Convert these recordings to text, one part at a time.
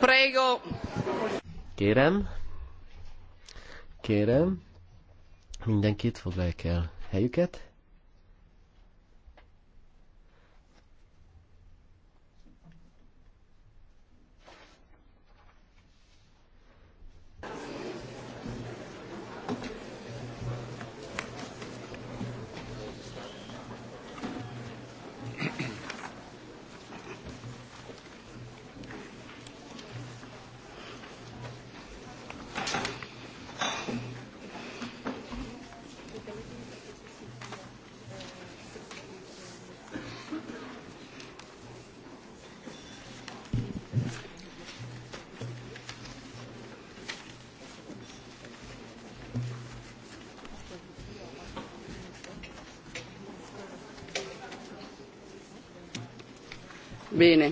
prego. Kérem, kérem, mindenkit foglalják el helyüket. Bene.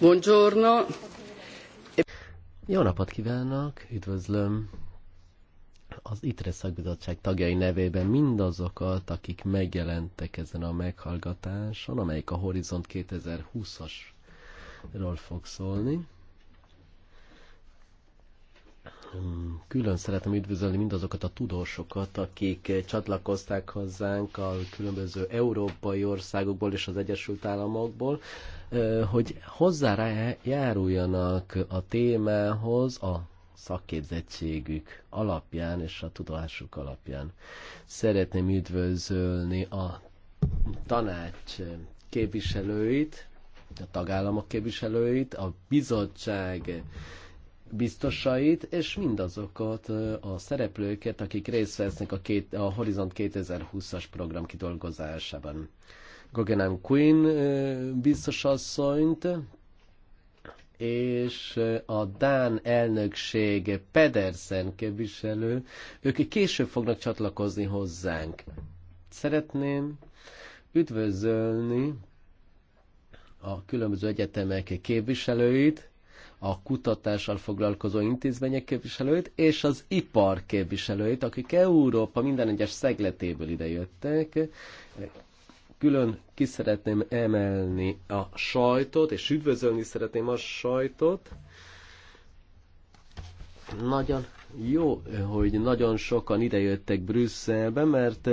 Buongiorno. Jó napot kívánok, üdvözlöm az ITRE szakbizottság tagjai nevében mindazokat, akik megjelentek ezen a meghallgatáson, amelyik a Horizont 2020-asról fog szólni külön szeretem üdvözölni mindazokat a tudósokat, akik csatlakozták hozzánk a különböző európai országokból és az Egyesült Államokból, hogy hozzájáruljanak a témához a szakképzettségük alapján és a tudásuk alapján. Szeretném üdvözölni a tanács képviselőit, a tagállamok képviselőit, a bizottság biztosait, és mindazokat a szereplőket, akik részt vesznek a, két, a Horizont 2020-as program kidolgozásában. Guggenheim Queen biztosasszonyt, és a Dán elnökség Pedersen képviselő, ők később fognak csatlakozni hozzánk. Szeretném üdvözölni a különböző egyetemek képviselőit, a kutatással foglalkozó intézmények képviselőit és az ipar képviselőit, akik Európa minden egyes szegletéből idejöttek. Külön ki szeretném emelni a sajtot, és üdvözölni szeretném a sajtot. Nagyon jó, hogy nagyon sokan idejöttek Brüsszelbe, mert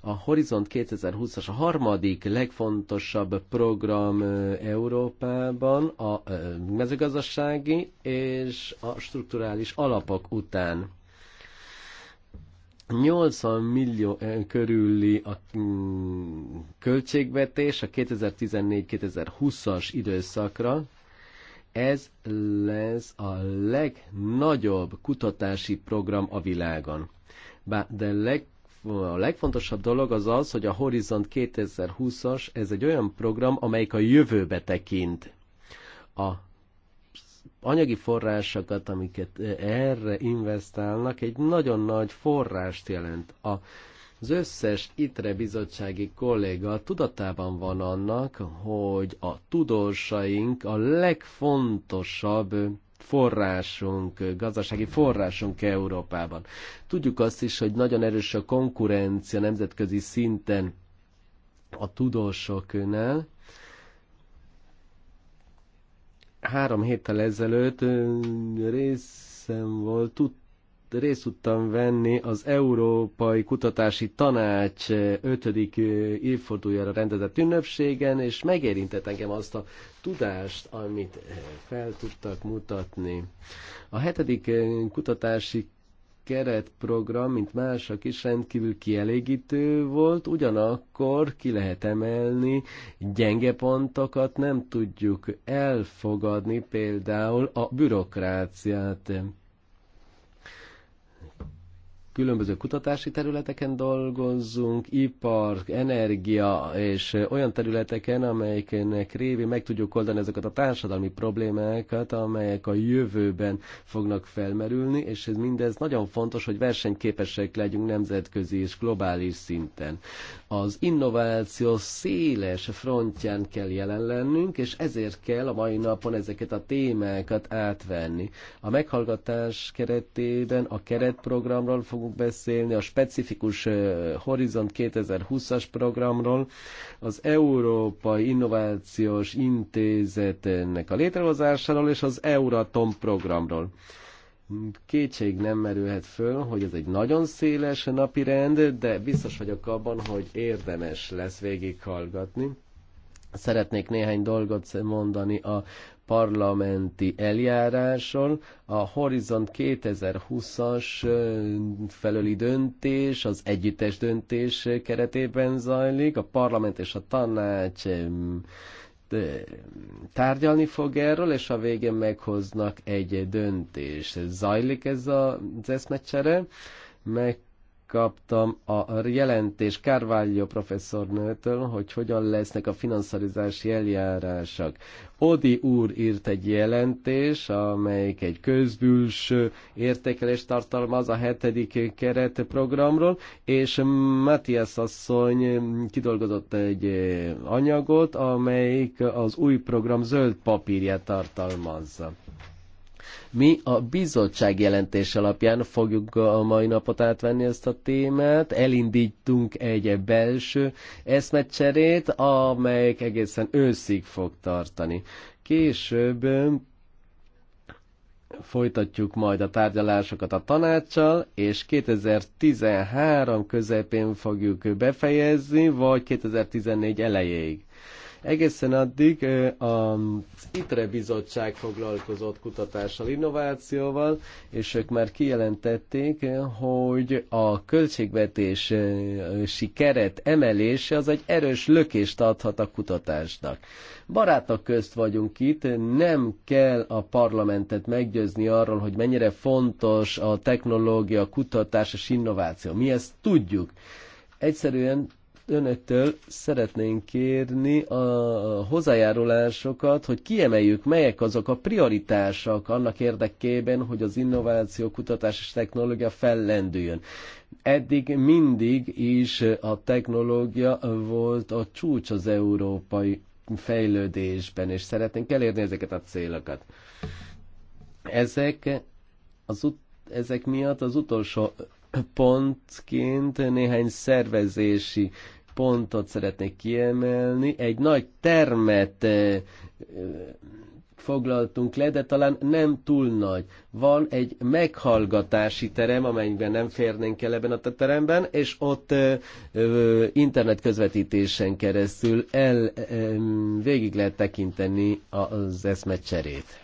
a Horizont 2020-as a harmadik legfontosabb program Európában a mezőgazdasági és a strukturális alapok után. 80 millió körüli a mm, költségvetés a 2014-2020-as időszakra. Ez lesz a legnagyobb kutatási program a világon. De leg a legfontosabb dolog az az, hogy a Horizont 2020-as, ez egy olyan program, amelyik a jövőbe tekint. A anyagi forrásokat, amiket erre investálnak, egy nagyon nagy forrást jelent. A, az összes ITRE bizottsági kolléga tudatában van annak, hogy a tudósaink a legfontosabb forrásunk, gazdasági forrásunk Európában. Tudjuk azt is, hogy nagyon erős a konkurencia nemzetközi szinten a tudósoknál. Három héttel ezelőtt részem volt, tudtam, részt tudtam venni az Európai Kutatási Tanács 5. Eh, eh, évfordulójára rendezett ünnepségen, és megérintett engem azt a tudást, amit eh, fel tudtak mutatni. A hetedik kutatási keretprogram, mint mások is rendkívül kielégítő volt, ugyanakkor ki lehet emelni gyenge pontokat, nem tudjuk elfogadni például a bürokráciát különböző kutatási területeken dolgozzunk, ipar, energia és olyan területeken, amelyeknek révén meg tudjuk oldani ezeket a társadalmi problémákat, amelyek a jövőben fognak felmerülni, és ez mindez nagyon fontos, hogy versenyképesek legyünk nemzetközi és globális szinten az innováció széles frontján kell jelen lennünk, és ezért kell a mai napon ezeket a témákat átvenni. A meghallgatás keretében a keretprogramról fogunk beszélni, a specifikus Horizont 2020-as programról, az Európai Innovációs Intézetnek a létrehozásáról és az Euratom programról kétség nem merülhet föl, hogy ez egy nagyon széles napirend, de biztos vagyok abban, hogy érdemes lesz végighallgatni. Szeretnék néhány dolgot mondani a parlamenti eljárásról: A Horizont 2020-as felőli döntés az együttes döntés keretében zajlik. A parlament és a tanács tárgyalni fog erről, és a végén meghoznak egy döntést. Zajlik ez az eszmecsere, meg megkaptam a jelentés Carvalho professzornőtől, hogy hogyan lesznek a finanszírozási eljárások. Odi úr írt egy jelentés, amelyik egy közbülső értékelést tartalmaz a hetedik keretprogramról, és Matthias asszony kidolgozott egy anyagot, amelyik az új program zöld papírját tartalmazza. Mi a bizottság jelentés alapján fogjuk a mai napot átvenni ezt a témát. Elindítunk egy belső eszmecserét, amelyek egészen őszig fog tartani. Később folytatjuk majd a tárgyalásokat a tanácssal, és 2013 közepén fogjuk befejezni, vagy 2014 elejéig. Egészen addig az ITRE bizottság foglalkozott kutatással, innovációval, és ők már kijelentették, hogy a költségvetési keret emelése az egy erős lökést adhat a kutatásnak. Barátok közt vagyunk itt, nem kell a parlamentet meggyőzni arról, hogy mennyire fontos a technológia, kutatás és innováció. Mi ezt tudjuk. Egyszerűen önöktől szeretnénk kérni a hozzájárulásokat, hogy kiemeljük, melyek azok a prioritások annak érdekében, hogy az innováció, kutatás és technológia fellendüljön. Eddig mindig is a technológia volt a csúcs az európai fejlődésben, és szeretnénk elérni ezeket a célokat. Ezek, az ut- ezek miatt az utolsó pontként néhány szervezési pontot szeretnék kiemelni. Egy nagy termet eh, foglaltunk le, de talán nem túl nagy. Van egy meghallgatási terem, amelyben nem férnénk el ebben a teremben, és ott ö, eh, ö, eh, internet közvetítésen keresztül el, ö, végig lehet tekinteni az eszmecserét.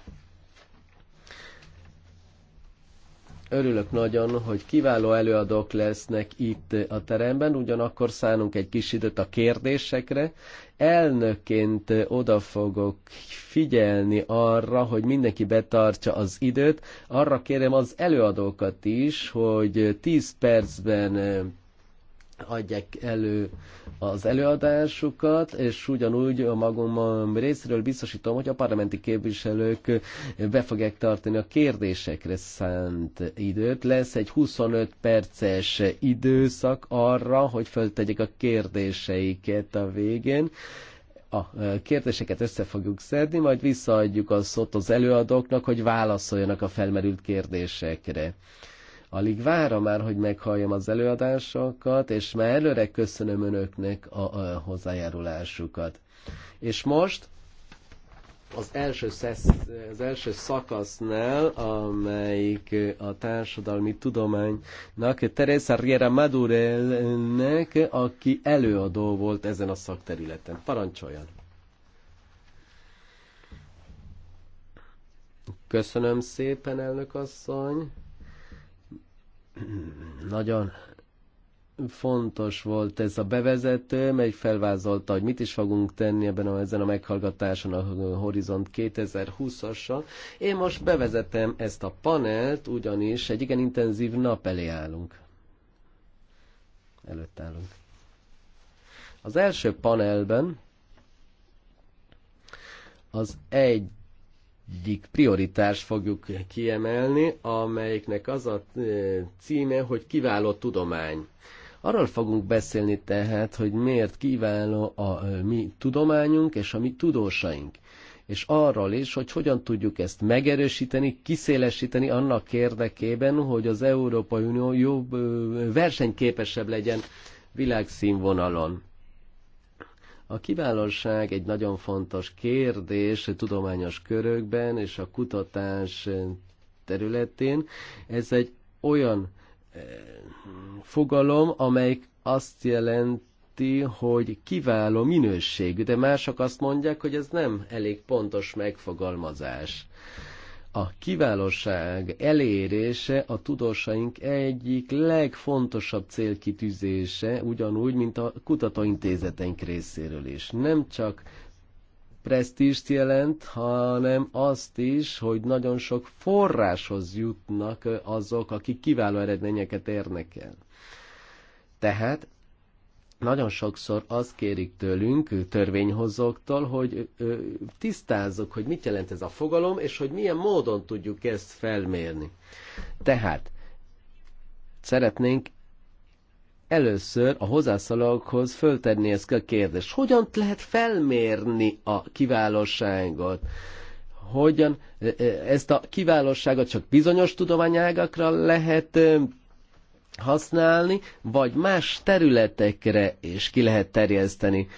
Örülök nagyon, hogy kiváló előadók lesznek itt a teremben, ugyanakkor szánunk egy kis időt a kérdésekre. Elnökként oda fogok figyelni arra, hogy mindenki betartsa az időt. Arra kérem az előadókat is, hogy 10 percben adják elő az előadásukat, és ugyanúgy a magam részéről biztosítom, hogy a parlamenti képviselők be fogják tartani a kérdésekre szánt időt. Lesz egy 25 perces időszak arra, hogy föltegyek a kérdéseiket a végén a kérdéseket össze fogjuk szedni, majd visszaadjuk a szót az előadóknak, hogy válaszoljanak a felmerült kérdésekre. Alig várom már, hogy meghalljam az előadásokat, és már előre köszönöm önöknek a, a hozzájárulásukat. És most az első, szesz, az első szakasznál, amelyik a társadalmi tudománynak, Teresa Riera Madurelnek, aki előadó volt ezen a szakterületen. Parancsoljon! Köszönöm szépen, elnök asszony! Nagyon fontos volt ez a bevezető, mely felvázolta, hogy mit is fogunk tenni ebben a, ezen a meghallgatáson a Horizont 2020-asan. Én most bevezetem ezt a panelt, ugyanis egy igen intenzív nap elé állunk. Előtt állunk. Az első panelben az egy egyik Prioritás fogjuk kiemelni, amelyiknek az a e, címe, hogy kiváló tudomány. Arról fogunk beszélni tehát, hogy miért kiváló a e, mi tudományunk és a mi tudósaink. És arról is, hogy hogyan tudjuk ezt megerősíteni, kiszélesíteni annak érdekében, hogy az Európai Unió jobb, e, versenyképesebb legyen világszínvonalon. A kiválóság egy nagyon fontos kérdés tudományos körökben és a kutatás területén. Ez egy olyan eh, fogalom, amelyik azt jelenti, hogy kiváló minőségű, de mások azt mondják, hogy ez nem elég pontos megfogalmazás. A kiválóság elérése a tudósaink egyik legfontosabb célkitűzése, ugyanúgy, mint a kutatóintézeteink részéről is. Nem csak presztízst jelent, hanem azt is, hogy nagyon sok forráshoz jutnak azok, akik kiváló eredményeket érnek el. Tehát nagyon sokszor azt kérik tőlünk, törvényhozóktól, hogy ö, tisztázzuk, hogy mit jelent ez a fogalom, és hogy milyen módon tudjuk ezt felmérni. Tehát szeretnénk először a hozzászólókhoz föltenni ezt a kérdést. Hogyan lehet felmérni a kiválóságot? Hogyan ezt a kiválóságot csak bizonyos tudományágakra lehet használni, vagy más területekre és ki lehet terjeszteni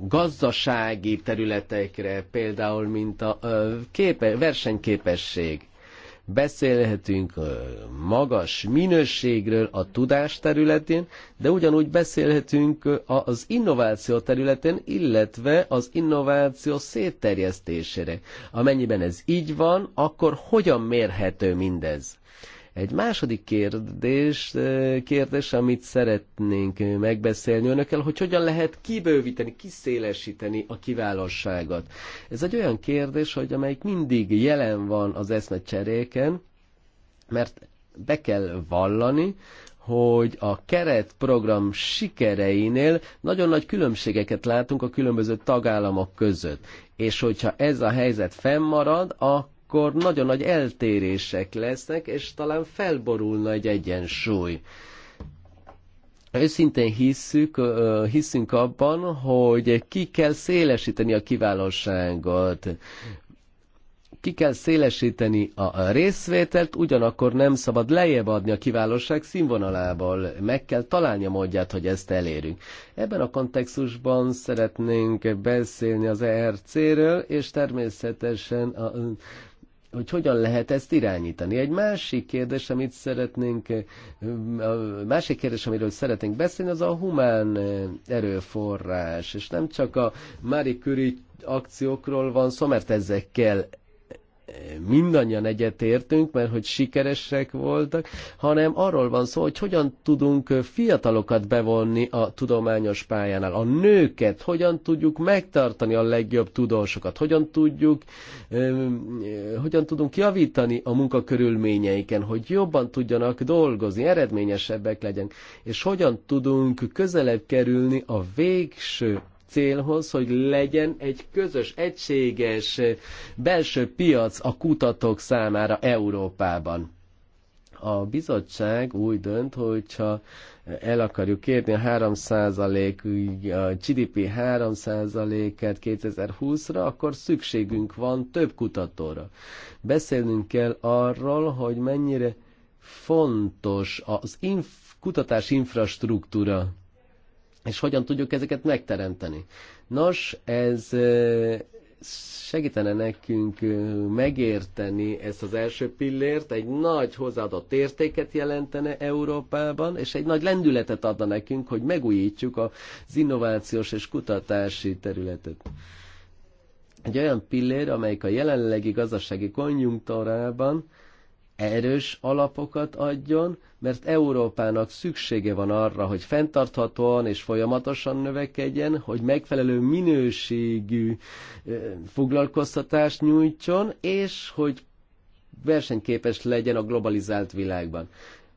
gazdasági területekre, például mint a képe, versenyképesség. Beszélhetünk magas minőségről a tudás területén, de ugyanúgy beszélhetünk az innováció területén, illetve az innováció szétterjesztésére. Amennyiben ez így van, akkor hogyan mérhető mindez? Egy második kérdés, eh, kérdés, amit szeretnénk megbeszélni önökkel, hogy hogyan lehet kibővíteni, kiszélesíteni a kiválóságot. Ez egy olyan kérdés, hogy amelyik mindig jelen van az eszmecseréken, mert be kell vallani, hogy a keretprogram sikereinél nagyon nagy különbségeket látunk a különböző tagállamok között. És hogyha ez a helyzet fennmarad, akkor akkor nagyon nagy eltérések lesznek, és talán felborulna egy egyensúly. Őszintén hisszük, hiszünk abban, hogy ki kell szélesíteni a kiválóságot ki kell szélesíteni a részvételt, ugyanakkor nem szabad lejjebb adni a kiválóság színvonalából. Meg kell találni a módját, hogy ezt elérjük. Ebben a kontextusban szeretnénk beszélni az ERC-ről, és természetesen a hogy hogyan lehet ezt irányítani. Egy másik kérdés, amit szeretnénk, a másik kérdés, amiről szeretnénk beszélni, az a humán erőforrás, és nem csak a Marie Curie akciókról van szó, mert ezekkel mindannyian egyetértünk, mert hogy sikeresek voltak, hanem arról van szó, hogy hogyan tudunk fiatalokat bevonni a tudományos pályánál, a nőket, hogyan tudjuk megtartani a legjobb tudósokat, hogyan tudjuk, eh, hogyan tudunk javítani a munkakörülményeiken, hogy jobban tudjanak dolgozni, eredményesebbek legyen, és hogyan tudunk közelebb kerülni a végső célhoz, hogy legyen egy közös, egységes belső piac a kutatók számára Európában. A bizottság úgy dönt, hogyha el akarjuk kérni a 3%, a GDP 3%-et 2020-ra, akkor szükségünk van több kutatóra. Beszélnünk kell arról, hogy mennyire fontos az inf- kutatás infrastruktúra és hogyan tudjuk ezeket megteremteni. Nos, ez segítene nekünk megérteni ezt az első pillért, egy nagy hozzáadott értéket jelentene Európában, és egy nagy lendületet adna nekünk, hogy megújítjuk az innovációs és kutatási területet. Egy olyan pillér, amelyik a jelenlegi gazdasági konjunktúrában erős alapokat adjon, mert Európának szüksége van arra, hogy fenntarthatóan és folyamatosan növekedjen, hogy megfelelő minőségű foglalkoztatást nyújtson, és hogy versenyképes legyen a globalizált világban.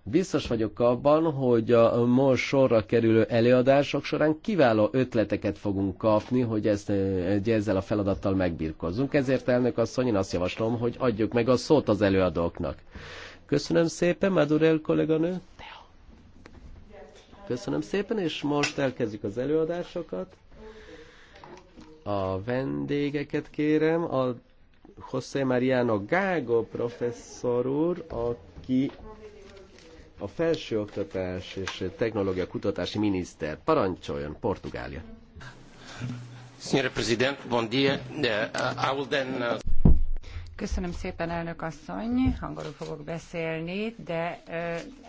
Biztos vagyok abban, hogy a most sorra kerülő előadások során kiváló ötleteket fogunk kapni, hogy, ezt, hogy ezzel a feladattal megbirkozzunk. Ezért elnök asszony, én azt javaslom, hogy adjuk meg a szót az előadóknak. Köszönöm szépen, Madurel kolléganő. Köszönöm szépen, és most elkezdjük az előadásokat. A vendégeket kérem, a José Mariano Gágo professzor úr, aki a felsőoktatás és technológia kutatási miniszter. Parancsoljon, Portugália. Signora President, bon dia. Eh, I will then... Uh, köszönöm szépen, elnök asszony. Angolul fogok beszélni, de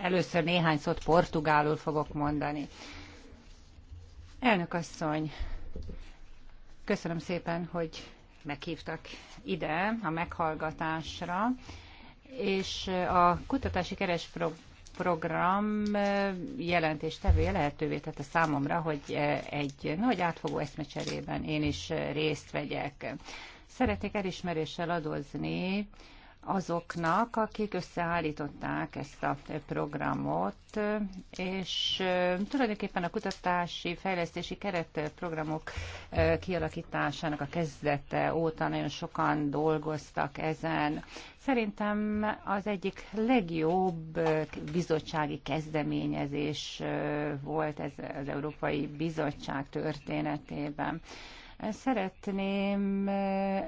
először néhány szót portugálul fogok mondani. Elnök asszony, köszönöm szépen, hogy meghívtak ide a meghallgatásra, és a kutatási keresprogram program jelentéstevője lehetővé tette számomra, hogy egy nagy átfogó eszmecserében én is részt vegyek. Szeretnék elismeréssel adozni azoknak, akik összeállították ezt a programot, és tulajdonképpen a kutatási, fejlesztési keretprogramok kialakításának a kezdete óta nagyon sokan dolgoztak ezen. Szerintem az egyik legjobb bizottsági kezdeményezés volt ez az Európai Bizottság történetében. Szeretném,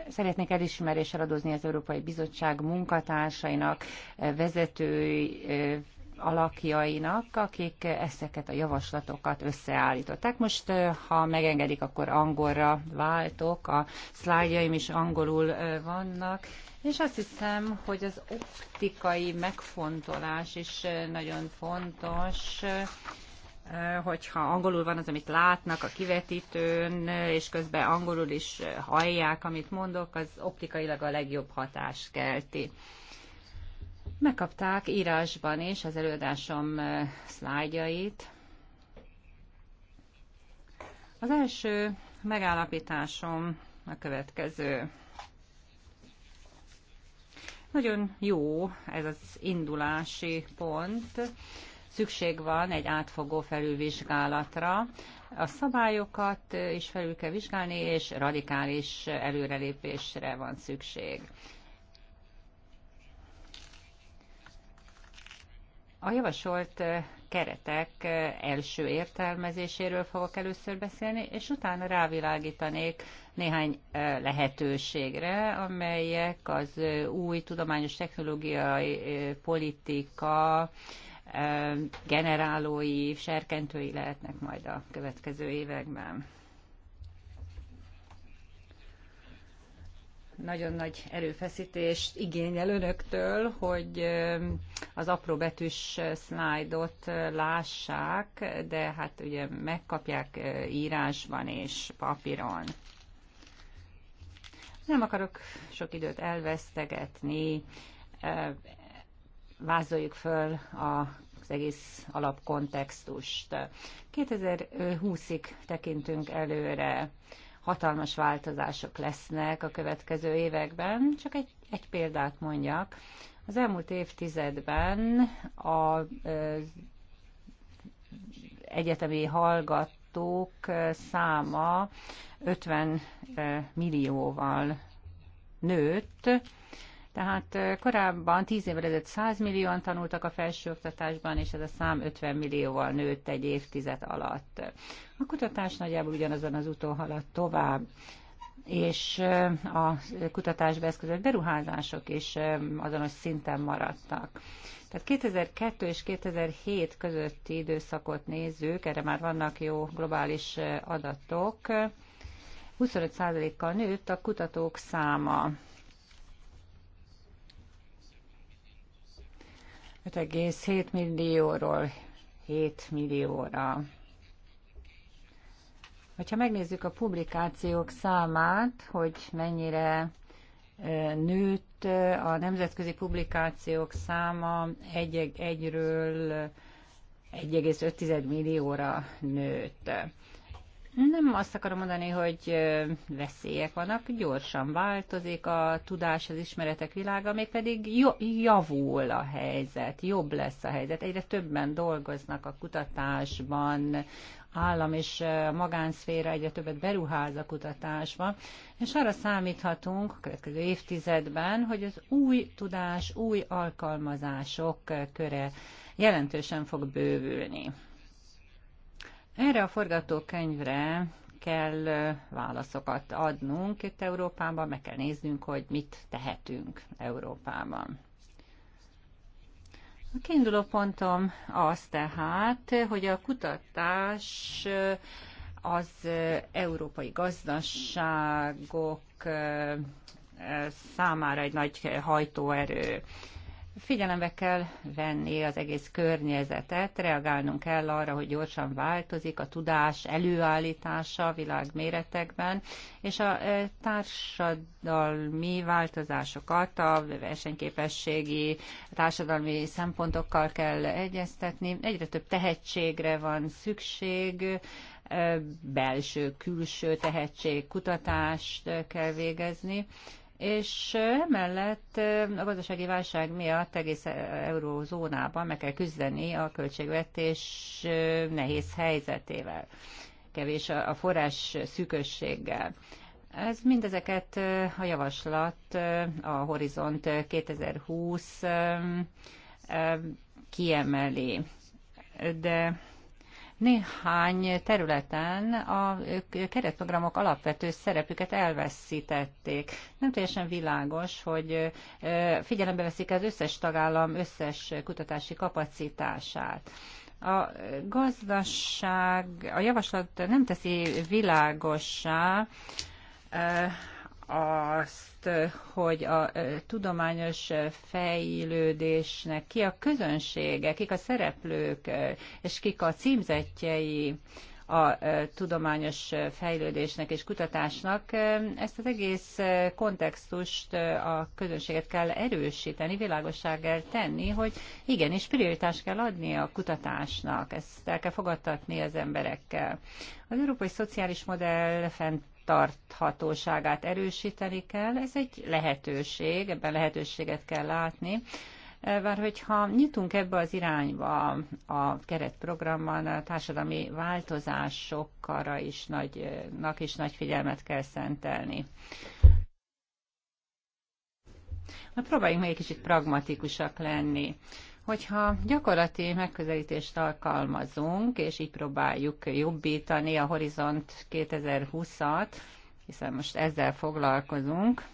szeretnék elismeréssel adozni az Európai Bizottság munkatársainak, vezetői, alakjainak, akik ezeket a javaslatokat összeállították. Most, ha megengedik, akkor angolra váltok, a szlájjaim is angolul vannak, és azt hiszem, hogy az optikai megfontolás is nagyon fontos, Eh, hogyha angolul van az, amit látnak a kivetítőn, eh, és közben angolul is eh, hallják, amit mondok, az optikailag a legjobb hatást kelti. Megkapták írásban is az előadásom szlájdjait. Az első megállapításom a következő. Nagyon jó ez az indulási pont, szükség van egy átfogó felülvizsgálatra. A szabályokat is felül kell vizsgálni, és radikális előrelépésre van szükség. A javasolt keretek első értelmezéséről fogok először beszélni, és utána rávilágítanék néhány lehetőségre, amelyek az új tudományos technológiai politika generálói, serkentői lehetnek majd a következő években. nagyon nagy erőfeszítést igényel önöktől, hogy eh, az apró betűs szlájdot eh, lássák, de hát ugye megkapják eh, írásban és papíron. Nem akarok sok időt elvesztegetni, vázoljuk föl a az egész alapkontextust. 2020-ig tekintünk előre, hatalmas változások lesznek a következő években, csak egy, egy példát mondjak. Az elmúlt évtizedben a egyetemi hallgatók száma 50 millióval nőtt, tehát korábban 10 évvel ezelőtt 100 millióan tanultak a felsőoktatásban, és ez a szám 50 millióval nőtt egy évtized alatt. A kutatás nagyjából ugyanazon az úton haladt tovább és a kutatásba eszközött beruházások is azonos szinten maradtak. Tehát 2002 és 2007 közötti időszakot nézzük, erre már vannak jó globális adatok, 25%-kal nőtt a kutatók száma 5,7 millióról 7 millióra. Hogyha megnézzük a publikációk számát, hogy mennyire nőtt a nemzetközi publikációk száma 1,1-ről 1,5 millióra nőtt. Nem azt akarom mondani, hogy veszélyek vannak, gyorsan változik a tudás, az ismeretek világa, pedig javul a helyzet, jobb lesz a helyzet. Egyre többen dolgoznak a kutatásban, állam és magánszféra egyre többet beruház a kutatásba, és arra számíthatunk a következő évtizedben, hogy az új tudás, új alkalmazások köre jelentősen fog bővülni. Erre a forgatókönyvre kell válaszokat adnunk itt Európában, meg kell néznünk, hogy mit tehetünk Európában. A kiinduló pontom az tehát, hogy a kutatás az európai gazdaságok számára egy nagy hajtóerő. Figyelembe kell venni az egész környezetet, reagálnunk kell arra, hogy gyorsan változik a tudás előállítása a és a e, társadalmi változásokat a versenyképességi társadalmi szempontokkal kell egyeztetni. Egyre több tehetségre van szükség, e, belső, külső tehetség, kutatást kell végezni, és emellett a gazdasági válság miatt egész e-, eurózónában meg kell küzdeni a költségvetés nehéz helyzetével, kevés a forrás szűkösséggel. Ez mindezeket a javaslat a Horizont 2020 kiemeli, de néhány területen a keretprogramok alapvető szerepüket elveszítették. Nem teljesen világos, hogy figyelembe veszik az összes tagállam összes kutatási kapacitását. A gazdaság, a javaslat nem teszi világossá, azt, hogy a tudományos fejlődésnek ki a közönsége, kik a szereplők, és kik a címzetjei a tudományos fejlődésnek és kutatásnak. Ezt az egész kontextust a közönséget kell erősíteni, világossággal tenni, hogy igenis prioritást kell adni a kutatásnak, ezt el kell fogadtatni az emberekkel. Az európai szociális modell fent fenntarthatóságát erősíteni kell. Ez egy lehetőség, ebben lehetőséget kell látni. Bár hogyha nyitunk ebbe az irányba a keretprogramban, a társadalmi változásokra is nagynak is nagy figyelmet kell szentelni. Na, próbáljunk még egy kicsit pragmatikusak lenni hogyha gyakorlati megközelítést alkalmazunk, és így próbáljuk jobbítani a Horizont 2020-at, hiszen most ezzel foglalkozunk,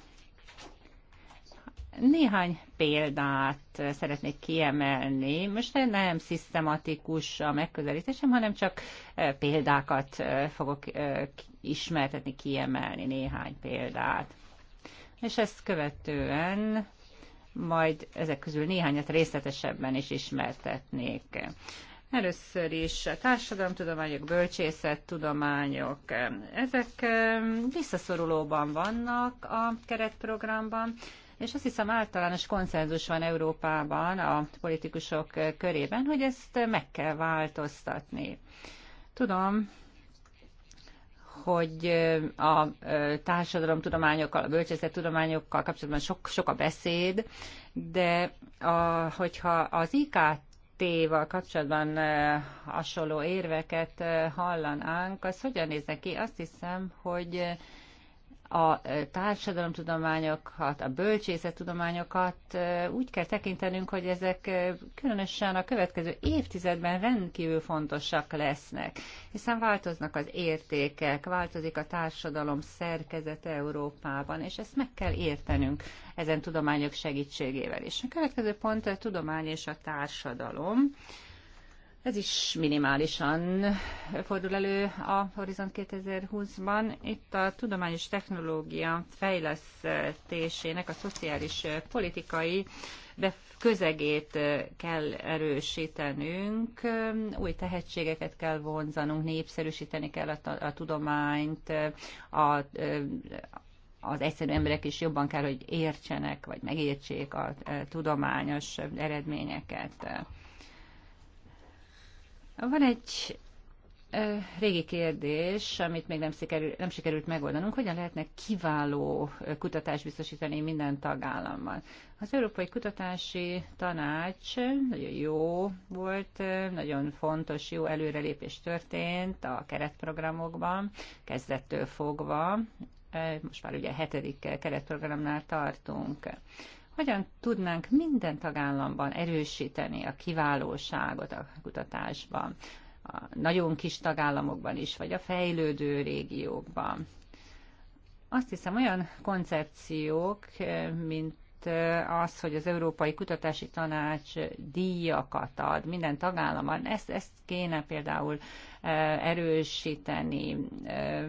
néhány példát szeretnék kiemelni. Most nem szisztematikus a megközelítésem, hanem csak e, példákat e, fogok e, ismertetni, kiemelni néhány példát. És ezt követően majd ezek közül néhányat részletesebben is ismertetnék. Először is a társadalomtudományok, bölcsészettudományok, ezek visszaszorulóban vannak a keretprogramban, és azt hiszem általános konszenzus van Európában a politikusok körében, hogy ezt meg kell változtatni. Tudom, hogy a társadalomtudományokkal, a bölcsészettudományokkal kapcsolatban sok, sok a beszéd, de a, hogyha az IKT Téval kapcsolatban hasonló érveket hallanánk, az hogyan néz ki? Azt hiszem, hogy a e, társadalomtudományokat, a bölcsészettudományokat e, úgy kell tekintenünk, hogy ezek e, különösen a következő évtizedben rendkívül fontosak lesznek, hiszen változnak az értékek, változik a társadalom szerkezete Európában, és ezt meg kell értenünk ezen tudományok segítségével. És a következő pont a tudomány és a társadalom. Ez is minimálisan fordul elő a Horizont 2020-ban. Itt a tudományos technológia fejlesztésének a szociális politikai közegét kell erősítenünk, új tehetségeket kell vonzanunk, népszerűsíteni kell a, a tudományt, a, az egyszerű emberek is jobban kell, hogy értsenek, vagy megértsék a tudományos eredményeket van egy régi kérdés, amit még nem sikerült, nem sikerült megoldanunk, hogyan lehetne kiváló kutatást biztosítani minden tagállammal. Az Európai Kutatási Tanács nagyon jó volt, nagyon fontos, jó előrelépés történt a keretprogramokban, kezdettől fogva. Most már ugye a hetedik keretprogramnál tartunk hogyan tudnánk minden tagállamban erősíteni a kiválóságot a kutatásban, a nagyon kis tagállamokban is, vagy a fejlődő régiókban. Azt hiszem, olyan koncepciók, mint eh, az, hogy az Európai Kutatási Tanács díjakat ad minden tagállamban, ezt, ezt kéne például eh, erősíteni, eh,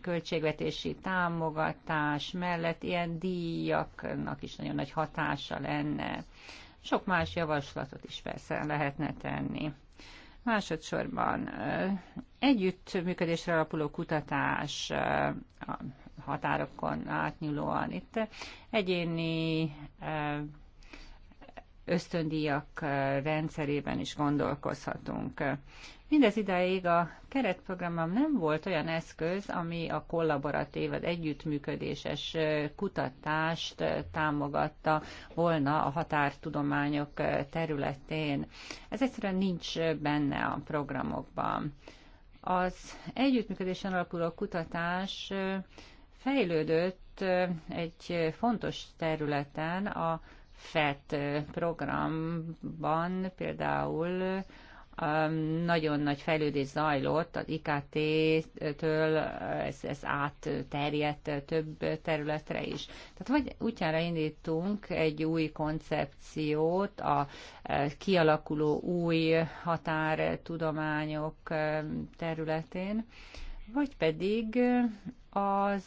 költségvetési támogatás mellett ilyen díjaknak is nagyon nagy hatása lenne. Sok más javaslatot is persze lehetne tenni. Másodszorban együttműködésre alapuló kutatás a határokon átnyúlóan. Itt egyéni ösztöndíjak rendszerében is gondolkozhatunk. Mindez idáig a keretprogramom nem volt olyan eszköz, ami a kollaboratív, az együttműködéses kutatást támogatta volna a határtudományok területén. Ez egyszerűen nincs benne a programokban. Az együttműködésen alapuló kutatás fejlődött egy fontos területen, a FET programban például nagyon nagy fejlődés zajlott az IKT-től, ez, ez átterjedt több területre is. Tehát vagy útjára indítunk egy új koncepciót, a kialakuló új határtudományok területén, vagy pedig az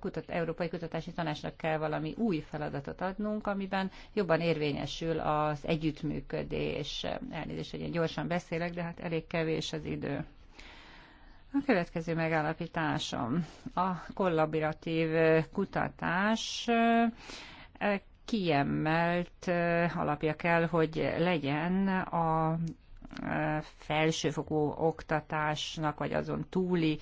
kutat, Európai Kutatási Tanácsnak kell valami új feladatot adnunk, amiben jobban érvényesül az együttműködés. Elnézést, hogy én gyorsan beszélek, de hát elég kevés az idő. A következő megállapításom. A kollaboratív kutatás kiemelt alapja kell, hogy legyen a felsőfokú oktatásnak, vagy azon túli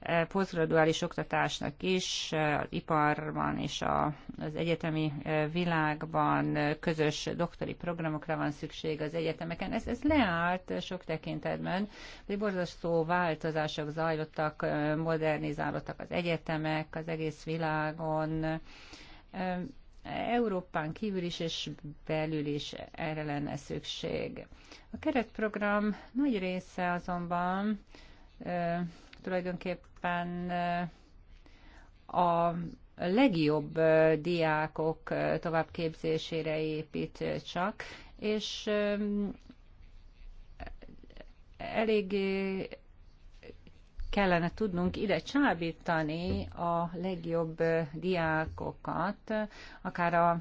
e, posztgraduális oktatásnak is, e, az iparban és a, az egyetemi e, világban közös doktori programokra van szükség az egyetemeken. Ez, ez leállt sok tekintetben, de borzasztó változások zajlottak, modernizálódtak az egyetemek az egész világon Európán kívül is és belül is erre lenne szükség. A keretprogram nagy része azonban tulajdonképpen a legjobb diákok továbbképzésére épít csak, és elég kellene tudnunk ide csábítani a legjobb diákokat, akár a,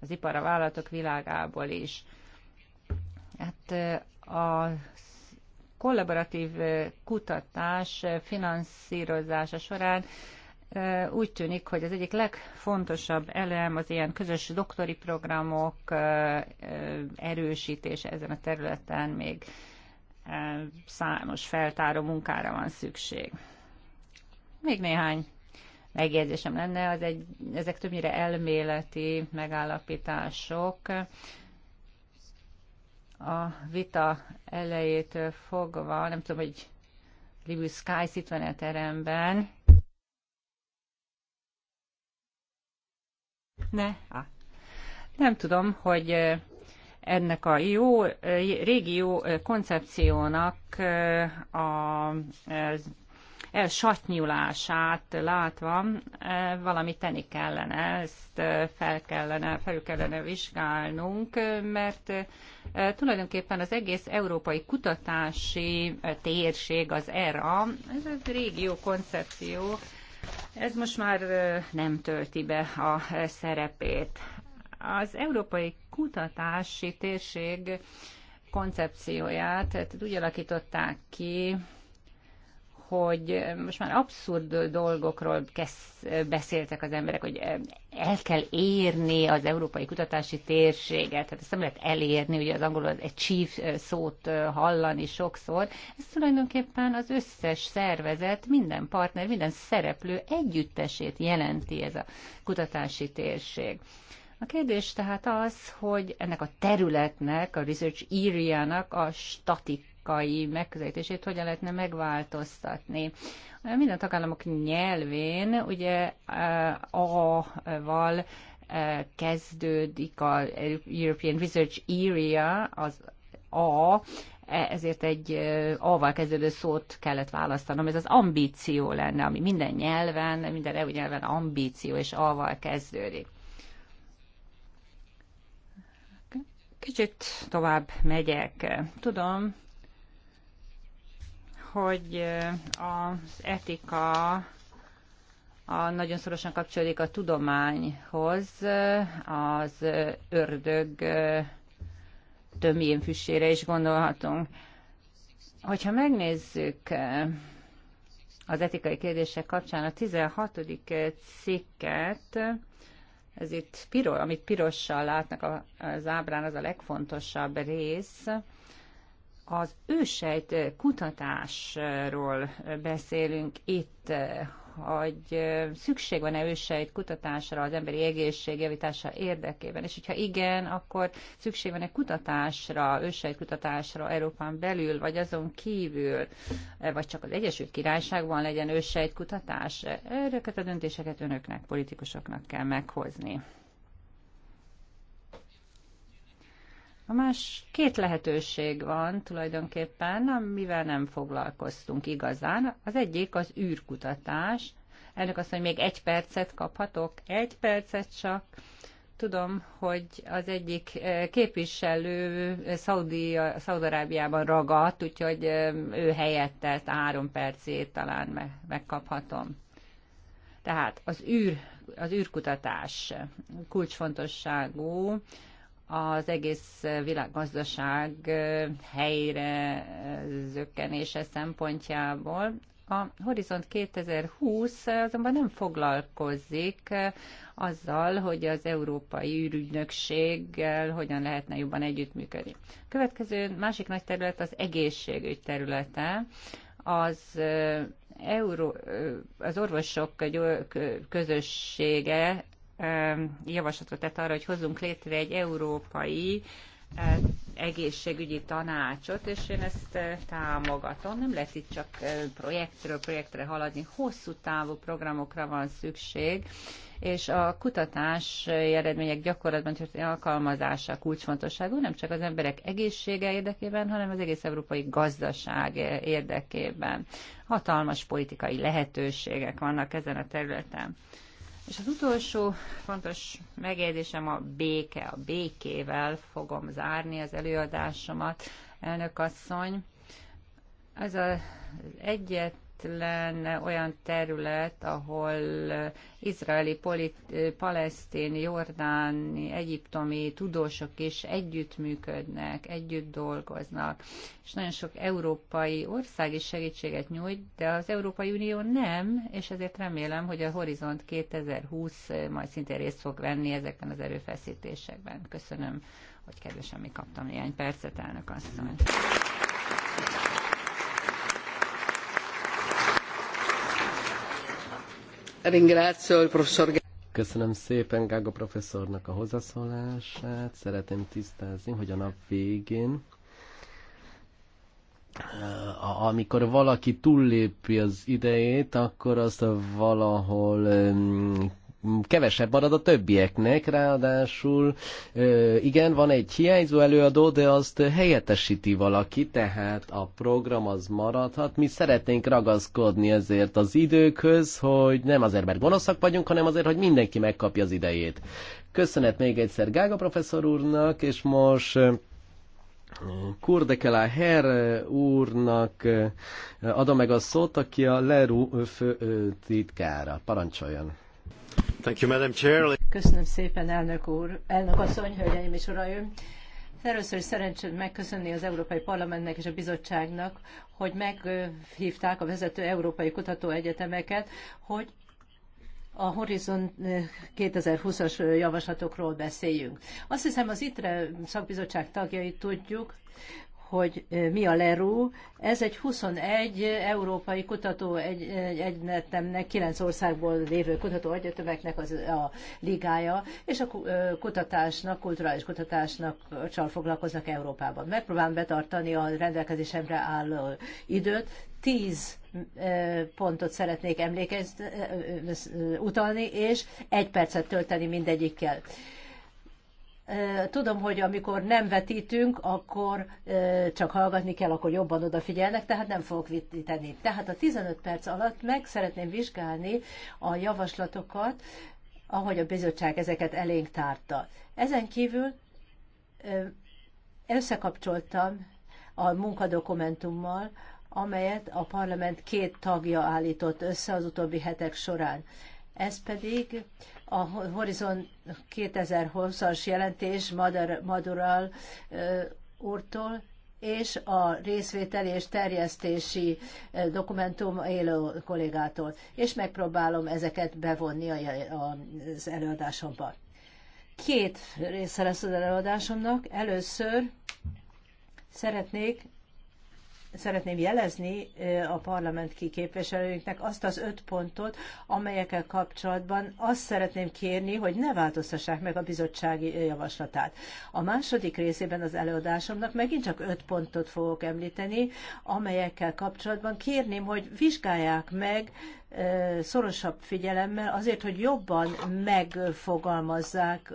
az ipar a vállalatok világából is. Hát a kollaboratív kutatás finanszírozása során úgy tűnik, hogy az egyik legfontosabb elem az ilyen közös doktori programok erősítése ezen a területen még számos feltáró munkára van szükség. Még néhány megjegyzésem lenne, az egy, ezek többnyire elméleti megállapítások. A vita elejétől fogva, nem tudom, hogy Libu Sky itt van a teremben. Ne? Ah. Nem tudom, hogy ennek a jó régió koncepciónak a elsatnyulását látva valamit tenni kellene, ezt fel kellene, felül kellene vizsgálnunk, mert tulajdonképpen az egész európai kutatási térség, az ERA, ez egy jó koncepció, ez most már nem tölti be a szerepét. Az európai kutatási térség koncepcióját tehát úgy alakították ki, hogy most már abszurd dolgokról kesz, beszéltek az emberek, hogy el kell érni az európai kutatási térséget, tehát ezt nem lehet elérni, ugye az angolul az achieve szót hallani sokszor, ez tulajdonképpen az összes szervezet, minden partner, minden szereplő együttesét jelenti ez a kutatási térség. A kérdés tehát az, hogy ennek a területnek, a research area-nak a statikai megközelítését hogyan lehetne megváltoztatni. Minden tagállamok nyelvén ugye eh, A-val eh, kezdődik a European Research Area, az A, eh, ezért egy A-val kezdődő szót kellett választanom. Ez az ambíció lenne, ami minden nyelven, minden EU nyelven ambíció és A-val kezdődik. Kicsit tovább megyek. Tudom, hogy eh, az etika a, nagyon szorosan kapcsolódik a tudományhoz, eh, az ördög eh, tömjén füssére is gondolhatunk. Hogyha megnézzük az etikai kérdések kapcsán a 16. cikket, ez itt piros, amit pirossal látnak az ábrán, az a legfontosabb rész. Az ősejt kutatásról beszélünk itt, hogy szükség van-e őseit kutatásra az emberi egészség javítása érdekében, és hogyha igen, akkor szükség van-e kutatásra, őseit kutatásra Európán belül, vagy azon kívül, e, vagy csak az Egyesült Királyságban legyen őseit kutatás. Ezeket a döntéseket önöknek, politikusoknak kell meghozni. A más két lehetőség van tulajdonképpen, amivel nem foglalkoztunk igazán. Az egyik az űrkutatás. Elnök azt mondja, hogy még egy percet kaphatok. Egy percet csak. Tudom, hogy az egyik eh, képviselő eh, Szaudarábiában ragadt, úgyhogy eh, ő helyette három percét talán megkaphatom. Tehát az űr, az űrkutatás kulcsfontosságú az egész világgazdaság helyre zökkenése szempontjából. A Horizont 2020 azonban nem foglalkozik azzal, hogy az Európai űrügynökséggel hogyan lehetne jobban együttműködni. Következő másik nagy terület az egészségügy területe. Az Euró, az orvosok közössége javaslatot tett arra, hogy hozzunk létre egy európai egészségügyi tanácsot, és én ezt támogatom. Nem lehet itt csak projektről projektre haladni, hosszú távú programokra van szükség, és a kutatás eredmények gyakorlatban történő alkalmazása kulcsfontosságú, nem csak az emberek egészsége érdekében, hanem az egész európai gazdaság érdekében. Hatalmas politikai lehetőségek vannak ezen a területen. És az utolsó fontos megjegyzésem a béke, a békével fogom zárni az előadásomat, elnök asszony. Ez az egyet egyetlen olyan terület, ahol izraeli, polit, palesztin, jordáni, egyiptomi tudósok is együttműködnek, együtt dolgoznak, és nagyon sok európai ország is segítséget nyújt, de az Európai Unió nem, és ezért remélem, hogy a Horizont 2020 majd szintén részt fog venni ezekben az erőfeszítésekben. Köszönöm, hogy kedvesen mi kaptam néhány percet, elnök asszony. Köszönöm szépen Gága professzornak a hozzászólását. Szeretném tisztázni, hogy a nap végén amikor valaki túllépi az idejét, akkor azt valahol kevesebb marad a többieknek, ráadásul igen, van egy hiányzó előadó, de azt helyettesíti valaki, tehát a program az maradhat. Mi szeretnénk ragaszkodni ezért az időkhöz, hogy nem azért, mert gonoszak vagyunk, hanem azért, hogy mindenki megkapja az idejét. Köszönet még egyszer Gága professzor úrnak, és most Kurdekelá Herr úrnak adom meg a szót, aki a Leru titkára. Parancsoljon! Thank you, Madam Chair. Köszönöm szépen, elnök úr, elnök asszony, hölgyeim és uraim. Először is szerencsét megköszönni az Európai Parlamentnek és a bizottságnak, hogy meghívták a vezető európai kutatóegyetemeket, hogy a Horizon 2020-as javaslatokról beszéljünk. Azt hiszem az ITRE szakbizottság tagjai tudjuk, hogy mi a Leru. Ez egy 21 európai kutató egy, egy egynetemnek, 9 országból lévő kutató egyetemeknek az, a ligája, és a kutatásnak, kulturális kutatásnak csal foglalkoznak Európában. Megpróbálom betartani a rendelkezésemre álló időt. 10 pontot szeretnék emlékezni, utalni, és egy percet tölteni mindegyikkel. Tudom, hogy amikor nem vetítünk, akkor csak hallgatni kell, akkor jobban odafigyelnek, tehát nem fogok vetíteni. Tehát a 15 perc alatt meg szeretném vizsgálni a javaslatokat, ahogy a bizottság ezeket elénk tárta. Ezen kívül összekapcsoltam a munkadokumentummal, amelyet a parlament két tagja állított össze az utóbbi hetek során. Ez pedig a Horizon 2020-as jelentés Madural úrtól, és a részvételi és terjesztési dokumentum élő kollégától, és megpróbálom ezeket bevonni az előadásomba. Két része lesz az előadásomnak. Először szeretnék szeretném jelezni a parlament kiképviselőinknek azt az öt pontot, amelyekkel kapcsolatban azt szeretném kérni, hogy ne változtassák meg a bizottsági javaslatát. A második részében az előadásomnak megint csak öt pontot fogok említeni, amelyekkel kapcsolatban kérném, hogy vizsgálják meg szorosabb figyelemmel azért, hogy jobban megfogalmazzák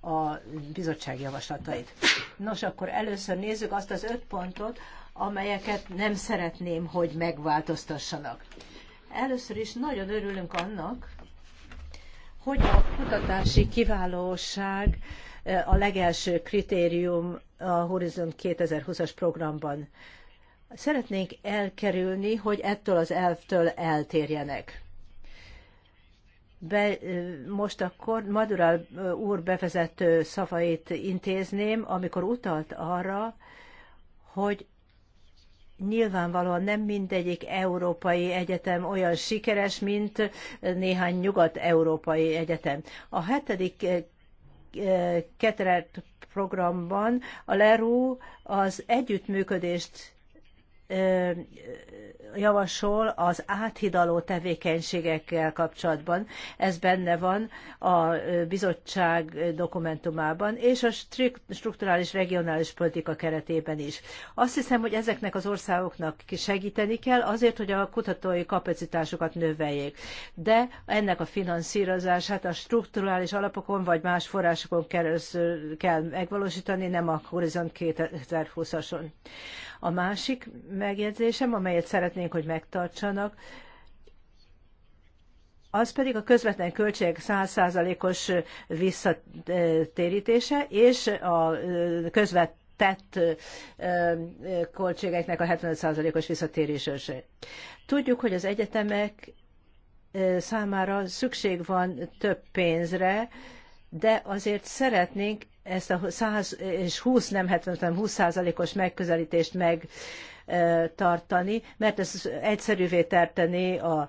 a bizottság javaslatait. Nos, akkor először nézzük azt az öt pontot, amelyeket nem szeretném, hogy megváltoztassanak. Először is nagyon örülünk annak, hogy a kutatási kiválóság eh, a legelső kritérium a Horizon 2020-as programban. Szeretnénk elkerülni, hogy ettől az elvtől eltérjenek. Be, eh, most akkor Madural eh, úr bevezető szavait intézném, amikor utalt arra, hogy nyilvánvalóan nem mindegyik európai egyetem olyan sikeres, mint néhány nyugat-európai egyetem. A hetedik eh, Keteret programban a LERU az együttműködést eh, javasol az áthidaló tevékenységekkel kapcsolatban. Ez benne van a bizottság dokumentumában, és a strukturális regionális politika keretében is. Azt hiszem, hogy ezeknek az országoknak segíteni kell azért, hogy a kutatói kapacitásokat növeljék. De ennek a finanszírozását a strukturális alapokon vagy más forrásokon keresztül kell megvalósítani, nem a Horizon 2020-ason. A másik megjegyzésem, amelyet szeretném szeretnénk, hogy megtartsanak, az pedig a közvetlen költség 100%-os visszatérítése, és a közvetett költségeknek a 75%-os visszatérése. Tudjuk, hogy az egyetemek számára szükség van több pénzre, de azért szeretnénk ezt a 100 és 20, nem 70, hanem 20 százalékos megközelítést meg tartani, mert ez egyszerűvé tartani a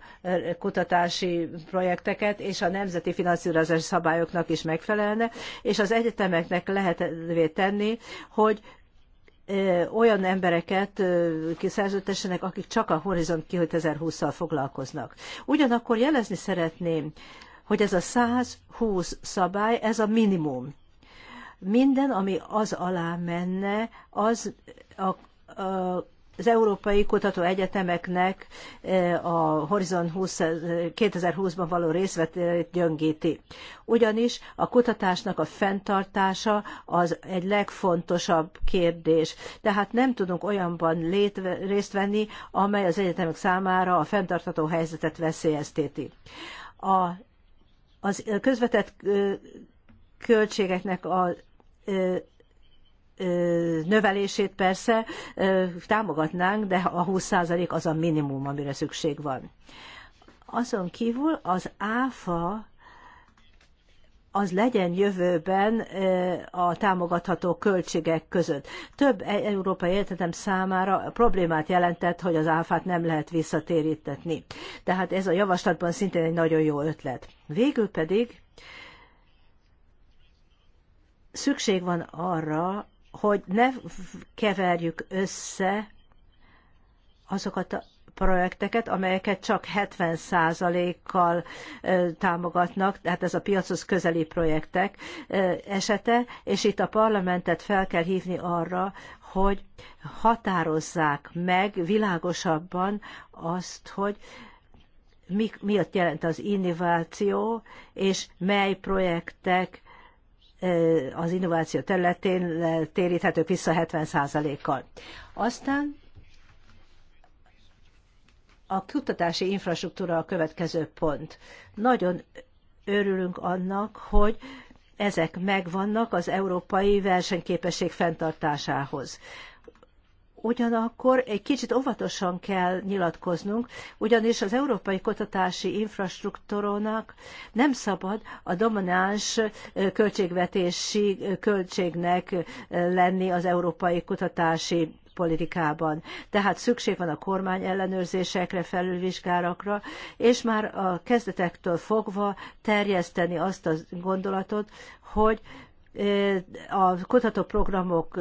kutatási projekteket, és a nemzeti finanszírozási szabályoknak is megfelelne, és az egyetemeknek lehetővé tenni, hogy olyan embereket kiszerződtessenek, akik csak a Horizont 2020-szal foglalkoznak. Ugyanakkor jelezni szeretném, hogy ez a 120 szabály, ez a minimum. Minden, ami az alá menne, az a, a az Európai Kutató Egyetemeknek eh, a Horizon 20, 2020-ban eh, való részvetét gyöngíti. Ugyanis a kutatásnak a fenntartása az egy legfontosabb kérdés. Tehát nem tudunk olyanban létve, részt venni, amely az egyetemek számára a fenntartható helyzetet veszélyezteti. A, az közvetett eh, költségeknek a növelését persze támogatnánk, de a 20% az a minimum, amire szükség van. Azon kívül az áfa az legyen jövőben a támogatható költségek között. Több e- európai értetem számára problémát jelentett, hogy az áfát nem lehet visszatérítetni. Tehát ez a javaslatban szintén egy nagyon jó ötlet. Végül pedig szükség van arra, hogy ne keverjük össze azokat a projekteket, amelyeket csak 70%-kal támogatnak, tehát ez a piachoz közeli projektek esete, és itt a parlamentet fel kell hívni arra, hogy határozzák meg világosabban azt, hogy mi, miatt jelent az innováció, és mely projektek az innováció területén téríthetők vissza 70%-kal. Aztán a kutatási infrastruktúra a következő pont. Nagyon örülünk annak, hogy ezek megvannak az európai versenyképesség fenntartásához. Ugyanakkor egy kicsit óvatosan kell nyilatkoznunk, ugyanis az európai kutatási infrastruktúrónak nem szabad a domináns költségvetési költségnek lenni az európai kutatási politikában. Tehát szükség van a kormány ellenőrzésekre, felülvizsgálatokra, és már a kezdetektől fogva terjeszteni azt a gondolatot, hogy a kutatóprogramok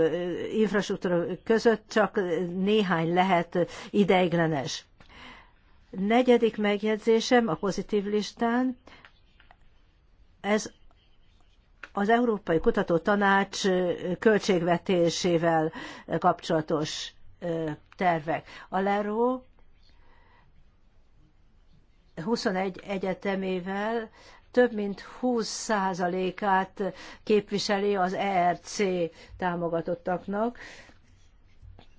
infrastruktúra között csak néhány lehet ideiglenes. Negyedik megjegyzésem a pozitív listán, ez az Európai Kutató Tanács költségvetésével kapcsolatos tervek. A LERO 21 egyetemével több mint 20%-át képviseli az ERC támogatottaknak.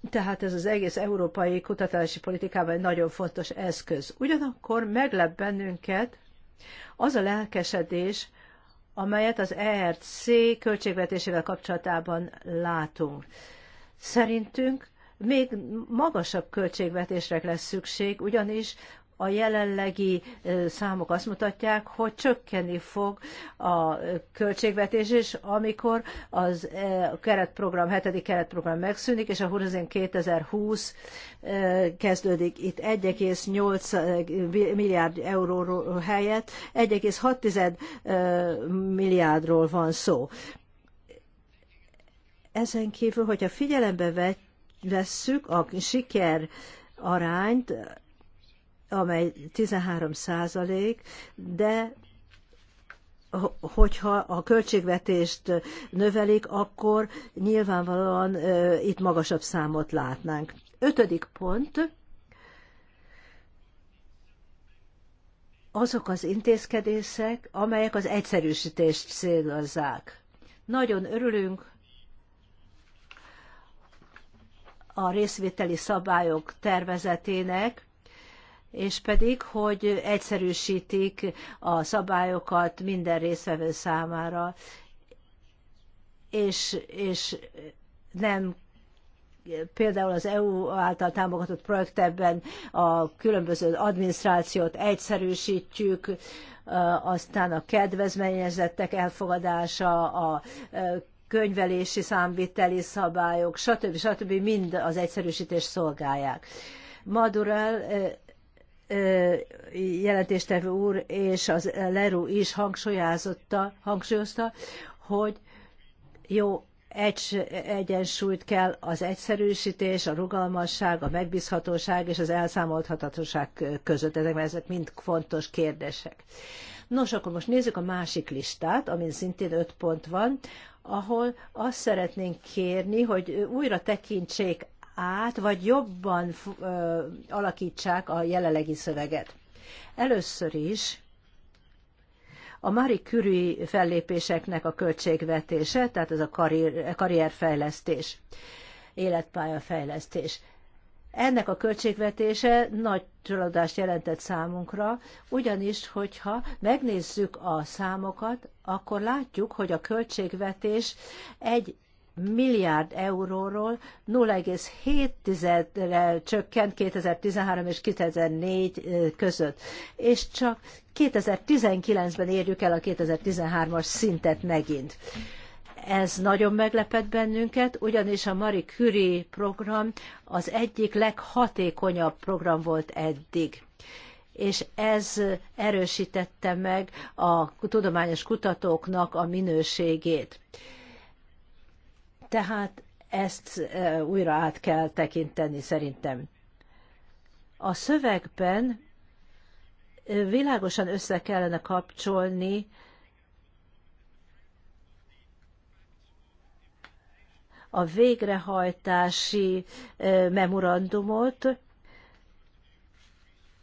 Tehát ez az egész európai kutatási politikában egy nagyon fontos eszköz. Ugyanakkor meglep bennünket az a lelkesedés, amelyet az ERC költségvetésével kapcsolatában látunk. Szerintünk még magasabb költségvetésre lesz szükség, ugyanis a jelenlegi számok azt mutatják, hogy csökkenni fog a költségvetés is, amikor az keretprogram, hetedik keretprogram megszűnik, és a Horizon 2020 kezdődik. Itt 1,8 milliárd euróról helyett 1,6 milliárdról van szó. Ezen kívül, hogyha figyelembe vesszük a siker arányt, amely 13 százalék, de hogyha a költségvetést növelik, akkor nyilvánvalóan itt magasabb számot látnánk. Ötödik pont. Azok az intézkedések, amelyek az egyszerűsítést célozzák. Nagyon örülünk a részvételi szabályok tervezetének, és pedig, hogy egyszerűsítik a szabályokat minden részvevő számára, és, és nem például az EU által támogatott projektekben a különböző adminisztrációt egyszerűsítjük, aztán a kedvezményezettek elfogadása, a könyvelési számviteli szabályok, stb. stb. mind az egyszerűsítés szolgálják. Madurell jelentéstevő úr és az Leru is hangsúlyozta, hogy jó egy, egyensúlyt kell az egyszerűsítés, a rugalmasság, a megbízhatóság és az elszámolthatatóság között. Ezek, ezek mind fontos kérdések. Nos, akkor most nézzük a másik listát, amin szintén öt pont van, ahol azt szeretnénk kérni, hogy újra tekintsék át, vagy jobban ö, alakítsák a jelenlegi szöveget. Először is a Marie Curie fellépéseknek a költségvetése, tehát ez a karrier, karrierfejlesztés, életpályafejlesztés. Ennek a költségvetése nagy csalódást jelentett számunkra, ugyanis, hogyha megnézzük a számokat, akkor látjuk, hogy a költségvetés egy milliárd euróról 0,7-re csökkent 2013 és 2014 között, és csak 2019-ben érjük el a 2013-as szintet megint. Ez nagyon meglepett bennünket, ugyanis a Marie Curie program az egyik leghatékonyabb program volt eddig és ez erősítette meg a tudományos kutatóknak a minőségét. Tehát ezt újra át kell tekinteni szerintem. A szövegben világosan össze kellene kapcsolni a végrehajtási memorandumot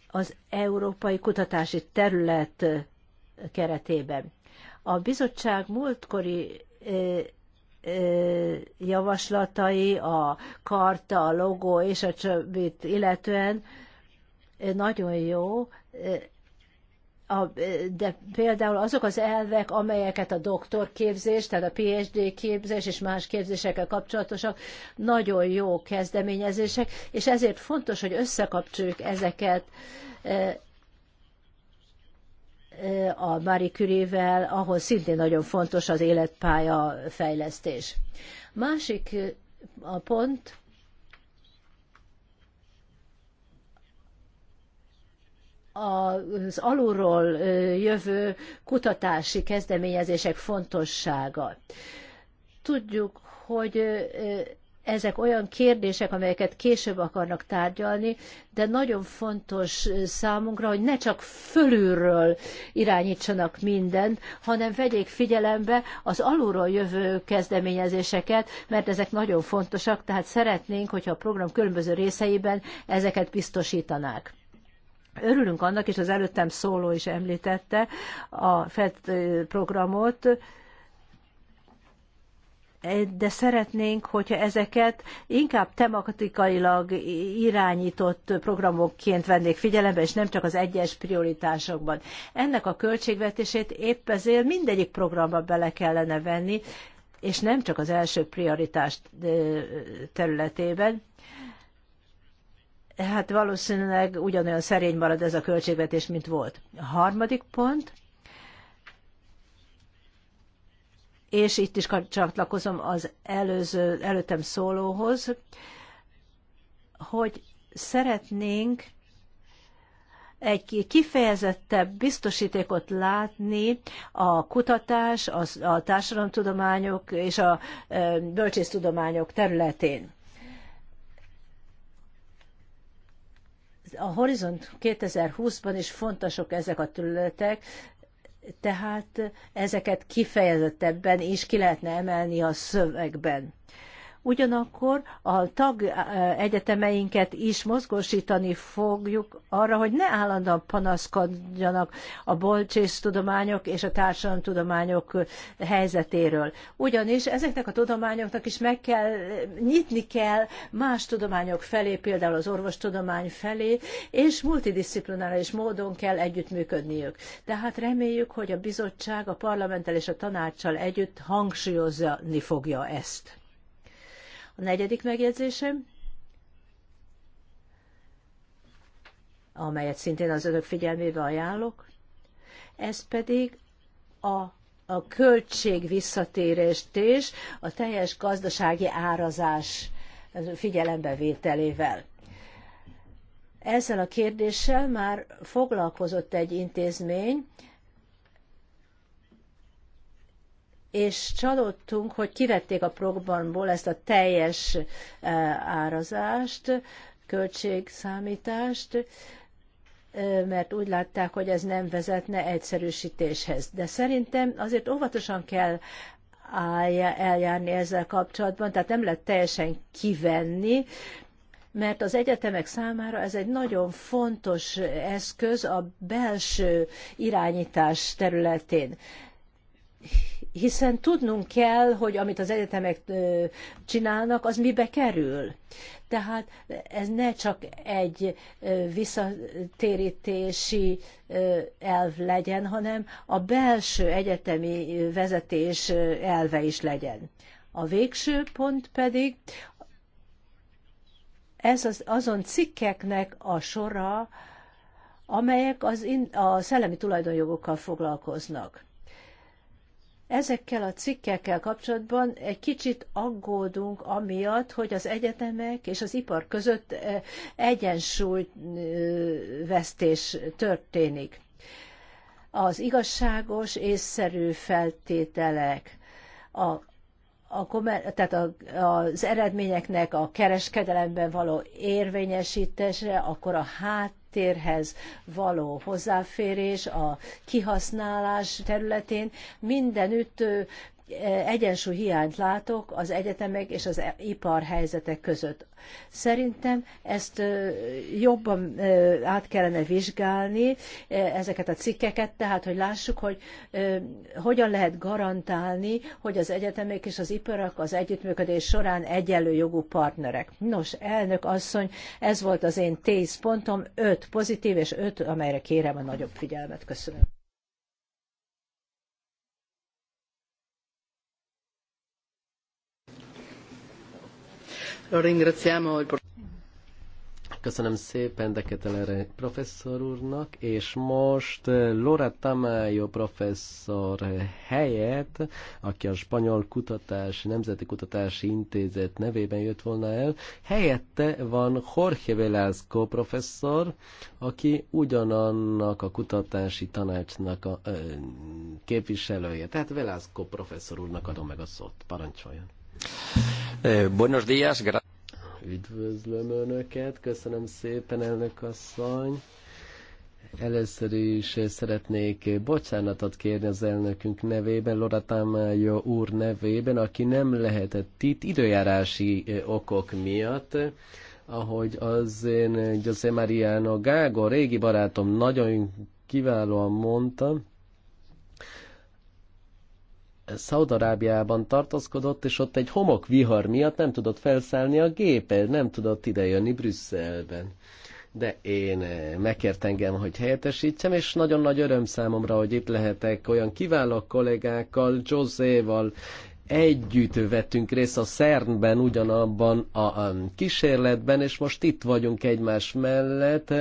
az európai kutatási terület keretében. A bizottság múltkori javaslatai, a karta, a logó és a csöbbit illetően nagyon jó, de például azok az elvek, amelyeket a doktorképzés, tehát a PhD képzés és más képzésekkel kapcsolatosak, nagyon jó kezdeményezések, és ezért fontos, hogy összekapcsoljuk ezeket a Marie Curie-vel, ahol szintén nagyon fontos az életpálya fejlesztés. Másik a pont, az alulról jövő kutatási kezdeményezések fontossága. Tudjuk, hogy ezek olyan kérdések, amelyeket később akarnak tárgyalni, de nagyon fontos számunkra, hogy ne csak fölülről irányítsanak mindent, hanem vegyék figyelembe az alulról jövő kezdeményezéseket, mert ezek nagyon fontosak, tehát szeretnénk, hogyha a program különböző részeiben ezeket biztosítanák. Örülünk annak, és az előttem szóló is említette a FED programot, Eh, de szeretnénk, hogyha ezeket inkább tematikailag irányított programokként vennék figyelembe, és nem csak az egyes prioritásokban. Ennek a költségvetését épp ezért mindegyik programba bele kellene venni, és nem csak az első prioritás eh, területében. Hát valószínűleg ugyanolyan szerény marad ez a költségvetés, mint volt. A harmadik pont – és itt is csatlakozom az előző, előttem szólóhoz, hogy szeretnénk egy kifejezettebb biztosítékot látni a kutatás, a, a társadalomtudományok és a bölcsésztudományok területén. A Horizont 2020-ban is fontosok ezek a területek, tehát ezeket kifejezettebben is ki lehetne emelni a szövegben. Ugyanakkor a tag eh, egyetemeinket is mozgósítani fogjuk arra, hogy ne állandóan panaszkodjanak a bolcsész tudományok és a társadalomtudományok eh, helyzetéről. Ugyanis ezeknek a tudományoknak is meg kell, nyitni kell más tudományok felé, például az orvostudomány felé, és multidisziplinális módon kell együttműködniük. Tehát reméljük, hogy a bizottság a parlamenttel és a tanácssal együtt hangsúlyozni fogja ezt. A negyedik megjegyzésem, amelyet szintén az önök figyelmébe ajánlok, ez pedig a a költség visszatérést és a teljes gazdasági árazás vételével. Ezzel a kérdéssel már foglalkozott egy intézmény, és csalódtunk, hogy kivették a programból ezt a teljes eh, árazást, költségszámítást, eh, mert úgy látták, hogy ez nem vezetne egyszerűsítéshez. De szerintem azért óvatosan kell eljárni ezzel kapcsolatban, tehát nem lehet teljesen kivenni, mert az egyetemek számára ez egy nagyon fontos eszköz a belső irányítás területén hiszen tudnunk kell, hogy amit az egyetemek csinálnak, az mibe kerül. Tehát ez ne csak egy visszatérítési elv legyen, hanem a belső egyetemi vezetés elve is legyen. A végső pont pedig ez az, azon cikkeknek a sora, amelyek az, a szellemi tulajdonjogokkal foglalkoznak Ezekkel a cikkekkel kapcsolatban egy kicsit aggódunk amiatt, hogy az egyetemek és az ipar között eh, egyensúlyvesztés eh, történik. Az igazságos, észszerű feltételek, a, a, tehát a, az eredményeknek a kereskedelemben való érvényesítése, akkor a hát térhez való hozzáférés, a kihasználás területén mindenütt egyensúly hiányt látok az egyetemek és az ipar helyzetek között. Szerintem ezt jobban át kellene vizsgálni, ezeket a cikkeket, tehát hogy lássuk, hogy hogyan lehet garantálni, hogy az egyetemek és az iparak az együttműködés során egyenlő jogú partnerek. Nos, elnök asszony, ez volt az én tíz pontom, öt pozitív és öt, amelyre kérem a nagyobb figyelmet. Köszönöm. Köszönöm szépen Deketelere professzor úrnak, és most eh, Laura Tamayo professzor helyett, aki a Spanyol Kutatási Nemzeti Kutatási Intézet nevében jött volna el, helyette van Jorge Velasco professzor, aki ugyanannak a kutatási tanácsnak a ö, képviselője. Tehát Velasco professzor úrnak adom meg a szót. Parancsoljon! Eh, buenos días, Üdvözlöm Önöket, köszönöm szépen, elnök asszony. Először is szeretnék bocsánatot kérni az elnökünk nevében, Lora Tamája úr nevében, aki nem lehetett itt időjárási eh, okok miatt ahogy az én José Mariano Gágo régi barátom nagyon kiválóan mondta, Szaudarábiában tartózkodott, és ott egy homokvihar miatt nem tudott felszállni a gépet, nem tudott idejönni Brüsszelben. De én eh, megkért engem, hogy helyettesítsem, és nagyon nagy öröm számomra, hogy itt lehetek olyan kiváló kollégákkal, Joséval, együtt vettünk részt a CERN-ben, ugyanabban a, a kísérletben, és most itt vagyunk egymás mellett,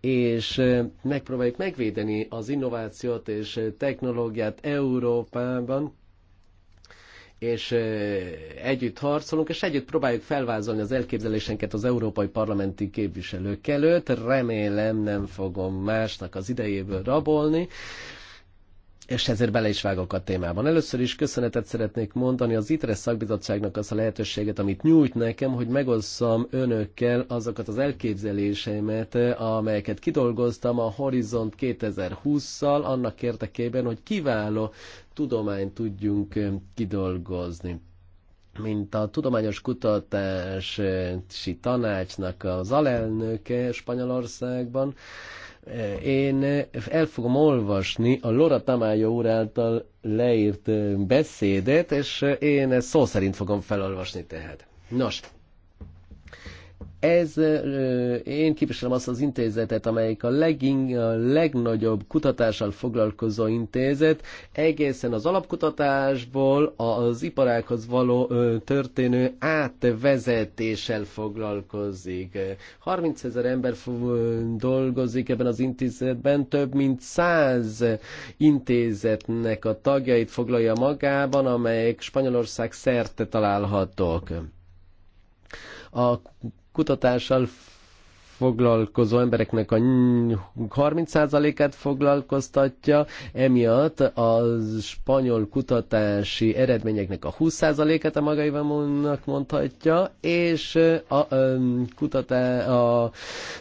és eh, megpróbáljuk megvédeni az innovációt és eh, technológiát Európában, és együtt harcolunk, és együtt próbáljuk felvázolni az elképzelésenket az európai parlamenti képviselők előtt. Remélem nem fogom másnak az idejéből rabolni és ezért bele is vágok a témában. Először is köszönetet szeretnék mondani az ITRE szakbizottságnak azt a lehetőséget, amit nyújt nekem, hogy megosszam önökkel azokat az elképzeléseimet, amelyeket kidolgoztam a Horizont 2020-szal annak érdekében, hogy kiváló tudományt tudjunk kidolgozni mint a Tudományos Kutatási Tanácsnak az alelnöke Spanyolországban, eh, én el fogom olvasni a Lora Tamája úr által leírt beszédet, és eh, én ezt szó szerint fogom felolvasni tehát. Nos, ez, én képviselem azt az intézetet, amelyik a, leging, a legnagyobb kutatással foglalkozó intézet, egészen az alapkutatásból az iparákhoz való történő átvezetéssel foglalkozik. 30 ezer ember dolgozik ebben az intézetben, több mint 100 intézetnek a tagjait foglalja magában, amelyek Spanyolország szerte találhatók. A kutatással foglalkozó embereknek a 30%-át foglalkoztatja, emiatt a spanyol kutatási eredményeknek a 20%-át a magaivamonnak mondhatja, és a, a, kutatá, a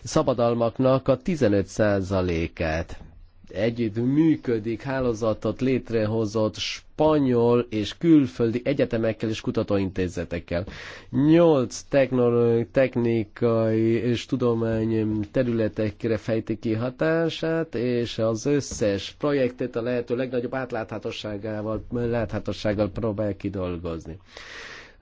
szabadalmaknak a 15%-át együtt működik, hálózatot létrehozott spanyol és külföldi egyetemekkel és kutatóintézetekkel. Nyolc technikai és tudomány területekre fejti ki hatását, és az összes projektet a lehető legnagyobb átláthatóságával, láthatósággal próbál kidolgozni.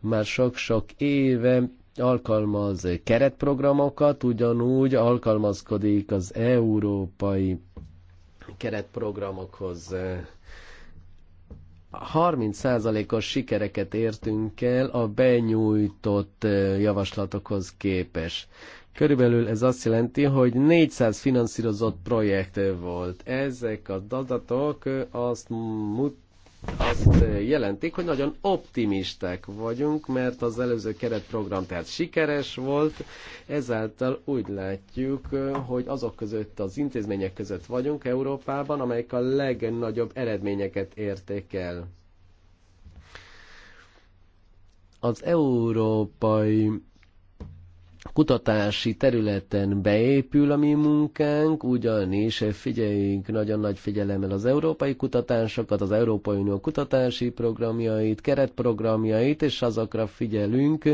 Már sok-sok éve alkalmaz keretprogramokat, ugyanúgy alkalmazkodik az európai keretprogramokhoz. 30%-os sikereket értünk el a benyújtott javaslatokhoz képes. Körülbelül ez azt jelenti, hogy 400 finanszírozott projekt volt. Ezek a adatok azt mutatják, azt eh, jelentik, hogy nagyon optimisták vagyunk, mert az előző keretprogram tehát sikeres volt, ezáltal úgy látjuk, eh, hogy azok között, az intézmények között vagyunk Európában, amelyek a legnagyobb eredményeket érték el. Az európai kutatási területen beépül a mi munkánk, ugyanis figyeljünk nagyon nagy figyelemmel az európai kutatásokat, az Európai Unió kutatási programjait, keretprogramjait, és azokra figyelünk,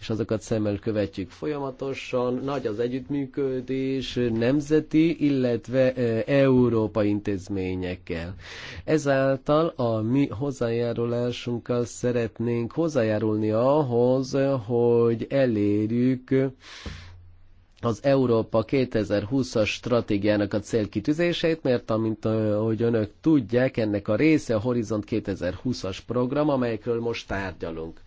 és azokat szemmel követjük folyamatosan. Nagy az együttműködés nemzeti, illetve e, európai intézményekkel. Ezáltal a mi hozzájárulásunkkal szeretnénk hozzájárulni ahhoz, hogy elérjük az Európa 2020-as stratégiának a célkitűzéseit, mert amint ahogy önök tudják, ennek a része a Horizont 2020-as program, amelyekről most tárgyalunk.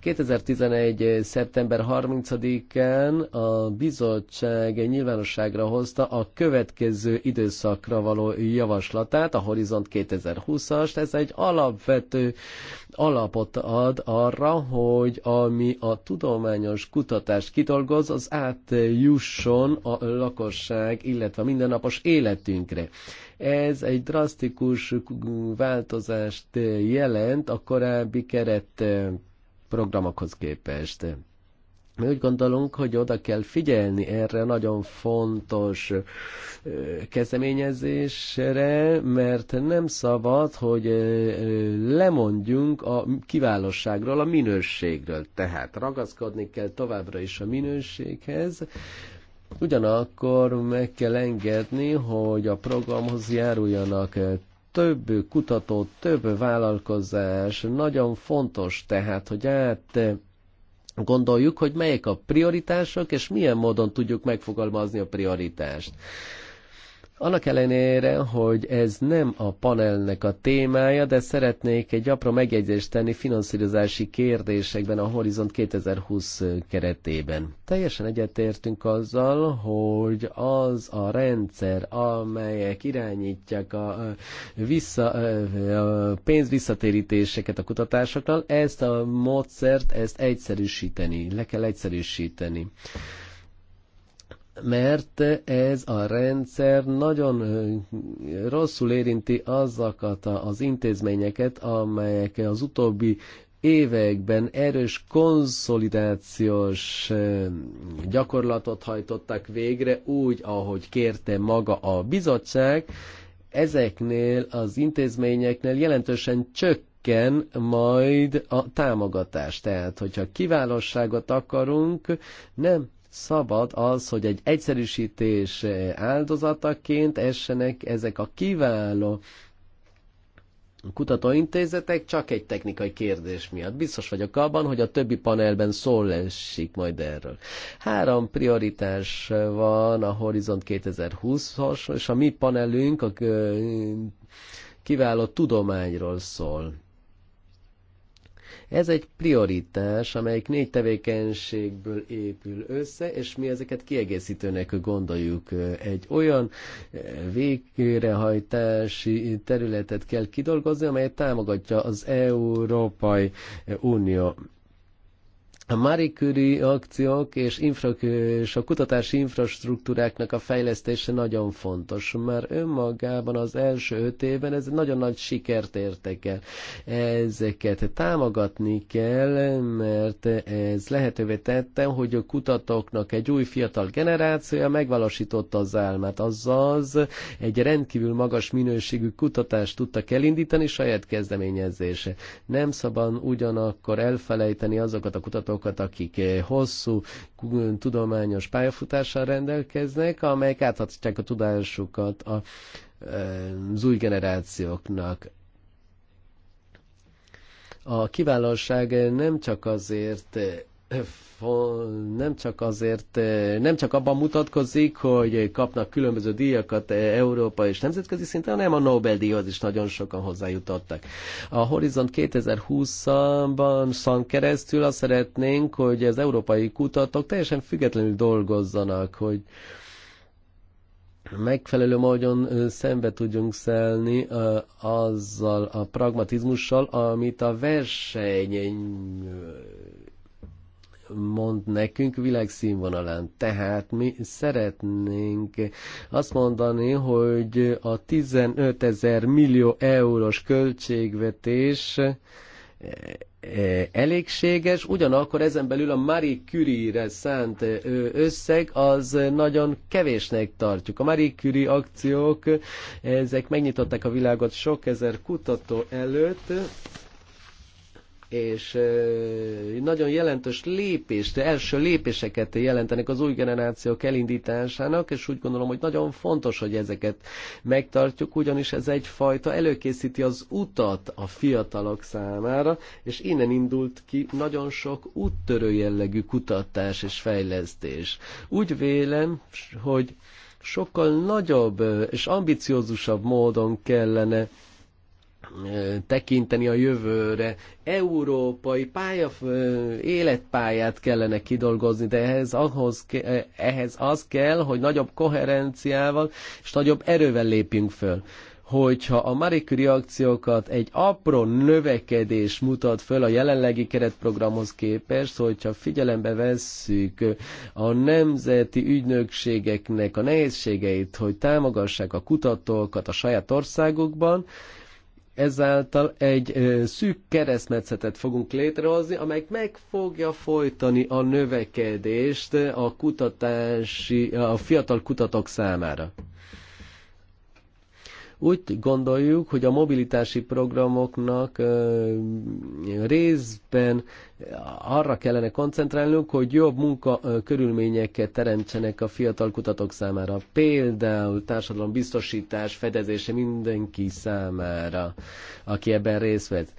2011. Eh, szeptember 30-án a bizottság nyilvánosságra hozta a következő időszakra való javaslatát, a Horizont 2020 as Ez egy alapvető alapot ad arra, hogy ami a tudományos kutatást kidolgoz, az átjusson a lakosság, illetve a mindennapos életünkre. Ez egy drasztikus változást jelent a korábbi keret eh, programokhoz képest. Mi úgy gondolunk, hogy oda kell figyelni erre nagyon fontos kezdeményezésre, mert nem szabad, hogy lemondjunk a kiválóságról, a minőségről. Tehát ragaszkodni kell továbbra is a minőséghez, Ugyanakkor meg kell engedni, hogy a programhoz járuljanak több kutató, több vállalkozás, nagyon fontos tehát, hogy át gondoljuk, hogy melyek a prioritások, és milyen módon tudjuk megfogalmazni a prioritást. Annak ellenére, hogy ez nem a panelnek a témája, de szeretnék egy apró megjegyzést tenni finanszírozási kérdésekben a Horizont 2020 keretében. Teljesen egyetértünk azzal, hogy az a rendszer, amelyek irányítják a, vissza, a pénzvisszatérítéseket a kutatásoknál, ezt a módszert, ezt egyszerűsíteni, le kell egyszerűsíteni mert ez a rendszer nagyon rosszul érinti azokat az intézményeket, amelyek az utóbbi években erős konszolidációs gyakorlatot hajtottak végre, úgy, ahogy kérte maga a bizottság, ezeknél az intézményeknél jelentősen csökken majd a támogatás. Tehát, hogyha kiválóságot akarunk, nem szabad az, hogy egy egyszerűsítés eh, áldozataként essenek ezek a kiváló kutatóintézetek csak egy technikai kérdés miatt. Biztos vagyok abban, hogy a többi panelben szó lesik majd erről. Három prioritás van a Horizont 2020-os, és a mi panelünk a eh, kiváló tudományról szól. Ez egy prioritás, amelyik négy tevékenységből épül össze, és mi ezeket kiegészítőnek gondoljuk. Egy olyan eh, végrehajtási területet kell kidolgozni, amely támogatja az Európai Unió a Marie Curie akciók és, infra, és a kutatási infrastruktúráknak a fejlesztése nagyon fontos, mert önmagában az első öt évben ez nagyon nagy sikert értek el. Ezeket támogatni kell, mert ez lehetővé tette, hogy a kutatóknak egy új fiatal generációja megvalósította az álmát, azaz egy rendkívül magas minőségű kutatást tudtak elindítani saját kezdeményezése. Nem szabad ugyanakkor elfelejteni azokat a kutatók, azokat, akik eh, hosszú eh, tudományos pályafutással rendelkeznek, amelyek áthatják a tudásukat a, eh, az új generációknak a kiválóság nem csak azért nem csak azért, eh, nem csak abban mutatkozik, hogy kapnak különböző díjakat eh, Európa és nemzetközi szinten, hanem a Nobel-díjhoz is nagyon sokan hozzájutottak. A Horizont 2020-ban szan keresztül azt szeretnénk, hogy az európai kutatók teljesen függetlenül dolgozzanak, hogy megfelelő módon eh, szembe tudjunk szelni azzal a pragmatizmussal, amit a verseny mond nekünk világszínvonalán. Tehát mi szeretnénk azt mondani, hogy a 15 ezer millió eurós költségvetés e, e, elégséges, ugyanakkor ezen belül a Marie Curie-re szánt összeg az nagyon kevésnek tartjuk. A Marie Curie akciók, ezek megnyitották a világot sok ezer kutató előtt, és nagyon jelentős lépést, első lépéseket jelentenek az új generációk elindításának, és úgy gondolom, hogy nagyon fontos, hogy ezeket megtartjuk, ugyanis ez egyfajta előkészíti az utat a fiatalok számára, és innen indult ki nagyon sok úttörő jellegű kutatás és fejlesztés. Úgy vélem, hogy sokkal nagyobb és ambiciózusabb módon kellene tekinteni a jövőre. Európai pálya, életpályát kellene kidolgozni, de ehhez, ahhoz, ehhez az kell, hogy nagyobb koherenciával és nagyobb erővel lépjünk föl hogyha a Marie Curie akciókat egy apró növekedés mutat föl a jelenlegi keretprogramhoz képest, hogyha figyelembe vesszük a nemzeti ügynökségeknek a nehézségeit, hogy támogassák a kutatókat a saját országukban, Ezáltal egy szűk keresztmetszetet fogunk létrehozni, amely meg fogja folytani a növekedést a kutatási, a fiatal kutatók számára. Úgy gondoljuk, hogy a mobilitási programoknak részben arra kellene koncentrálnunk, hogy jobb munkakörülményeket teremtsenek a fiatal kutatók számára. Például biztosítás fedezése mindenki számára, aki ebben részt vett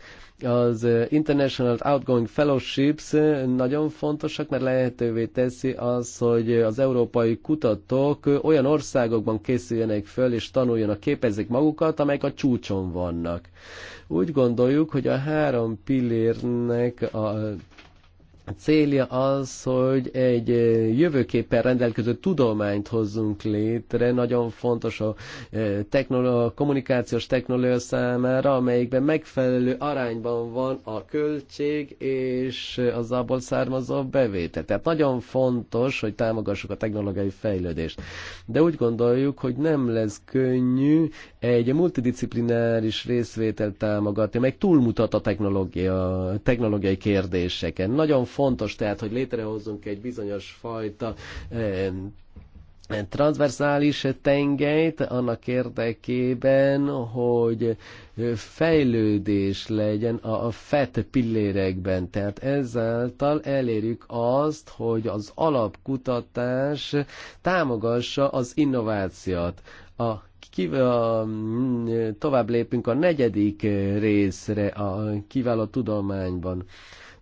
az International Outgoing Fellowships nagyon fontosak, mert lehetővé teszi az, hogy az európai kutatók olyan országokban készüljenek föl és tanuljanak, képezzék magukat, amelyek a csúcson vannak. Úgy gondoljuk, hogy a három pillérnek a célja az, hogy egy jövőképpen rendelkező tudományt hozzunk létre, nagyon fontos a, technolo- a kommunikációs technológia számára, amelyikben megfelelő arányban van a költség és az abból származó bevétel. Tehát nagyon fontos, hogy támogassuk a technológiai fejlődést. De úgy gondoljuk, hogy nem lesz könnyű egy multidisciplináris részvételt támogatni, meg túlmutat a technológia, technológiai kérdéseken. Nagyon fontos fontos tehát, hogy létrehozzunk egy bizonyos fajta eh, transversális tengelyt annak érdekében, hogy fejlődés legyen a FET pillérekben. Tehát ezáltal elérjük azt, hogy az alapkutatás támogassa az innovációt. A mm, tovább lépünk a negyedik részre a kiváló tudományban.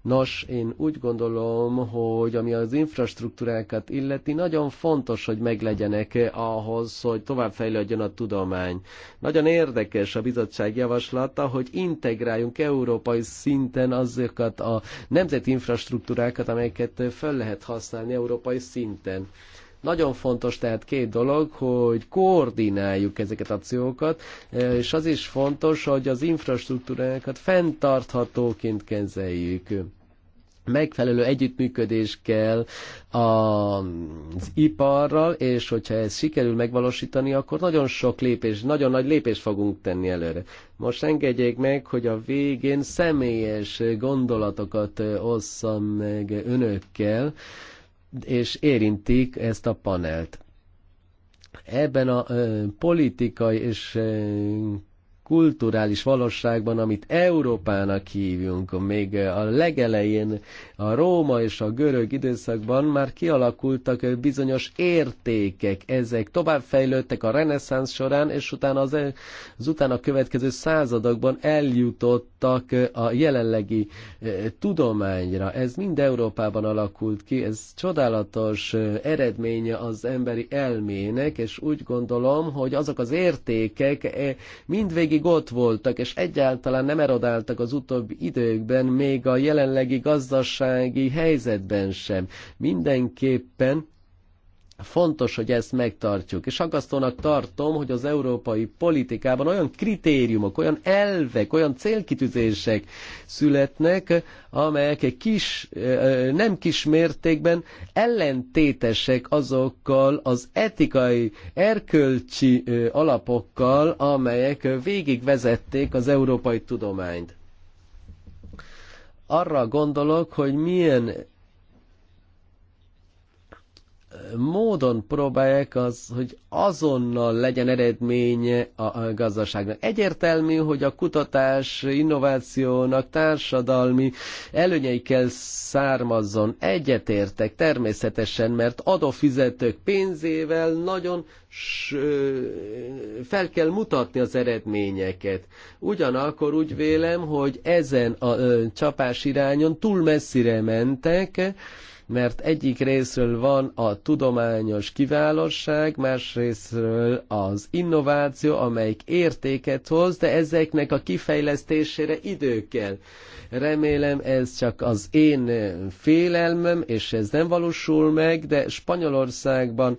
Nos, én úgy gondolom, hogy ami az infrastruktúrákat illeti, nagyon fontos, hogy meglegyenek ahhoz, hogy továbbfejlődjön a tudomány. Nagyon érdekes a bizottság javaslata, hogy integráljunk európai szinten azokat a nemzeti infrastruktúrákat, amelyeket fel lehet használni európai szinten. Nagyon fontos tehát két dolog, hogy koordináljuk ezeket a akciókat, és az is fontos, hogy az infrastruktúrákat fenntarthatóként kezeljük megfelelő együttműködés kell az iparral, és hogyha ez sikerül megvalósítani, akkor nagyon sok lépés, nagyon nagy lépés fogunk tenni előre. Most engedjék meg, hogy a végén személyes gondolatokat osszam meg önökkel, és érintik ezt a panelt. Ebben a ö, politikai és ö, kulturális valóságban, amit Európának hívjunk, még a legelején a Róma és a görög időszakban már kialakultak bizonyos értékek, ezek továbbfejlődtek a reneszánsz során, és utána az, az utána a következő századokban eljutott hatottak a jelenlegi tudományra. Ez mind Európában alakult ki, ez csodálatos eredménye az emberi elmének, és úgy gondolom, hogy azok az értékek e, mindvégig ott voltak, és egyáltalán nem erodáltak az utóbbi időkben, még a jelenlegi gazdasági helyzetben sem. Mindenképpen Fontos, hogy ezt megtartjuk. És aggasztónak tartom, hogy az európai politikában olyan kritériumok, olyan elvek, olyan célkitűzések születnek, amelyek egy kis, nem kis mértékben ellentétesek azokkal az etikai, erkölcsi alapokkal, amelyek végigvezették az európai tudományt arra gondolok, hogy milyen módon próbálják az, hogy azonnal legyen eredménye a gazdaságnak. Egyértelmű, hogy a kutatás, innovációnak társadalmi előnyeikkel származzon. Egyetértek természetesen, mert adófizetők pénzével nagyon fel kell mutatni az eredményeket. Ugyanakkor úgy vélem, hogy ezen a csapás irányon túl messzire mentek, mert egyik részről van a tudományos kiválóság, más részről az innováció, amelyik értéket hoz, de ezeknek a kifejlesztésére idő kell. Remélem ez csak az én félelmem, és ez nem valósul meg, de Spanyolországban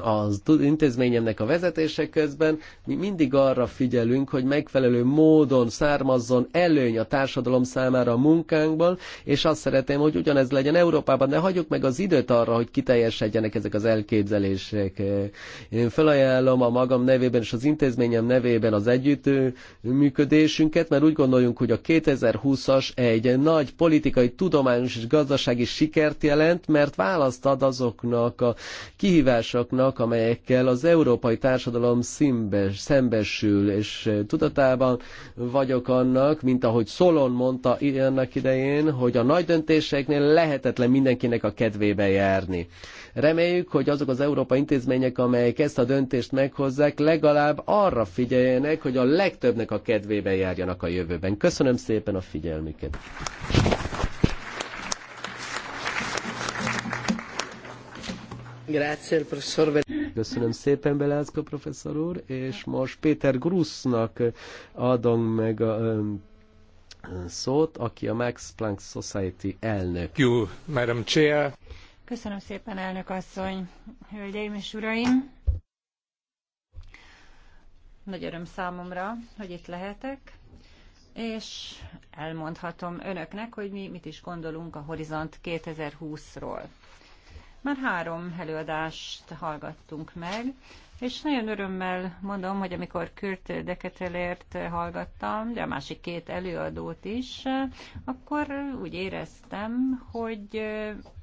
az intézményemnek a vezetése közben mi mindig arra figyelünk, hogy megfelelő módon származzon előny a társadalom számára a munkánkból, és azt szeretném, hogy ugyanez legyen Európában, de hagyjuk meg az időt arra, hogy kiteljesedjenek ezek az elképzelések. Én felajánlom a magam nevében és az intézményem nevében az működésünket, mert úgy gondoljunk, hogy a 2020-as egy nagy politikai, tudományos és gazdasági sikert jelent, mert választ ad azoknak a kihívásoknak, kihívásoknak, amelyekkel az európai társadalom szimbes, szembesül, és tudatában vagyok annak, mint ahogy Szolon mondta annak idején, hogy a nagy döntéseknél lehetetlen mindenkinek a kedvébe járni. Reméljük, hogy azok az európai intézmények, amelyek ezt a döntést meghozzák, legalább arra figyeljenek, hogy a legtöbbnek a kedvébe járjanak a jövőben. Köszönöm szépen a figyelmüket! Köszönöm szépen, Belázka professzor úr, és most Péter Grusznak adom meg a szót, aki a Max Planck Society elnök. Jó, Madam Chair. Köszönöm szépen, elnök asszony, hölgyeim és uraim. Nagy öröm számomra, hogy itt lehetek, és elmondhatom önöknek, hogy mi mit is gondolunk a Horizont 2020-ról. Már három előadást hallgattunk meg, és nagyon örömmel mondom, hogy amikor Kürt Deketelért hallgattam, de a másik két előadót is, akkor úgy éreztem, hogy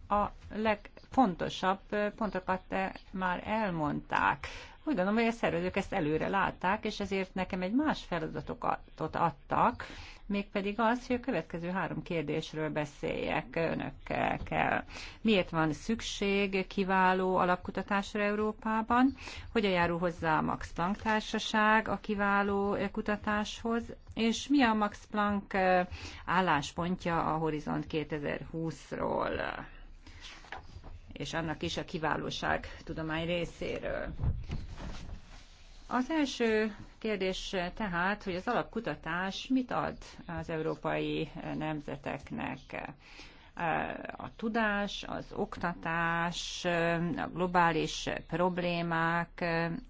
a legfontosabb pontokat már elmondták. Úgy gondolom, hogy a szervezők ezt előre látták, és ezért nekem egy más feladatot adtak, mégpedig az, hogy a következő három kérdésről beszéljek önökkel. Kell. Miért van szükség kiváló alapkutatásra Európában? Hogyan járul hozzá a Max Planck Társaság a kiváló eh, kutatáshoz? És mi a Max Planck eh, álláspontja a Horizont 2020-ról? és annak is a kiválóság tudomány részéről. Az első kérdés tehát, hogy az alapkutatás mit ad az európai nemzeteknek? A tudás, az oktatás, a globális problémák,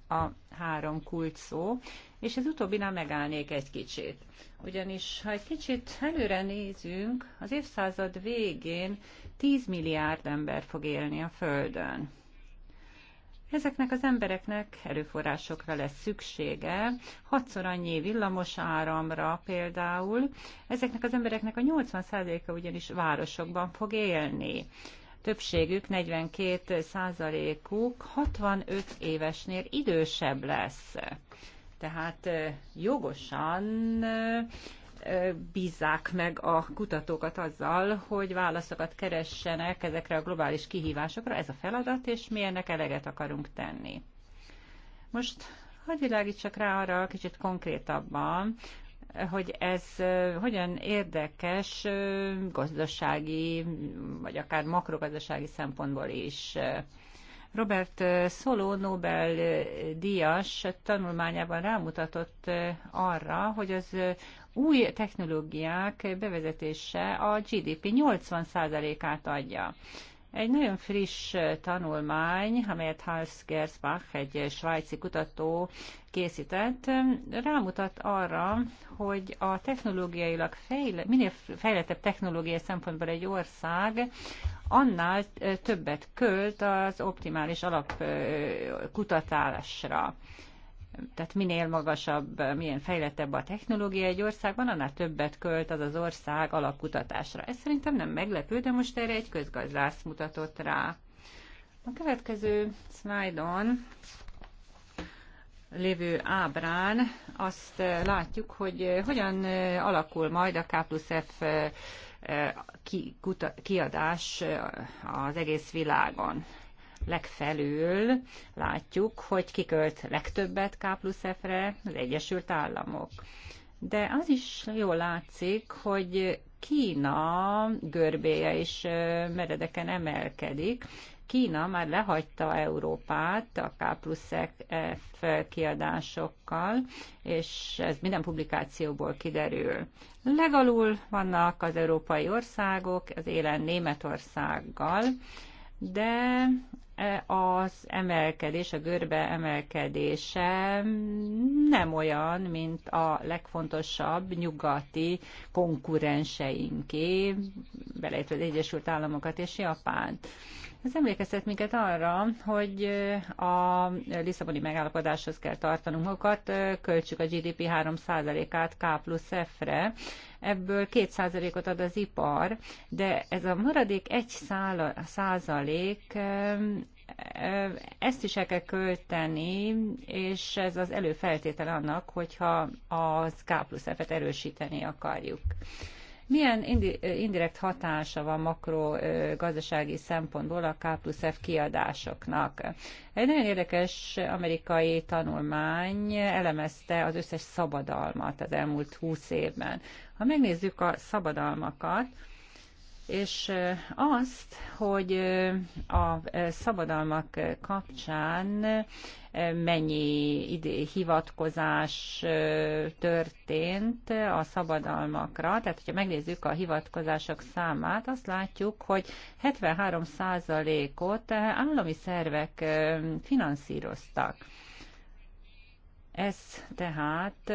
a három kult szó, és ez utóbbinál megállnék egy kicsit. Ugyanis, ha egy kicsit előre nézünk, az évszázad végén 10 milliárd ember fog élni a Földön. Ezeknek az embereknek erőforrásokra lesz szüksége, hatszor annyi villamos áramra például. Ezeknek az embereknek a 80%-a ugyanis városokban fog élni többségük, 42 uk 65 évesnél idősebb lesz. Tehát eh, jogosan eh, bízzák meg a kutatókat azzal, hogy válaszokat keressenek ezekre a globális kihívásokra. Ez a feladat, és mi ennek eleget akarunk tenni. Most hadd világítsak rá arra kicsit konkrétabban, hogy ez hogyan érdekes gazdasági, vagy akár makrogazdasági szempontból is. Robert Szoló Nobel díjas tanulmányában rámutatott arra, hogy az új technológiák bevezetése a GDP 80%-át adja. Egy nagyon friss tanulmány, amelyet Hans Gersbach, egy svájci kutató készített, rámutat arra, hogy a technológiailag fejle, minél fejlettebb technológiai szempontból egy ország, annál többet költ az optimális alapkutatásra tehát minél magasabb, milyen fejlettebb a technológia egy országban, annál többet költ az az ország alapkutatásra. Ez szerintem nem meglepő, de most erre egy közgazdász mutatott rá. A következő szlájdon lévő ábrán azt eh, látjuk, hogy eh, hogyan eh, alakul majd a K plusz F kiadás az egész világon. Legfelül látjuk, hogy kikölt legtöbbet K plusz F-re az Egyesült Államok. De az is jól látszik, hogy Kína görbéje is meredeken emelkedik. Kína már lehagyta Európát a K plusz F kiadásokkal, és ez minden publikációból kiderül. Legalul vannak az európai országok, az élen Németországgal, de az emelkedés, a görbe emelkedése nem olyan, mint a legfontosabb nyugati konkurenseinké, beleértve az Egyesült Államokat és Japánt. Ez emlékeztet minket arra, hogy a Lisszaboni megállapodáshoz kell tartanunk magunkat, költsük a GDP 3%-át K plusz F-re, ebből 2%-ot ad az ipar, de ez a maradék 1% ezt is el kell költeni, és ez az előfeltétel annak, hogyha az K plusz F-et erősíteni akarjuk. Milyen indirekt hatása van makrogazdasági szempontból a K plusz F kiadásoknak? Egy nagyon érdekes amerikai tanulmány elemezte az összes szabadalmat az elmúlt húsz évben. Ha megnézzük a szabadalmakat, és azt, hogy a szabadalmak kapcsán mennyi hivatkozás történt a szabadalmakra. Tehát, hogyha megnézzük a hivatkozások számát, azt látjuk, hogy 73%-ot állami szervek finanszíroztak. Ez tehát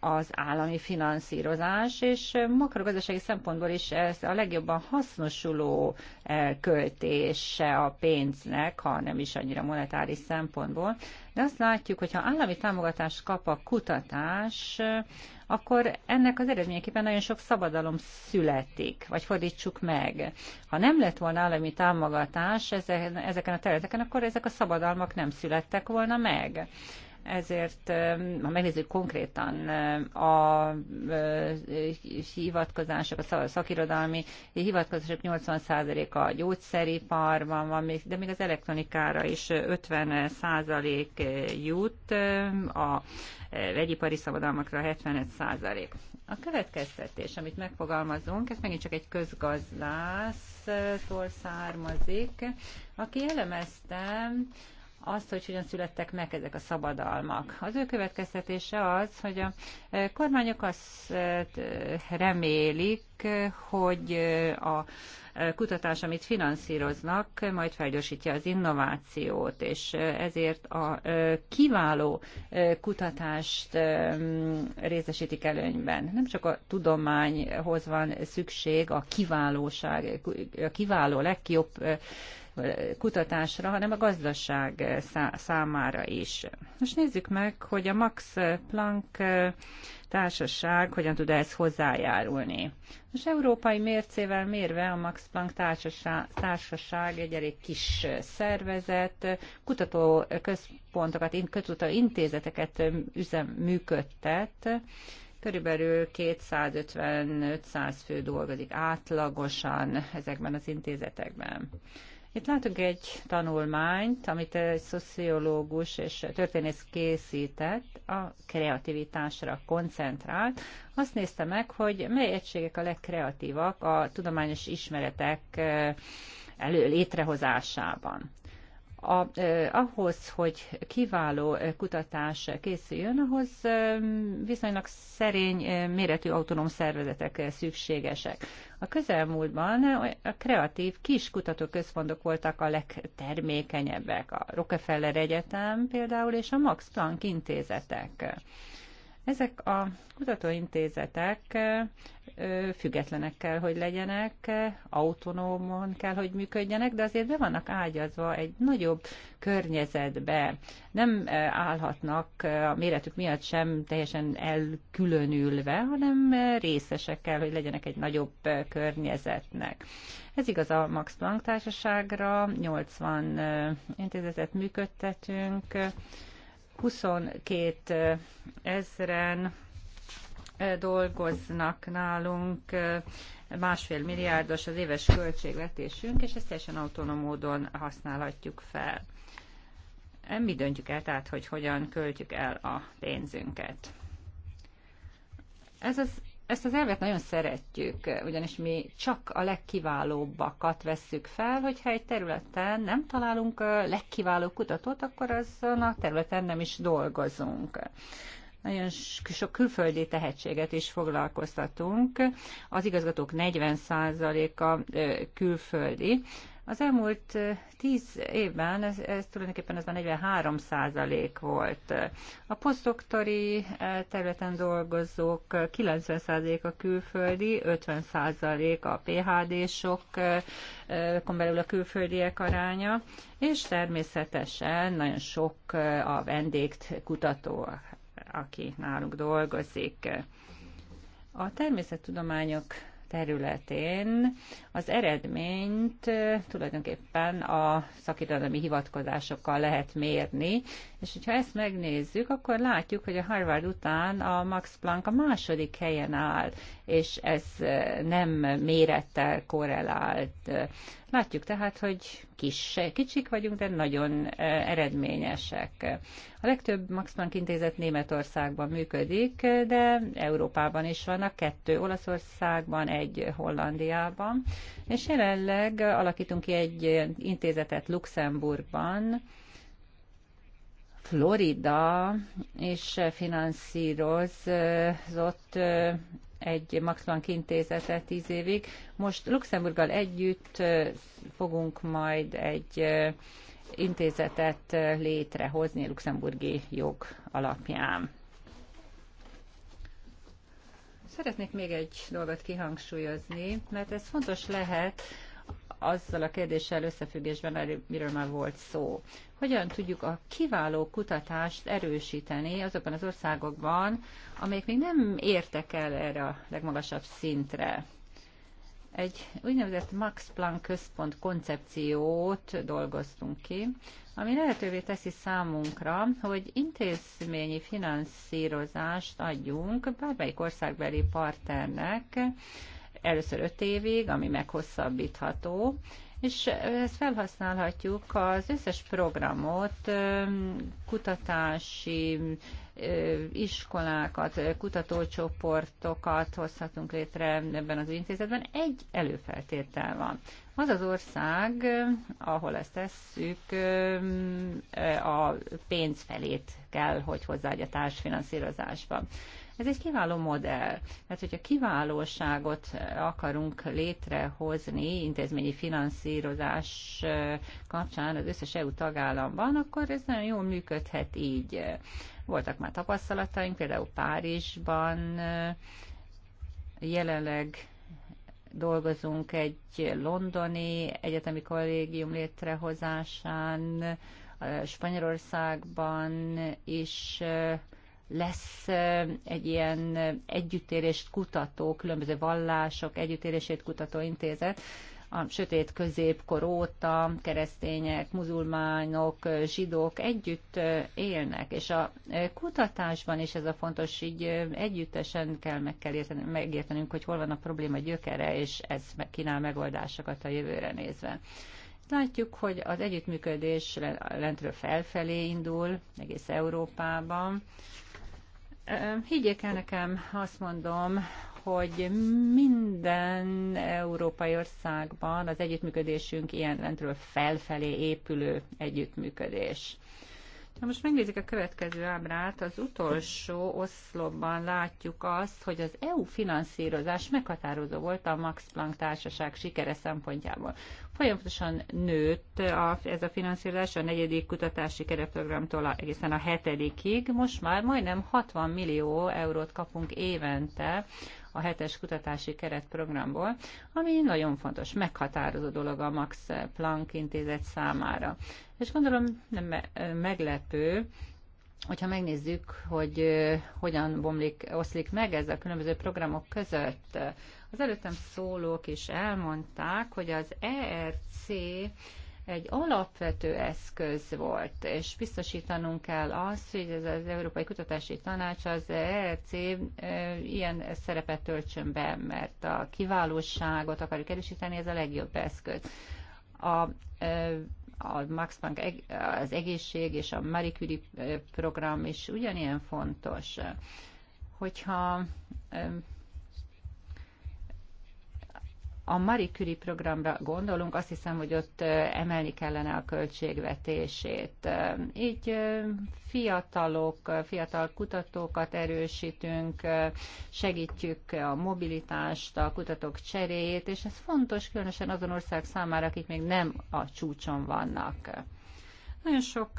az állami finanszírozás, és makrogazdasági szempontból is ez a legjobban hasznosuló eh, költése a pénznek, ha nem is annyira monetáris szempontból. De azt látjuk, hogy ha állami támogatást kap a kutatás, eh, akkor ennek az eredményeképpen nagyon sok szabadalom születik, vagy fordítsuk meg. Ha nem lett volna állami támogatás ezeken a területeken, akkor ezek a szabadalmak nem születtek volna meg. Ezért, ha megnézzük konkrétan a hivatkozások, a szakirodalmi hivatkozások 80%-a gyógyszeriparban van, de még az elektronikára is 50% jut, a vegyipari szabadalmakra 75%. A következtetés, amit megfogalmazunk, ez megint csak egy közgazdásztól származik, aki elemezte, azt, hogy hogyan születtek meg ezek a szabadalmak. Az ő következtetése az, hogy a e, kormányok azt e, remélik, hogy e, a kutatás, amit finanszíroznak, majd felgyorsítja az innovációt, és ezért a kiváló kutatást részesítik előnyben. Nem csak a tudományhoz van szükség, a kiválóság, a kiváló, legjobb kutatásra, hanem a gazdaság számára is. Most nézzük meg, hogy a Max Planck társaság hogyan tud ehhez hozzájárulni. Most európai mércével mérve a Max Planck társaság egy elég kis szervezet, kutató központokat, kutató intézeteket üzem, működtet, Körülbelül 250-500 fő dolgozik átlagosan ezekben az intézetekben. Itt látunk egy tanulmányt, amit egy szociológus és történész készített, a kreativitásra koncentrált. Azt nézte meg, hogy mely egységek a legkreatívak a tudományos ismeretek eh, elő létrehozásában a, eh, ahhoz, hogy kiváló kutatás készüljön, ahhoz eh, viszonylag szerény eh, méretű autonóm szervezetek eh, szükségesek. A közelmúltban a kreatív kis kutatóközpontok voltak a legtermékenyebbek, a Rockefeller Egyetem például, és a Max Planck intézetek. Ezek a kutatóintézetek függetlenek kell, hogy legyenek, autonómon kell, hogy működjenek, de azért be vannak ágyazva egy nagyobb környezetbe. Nem állhatnak a méretük miatt sem teljesen elkülönülve, hanem részesek kell, hogy legyenek egy nagyobb környezetnek. Ez igaz a Max Planck Társaságra, 80 intézetet működtetünk, 22 ezeren dolgoznak nálunk, másfél milliárdos az éves költségvetésünk, és ezt teljesen autonóm módon használhatjuk fel. Mi döntjük el tehát, hogy hogyan költjük el a pénzünket. Ez az ezt az elvet nagyon szeretjük, ugyanis mi csak a legkiválóbbakat vesszük fel, hogyha egy területen nem találunk legkiválóbb kutatót, akkor azon a területen nem is dolgozunk nagyon sok külföldi tehetséget is foglalkoztatunk. Az igazgatók 40%-a külföldi. Az elmúlt tíz évben ez, ez tulajdonképpen ez a 43 százalék volt. A posztdoktori területen dolgozók 90 százalék a külföldi, 50 százalék a PHD-sok, belül a külföldiek aránya, és természetesen nagyon sok a vendégt kutató aki nálunk dolgozik. A természettudományok területén az eredményt tulajdonképpen a szakirodalmi hivatkozásokkal lehet mérni, és hogyha ezt megnézzük, akkor látjuk, hogy a Harvard után a Max Planck a második helyen áll, és ez nem mérettel korrelált. Látjuk tehát, hogy kis, kicsik vagyunk, de nagyon e, eredményesek. A legtöbb Max Planck intézet Németországban működik, de Európában is vannak, kettő Olaszországban, egy Hollandiában, és jelenleg alakítunk ki egy intézetet Luxemburgban, Florida és finanszírozott e, egy Max Planck intézetet tíz évig. Most Luxemburggal együtt fogunk majd egy intézetet létrehozni luxemburgi jog alapján. Szeretnék még egy dolgot kihangsúlyozni, mert ez fontos lehet azzal a kérdéssel összefüggésben, miről már volt szó. Hogyan tudjuk a kiváló kutatást erősíteni azokban az országokban, amelyek még nem értek el erre a legmagasabb szintre? Egy úgynevezett Max Planck központ koncepciót dolgoztunk ki, ami lehetővé teszi számunkra, hogy intézményi finanszírozást adjunk bármelyik országbeli partnernek, először öt évig, ami meghosszabbítható, és ezt felhasználhatjuk az összes programot, kutatási iskolákat, kutatócsoportokat hozhatunk létre ebben az intézetben. Egy előfeltétel van. Az az ország, ahol ezt tesszük, a pénz felét kell, hogy hozzáadja társfinanszírozásba. Ez egy kiváló modell, mert hogyha kiválóságot eh, akarunk létrehozni intézményi finanszírozás eh, kapcsán az összes EU tagállamban, akkor ez nagyon jól működhet így. Voltak már tapasztalataink, például Párizsban eh, jelenleg dolgozunk egy londoni egyetemi kollégium létrehozásán, Spanyolországban is lesz eh, egy ilyen eh, együttérést kutató, különböző vallások együttérését kutató intézet, a sötét középkor óta keresztények, muzulmánok, eh, zsidók együtt élnek, és a kutatásban is ez a fontos, így együttesen kell meg kell érteni, megértenünk, hogy hol van a probléma gyökere, és ez kínál megoldásokat a jövőre nézve. Látjuk, hogy az együttműködés lentről felfelé indul, egész Európában Higgyék el nekem, azt mondom, hogy minden európai országban az együttműködésünk ilyen lentről felfelé épülő együttműködés. Na most megnézzük a következő ábrát. Az utolsó oszlopban látjuk azt, hogy az EU finanszírozás meghatározó volt a Max Planck társaság sikere szempontjából. Folyamatosan nőtt a, ez a finanszírozás a negyedik kutatási keretprogramtól egészen a hetedikig. Most már majdnem 60 millió eurót kapunk évente a hetes kutatási keretprogramból, ami nagyon fontos, meghatározó dolog a Max Planck intézet számára. És gondolom nem meglepő, hogyha megnézzük, hogy eh, hogyan bomlik, oszlik meg ez a különböző programok között, az előttem szólók is elmondták, hogy az ERC egy alapvető eszköz volt, és biztosítanunk kell azt, hogy ez az Európai Kutatási Tanács, az ERC ilyen szerepet töltsön be, mert a kiválóságot akarjuk erősíteni, ez a legjobb eszköz. A, a Max Planck az egészség és a Marie Curie program is ugyanilyen fontos. Hogyha a Marie Curie programra gondolunk, azt hiszem, hogy ott emelni kellene a költségvetését. Így fiatalok, fiatal kutatókat erősítünk, segítjük a mobilitást, a kutatók cseréjét, és ez fontos különösen azon ország számára, akik még nem a csúcson vannak. Nagyon sok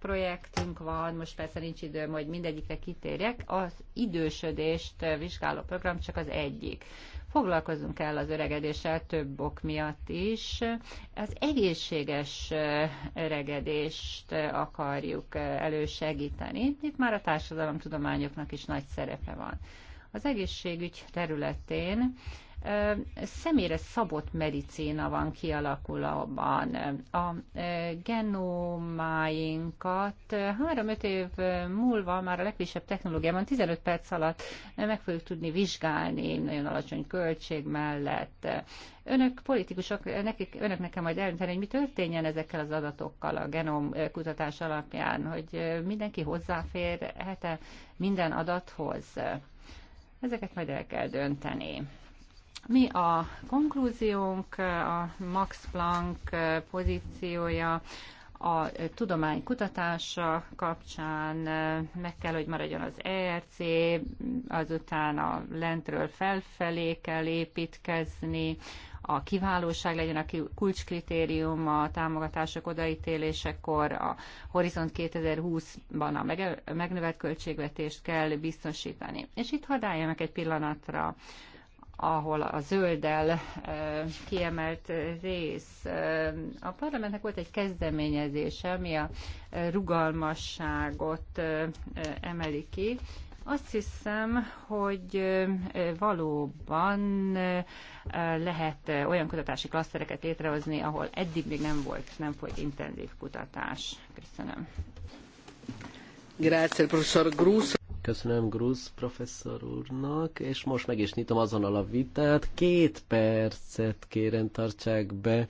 projektünk van, most persze nincs időm, hogy mindegyikre kitérjek, az idősödést vizsgáló program csak az egyik. Foglalkozunk el az öregedéssel több ok miatt is. Az egészséges öregedést akarjuk elősegíteni. Itt már a társadalomtudományoknak is nagy szerepe van. Az egészségügy területén személyre szabott medicína van kialakulóban. A genomáinkat 3-5 év múlva már a legvisebb technológiában 15 perc alatt meg fogjuk tudni vizsgálni nagyon alacsony költség mellett. Önök politikusok, nekik, önöknek nekem majd elmondani, hogy mi történjen ezekkel az adatokkal a genom kutatás alapján, hogy mindenki hozzáférhet-e minden adathoz. Ezeket majd el kell dönteni. Mi a konklúziónk, a Max Planck pozíciója, a tudomány kutatása kapcsán eh, meg kell, hogy maradjon az ERC, azután a lentről felfelé kell építkezni, a kiválóság legyen a kulcskritérium a támogatások odaítélésekor, a Horizont 2020-ban a megnövelt költségvetést kell biztosítani. És itt hadd meg egy pillanatra ahol a zöldel kiemelt rész. A parlamentnek volt egy kezdeményezése, ami a rugalmasságot emeli ki. Azt hiszem, hogy valóban lehet olyan kutatási klasztereket létrehozni, ahol eddig még nem volt, nem folyt intenzív kutatás. Köszönöm. Grazie, professor Grus. Köszönöm grusz professzor úrnak, és most meg is nyitom azonnal a vitát. Két percet kérem tartsák be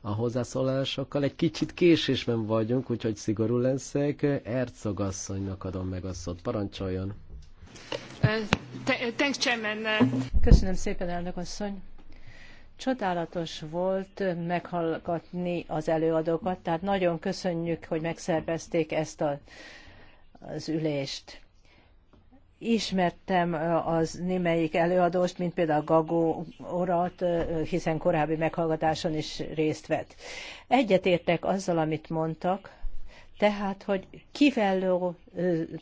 a hozzászólásokkal. Egy kicsit késésben vagyunk, úgyhogy szigorú leszek. Ercog asszonynak adom meg a szót. Parancsoljon! Köszönöm szépen, elnök asszony! Csodálatos volt meghallgatni az előadókat, tehát nagyon köszönjük, hogy megszervezték ezt a, az ülést ismertem az némelyik előadóst, mint például Gagó Orat, hiszen korábbi meghallgatáson is részt vett. Egyetértek azzal, amit mondtak, tehát, hogy kiváló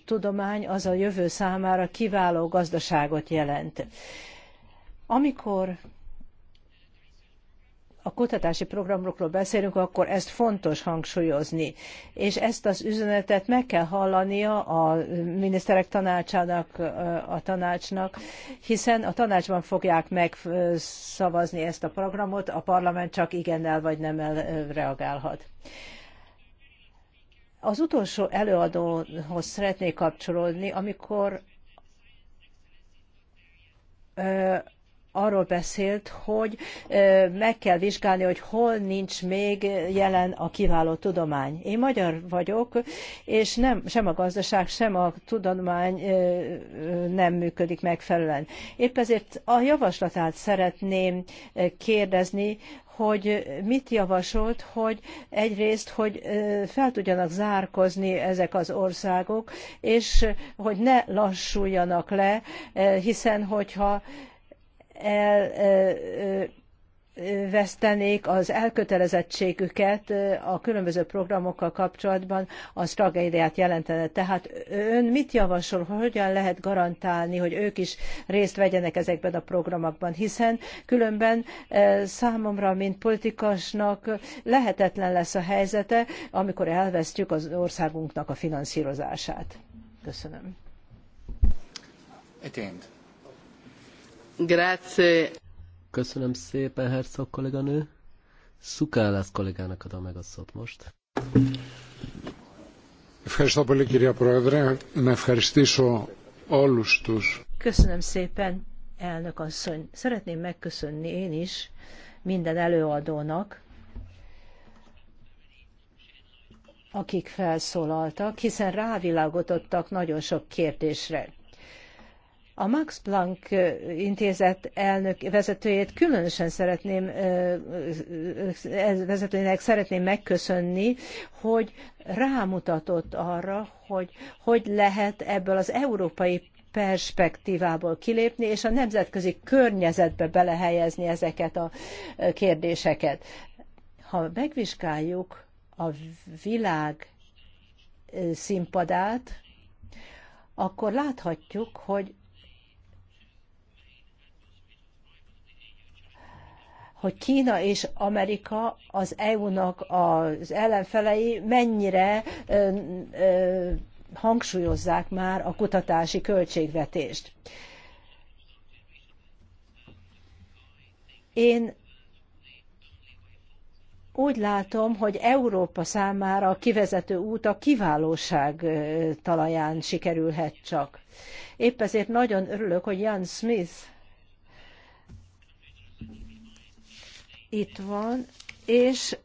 tudomány az a jövő számára kiváló gazdaságot jelent. Amikor a kutatási programokról beszélünk, akkor ezt fontos hangsúlyozni. És ezt az üzenetet meg kell hallania a miniszterek tanácsának, a tanácsnak, hiszen a tanácsban fogják megszavazni ezt a programot, a parlament csak igennel vagy nem reagálhat. Az utolsó előadóhoz szeretnék kapcsolódni, amikor arról beszélt, hogy meg kell vizsgálni, hogy hol nincs még jelen a kiváló tudomány. Én magyar vagyok, és nem, sem a gazdaság, sem a tudomány nem működik megfelelően. Épp ezért a javaslatát szeretném kérdezni, hogy mit javasolt, hogy egyrészt, hogy fel tudjanak zárkozni ezek az országok, és hogy ne lassuljanak le, hiszen hogyha elvesztenék az elkötelezettségüket a különböző programokkal kapcsolatban, az tragédiát jelentene. Tehát ön mit javasol, hogyan lehet garantálni, hogy ők is részt vegyenek ezekben a programokban, hiszen különben számomra, mint politikasnak lehetetlen lesz a helyzete, amikor elvesztjük az országunknak a finanszírozását. Köszönöm. Etént. Grazie. Köszönöm szépen, Herzog kolléganő. Szukálász kollégának adom meg a szót most. Köszönöm szépen, elnök asszony. Szeretném megköszönni én is minden előadónak, akik felszólaltak, hiszen rávilágotottak nagyon sok kérdésre. A Max Planck intézet elnök vezetőjét különösen szeretném, vezetőjének szeretném megköszönni, hogy rámutatott arra, hogy hogy lehet ebből az európai perspektívából kilépni, és a nemzetközi környezetbe belehelyezni ezeket a kérdéseket. Ha megvizsgáljuk a világ színpadát, akkor láthatjuk, hogy hogy Kína és Amerika az EU-nak az ellenfelei mennyire ö, ö, hangsúlyozzák már a kutatási költségvetést. Én úgy látom, hogy Európa számára a kivezető út a kiválóság talaján sikerülhet csak. Épp ezért nagyon örülök, hogy Jan Smith itt van, és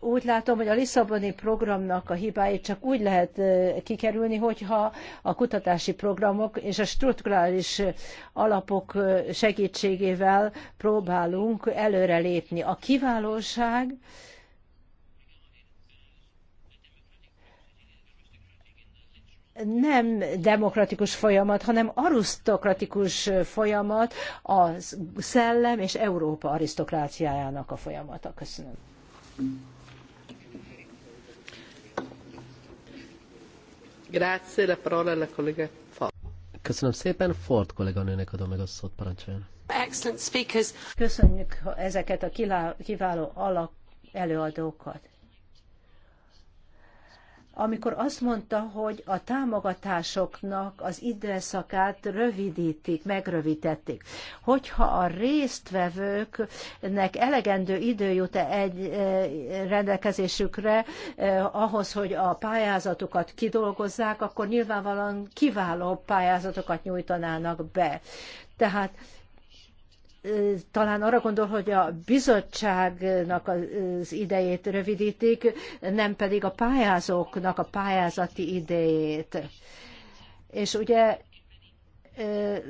úgy látom, hogy a Lisszaboni programnak a hibáit csak úgy lehet kikerülni, hogyha a kutatási programok és a strukturális alapok segítségével próbálunk előrelépni. A kiválóság nem demokratikus folyamat, hanem arisztokratikus folyamat, a szellem és Európa arisztokráciájának a folyamata. Köszönöm. Grazie, la parola alla collega Ford. Köszönöm szépen, Ford kolléganőnek adom meg a szót, parancsoljon. Excellent speakers. Köszönjük ezeket a kiváló alak előadókat amikor azt mondta, hogy a támogatásoknak az időszakát rövidítik, megrövidítik. Hogyha a résztvevőknek elegendő idő jut -e egy e, rendelkezésükre eh, ahhoz, hogy a pályázatokat kidolgozzák, akkor nyilvánvalóan kiváló pályázatokat nyújtanának be. Tehát talán arra gondol, hogy a bizottságnak az idejét rövidítik, nem pedig a pályázóknak a pályázati idejét. És ugye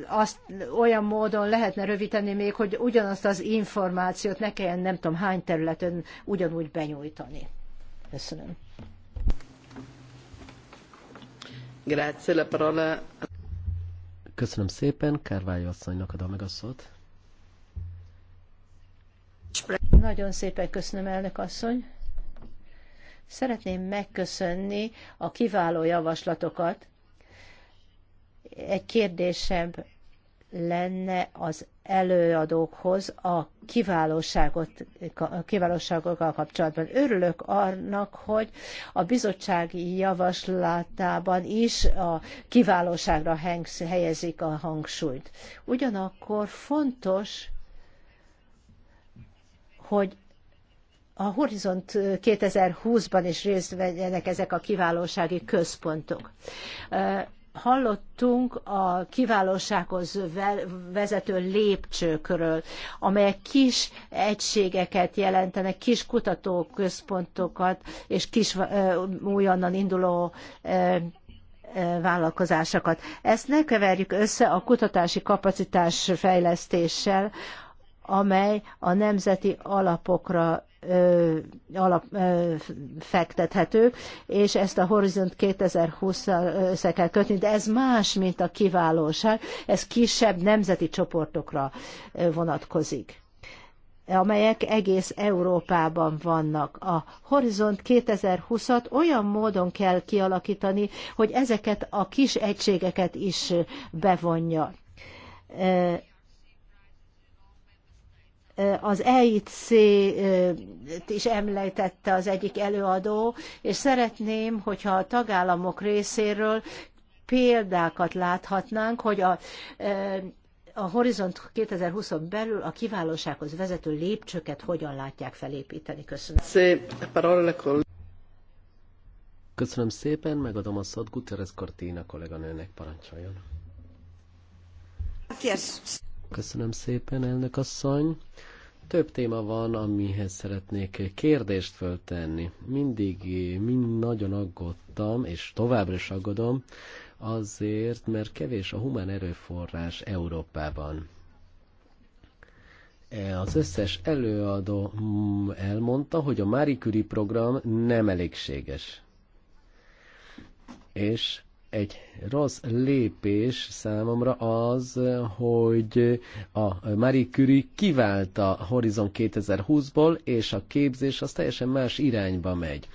azt olyan módon lehetne rövidíteni még, hogy ugyanazt az információt ne kelljen nem tudom hány területen ugyanúgy benyújtani. Köszönöm. Grazie la parola. Köszönöm szépen, Kárvályi asszonynak adom meg a szót. Nagyon szépen köszönöm, elnök asszony. Szeretném megköszönni a kiváló javaslatokat. Egy kérdésem lenne az előadókhoz a kiválóságot, a kiválóságokkal kapcsolatban. Örülök annak, hogy a bizottsági javaslatában is a kiválóságra helyezik a hangsúlyt. Ugyanakkor fontos, hogy a Horizont 2020-ban is részt vegyenek ezek a kiválósági központok. Hallottunk a kiválósághoz vezető lépcsőkről, amelyek kis egységeket jelentenek, kis kutatóközpontokat és kis újonnan induló vállalkozásokat. Ezt ne keverjük össze a kutatási kapacitás fejlesztéssel, amely a nemzeti alapokra ö, alap, ö, fektethető, és ezt a Horizont 2020-szal össze kell kötni, de ez más, mint a kiválóság, ez kisebb nemzeti csoportokra vonatkozik amelyek egész Európában vannak. A Horizont 2020-at olyan módon kell kialakítani, hogy ezeket a kis egységeket is bevonja az EIC-t is említette az egyik előadó, és szeretném, hogyha a tagállamok részéről példákat láthatnánk, hogy a, a Horizont 2020 belül a kiválósághoz vezető lépcsőket hogyan látják felépíteni. Köszönöm. Köszönöm szépen, megadom a szót Guterres Cortina kolléganőnek, parancsoljon. Köszönöm. Köszönöm szépen, elnök asszony. Több téma van, amihez szeretnék kérdést föltenni. Mindig mind nagyon aggódtam, és továbbra is aggodom, azért, mert kevés a humán erőforrás Európában. E, az összes előadó elmondta, hogy a Marie Curie program nem elégséges. És egy rossz lépés számomra az, hogy a Marie Curie a Horizon 2020-ból, és a képzés az teljesen más irányba megy.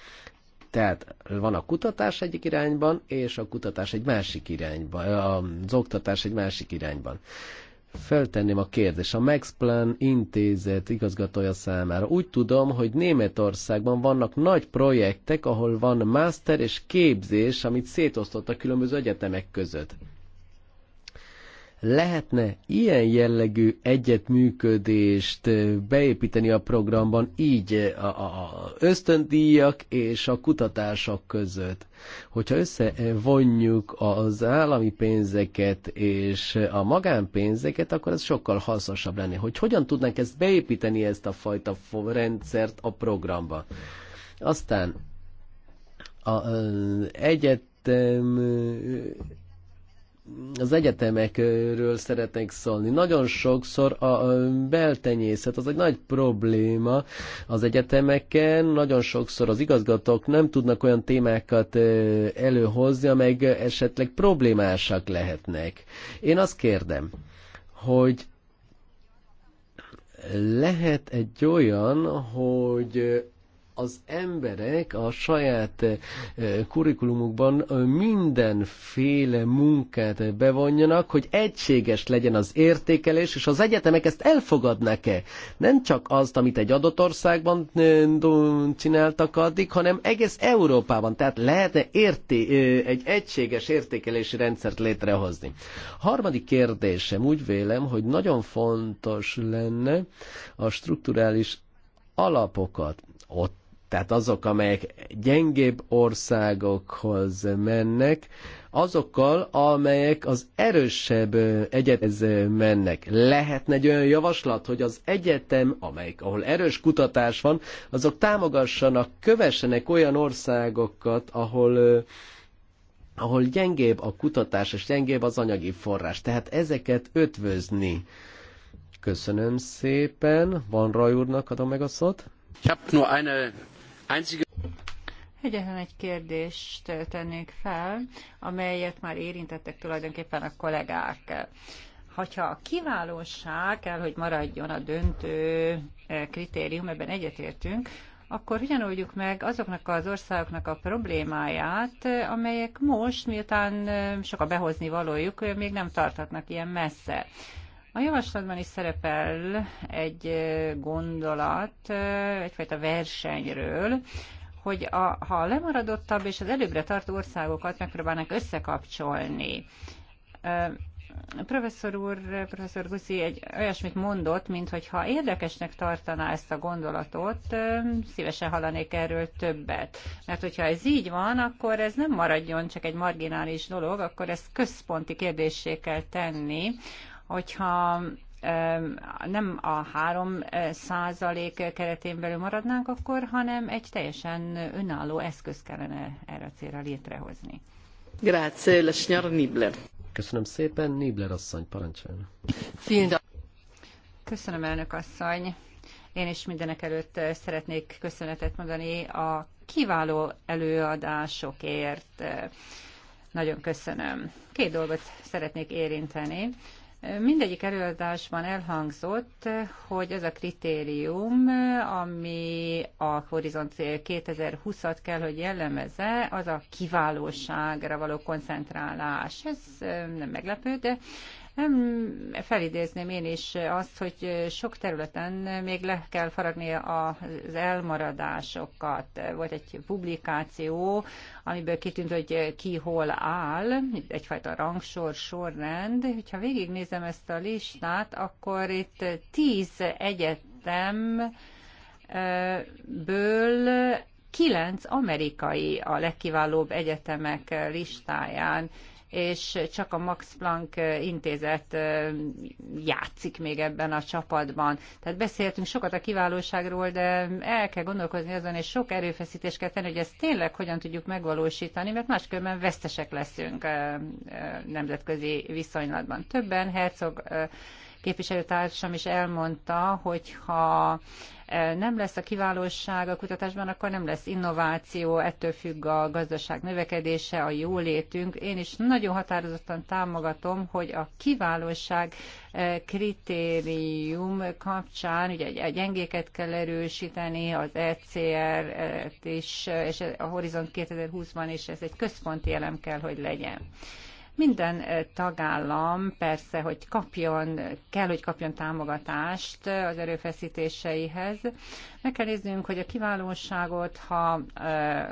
Tehát van a kutatás egyik irányban, és a kutatás egy másik irányban, az oktatás egy másik irányban feltenném a kérdést. A Max Plan intézet igazgatója számára. Úgy tudom, hogy Németországban vannak nagy projektek, ahol van master és képzés, amit szétosztott a különböző egyetemek között. Lehetne ilyen jellegű egyetműködést eh, beépíteni a programban így eh, a, ösztöndíjak és a kutatások között. Hogyha összevonjuk eh, az állami pénzeket és a magánpénzeket, akkor ez sokkal hasznosabb lenne. Hogy hogyan tudnánk ezt beépíteni, ezt a fajta rendszert a programba. Aztán a, az egyetem az egyetemekről szeretnék szólni. Nagyon sokszor a beltenyészet az egy nagy probléma az egyetemeken, nagyon sokszor az igazgatók nem tudnak olyan témákat előhozni, amelyek esetleg problémásak lehetnek. Én azt kérdem, hogy lehet egy olyan, hogy az emberek a saját eh, kurikulumukban mindenféle munkát bevonjanak, hogy egységes legyen az értékelés, és az egyetemek ezt elfogadnak-e? Nem csak azt, amit egy adott országban eh, csináltak addig, hanem egész Európában. Tehát lehetne érté, eh, egy egységes értékelési rendszert létrehozni. Harmadik kérdésem, úgy vélem, hogy nagyon fontos lenne a strukturális alapokat ott tehát azok, amelyek gyengébb országokhoz mennek, azokkal, amelyek az erősebb egyetemhez mennek. Lehetne egy olyan javaslat, hogy az egyetem, amelyik, ahol erős kutatás van, azok támogassanak, kövessenek olyan országokat, ahol ahol gyengébb a kutatás és gyengébb az anyagi forrás. Tehát ezeket ötvözni. Köszönöm szépen. Van Raj úrnak adom meg a szót. Ich habe nur eine einzige Egyetlen egy kérdést tennék fel, amelyet már érintettek tulajdonképpen a kollégák. Hogyha a kiválóság kell, hogy maradjon a döntő eh, kritérium, ebben egyetértünk, akkor hogyan oldjuk meg azoknak az országoknak a problémáját, amelyek most, miután eh, sok a behozni valójuk, eh, még nem tarthatnak ilyen messze. A javaslatban is szerepel egy gondolat, egyfajta versenyről, hogy a, ha a lemaradottabb és az előbbre tartó országokat megpróbálnak összekapcsolni. Professzor úr, professzor Guszi egy olyasmit mondott, mint hogyha érdekesnek tartaná ezt a gondolatot, szívesen hallanék erről többet. Mert hogyha ez így van, akkor ez nem maradjon csak egy marginális dolog, akkor ezt központi kérdéssé kell tenni, hogyha nem a három eh, százalék keretén belül maradnánk akkor, hanem egy teljesen önálló eszköz kellene erre a célra létrehozni. Grazie, la signora Nibler. Köszönöm szépen, Nibler asszony, parancsoljon. Köszönöm, elnök asszony. Én is mindenek előtt eh, szeretnék köszönetet mondani a kiváló előadásokért. Eh, nagyon köszönöm. Két dolgot szeretnék érinteni. Mindegyik előadásban elhangzott, hogy ez a kritérium, ami a Horizont 2020-at kell, hogy jellemezze, az a kiválóságra való koncentrálás. Ez nem meglepő, de nem felidézném én is azt, hogy sok területen még le kell faragni az elmaradásokat. Volt egy publikáció, amiből kitűnt, hogy ki hol áll, egyfajta rangsor, sorrend. Hogyha végignézem ezt a listát, akkor itt tíz egyetemből kilenc amerikai a legkiválóbb egyetemek listáján és csak a Max Planck intézet játszik még ebben a csapatban. Tehát beszéltünk sokat a kiválóságról, de el kell gondolkozni azon, és sok erőfeszítést kell tenni, hogy ezt tényleg hogyan tudjuk megvalósítani, mert máskülönben vesztesek leszünk nemzetközi viszonylatban. Többen Herzog képviselőtársam is elmondta, hogyha nem lesz a kiválóság a kutatásban, akkor nem lesz innováció, ettől függ a gazdaság növekedése, a jólétünk. Én is nagyon határozottan támogatom, hogy a kiválóság eh, kritérium kapcsán, ugye a gyengéket kell erősíteni, az ECR-t is, eh, és a Horizont 2020-ban is ez egy központi elem kell, hogy legyen. Minden tagállam persze, hogy kapjon, kell, hogy kapjon támogatást az erőfeszítéseihez. Meg kell néznünk, hogy a kiválóságot, ha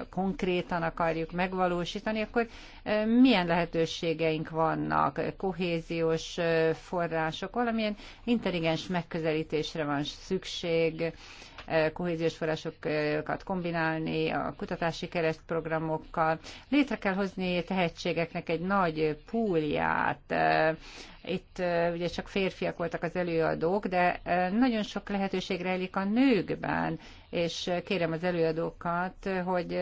konkrétan akarjuk megvalósítani, akkor milyen lehetőségeink vannak, kohéziós források, valamilyen intelligens megközelítésre van szükség, kohéziós forrásokat kombinálni a kutatási keresztprogramokkal. Létre kell hozni tehetségeknek egy nagy púlját, itt ugye csak férfiak voltak az előadók, de nagyon sok lehetőség rejlik a nőkben, és kérem az előadókat, hogy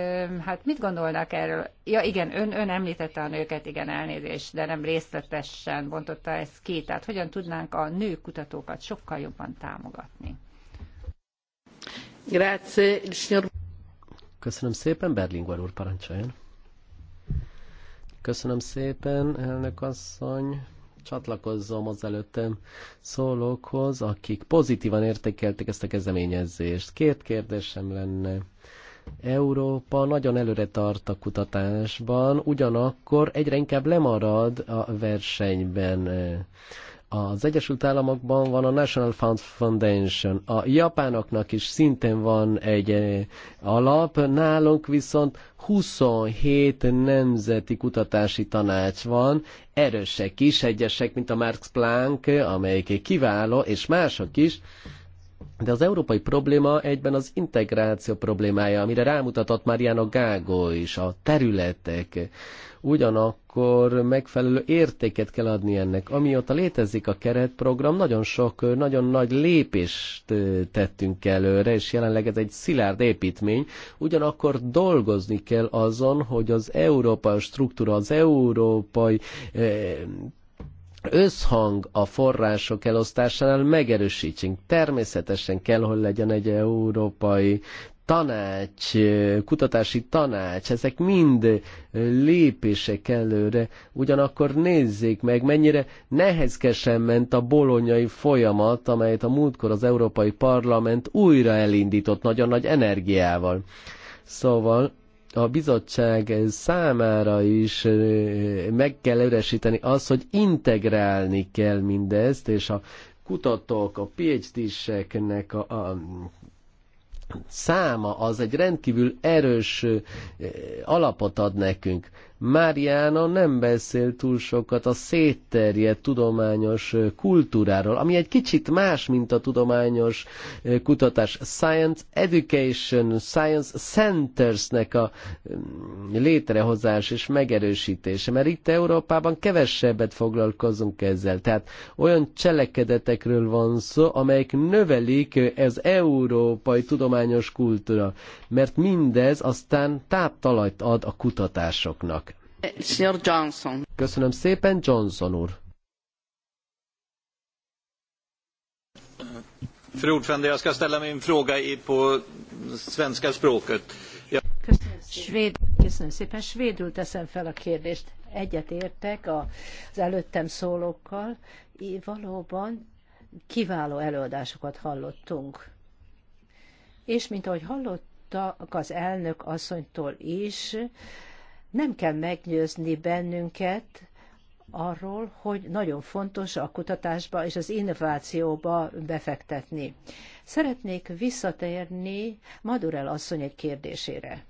hát mit gondolnak erről? Ja igen, ön, ön említette a nőket, igen, elnézést, de nem részletesen bontotta ezt ki, tehát hogyan tudnánk a nő kutatókat sokkal jobban támogatni? Köszönöm szépen, Berlinguer úr parancsoljon. Köszönöm szépen, elnök asszony. Csatlakozzom az előttem szólókhoz, akik pozitívan értékelték ezt a kezdeményezést. Két kérdésem lenne. Európa nagyon előre tart a kutatásban, ugyanakkor egyre inkább lemarad a versenyben. Az Egyesült Államokban van a National Fund Foundation, a japánoknak is szintén van egy eh, alap, nálunk viszont 27 nemzeti kutatási tanács van, erősek is, egyesek, mint a Marx Planck, amelyik kiváló, és mások is, de az európai probléma egyben az integráció problémája, amire rámutatott Mariano Gágo is, a területek. Ugyanakkor megfelelő értéket kell adni ennek. Amióta létezik a keretprogram, nagyon sok, nagyon nagy lépést tettünk előre, és jelenleg ez egy szilárd építmény. Ugyanakkor dolgozni kell azon, hogy az európai struktúra, az európai eh, összhang a források elosztásánál megerősítsünk. Természetesen kell, hogy legyen egy európai tanács, kutatási tanács, ezek mind lépések előre, ugyanakkor nézzék meg, mennyire nehezkesen ment a bolonyai folyamat, amelyet a múltkor az Európai Parlament újra elindított nagyon nagy energiával. Szóval a bizottság számára is meg kell erősíteni az, hogy integrálni kell mindezt, és a kutatók, a PhD-seknek a, a száma az egy rendkívül erős alapot ad nekünk. Máriána nem beszél túl sokat a szétterjedt tudományos kultúráról, ami egy kicsit más, mint a tudományos kutatás. Science Education, Science Centersnek a mm, létrehozás és megerősítése, mert itt Európában kevesebbet foglalkozunk ezzel. Tehát olyan cselekedetekről van szó, amelyek növelik az európai tudományos kultúra, mert mindez aztán táptalajt ad a kutatásoknak. Köszönöm szépen, Johnson úr. Fru ordförande, jag ska ställa min fråga i, på svenska språket. Köszönöm, szépen. Svédül teszem fel a kérdést. Egyetértek az előttem szólókkal. Valóban kiváló előadásokat hallottunk. És mint ahogy hallottak az elnök asszonytól is, nem kell meggyőzni bennünket arról, hogy nagyon fontos a kutatásba és az innovációba befektetni. Szeretnék visszatérni Madurel asszony egy kérdésére.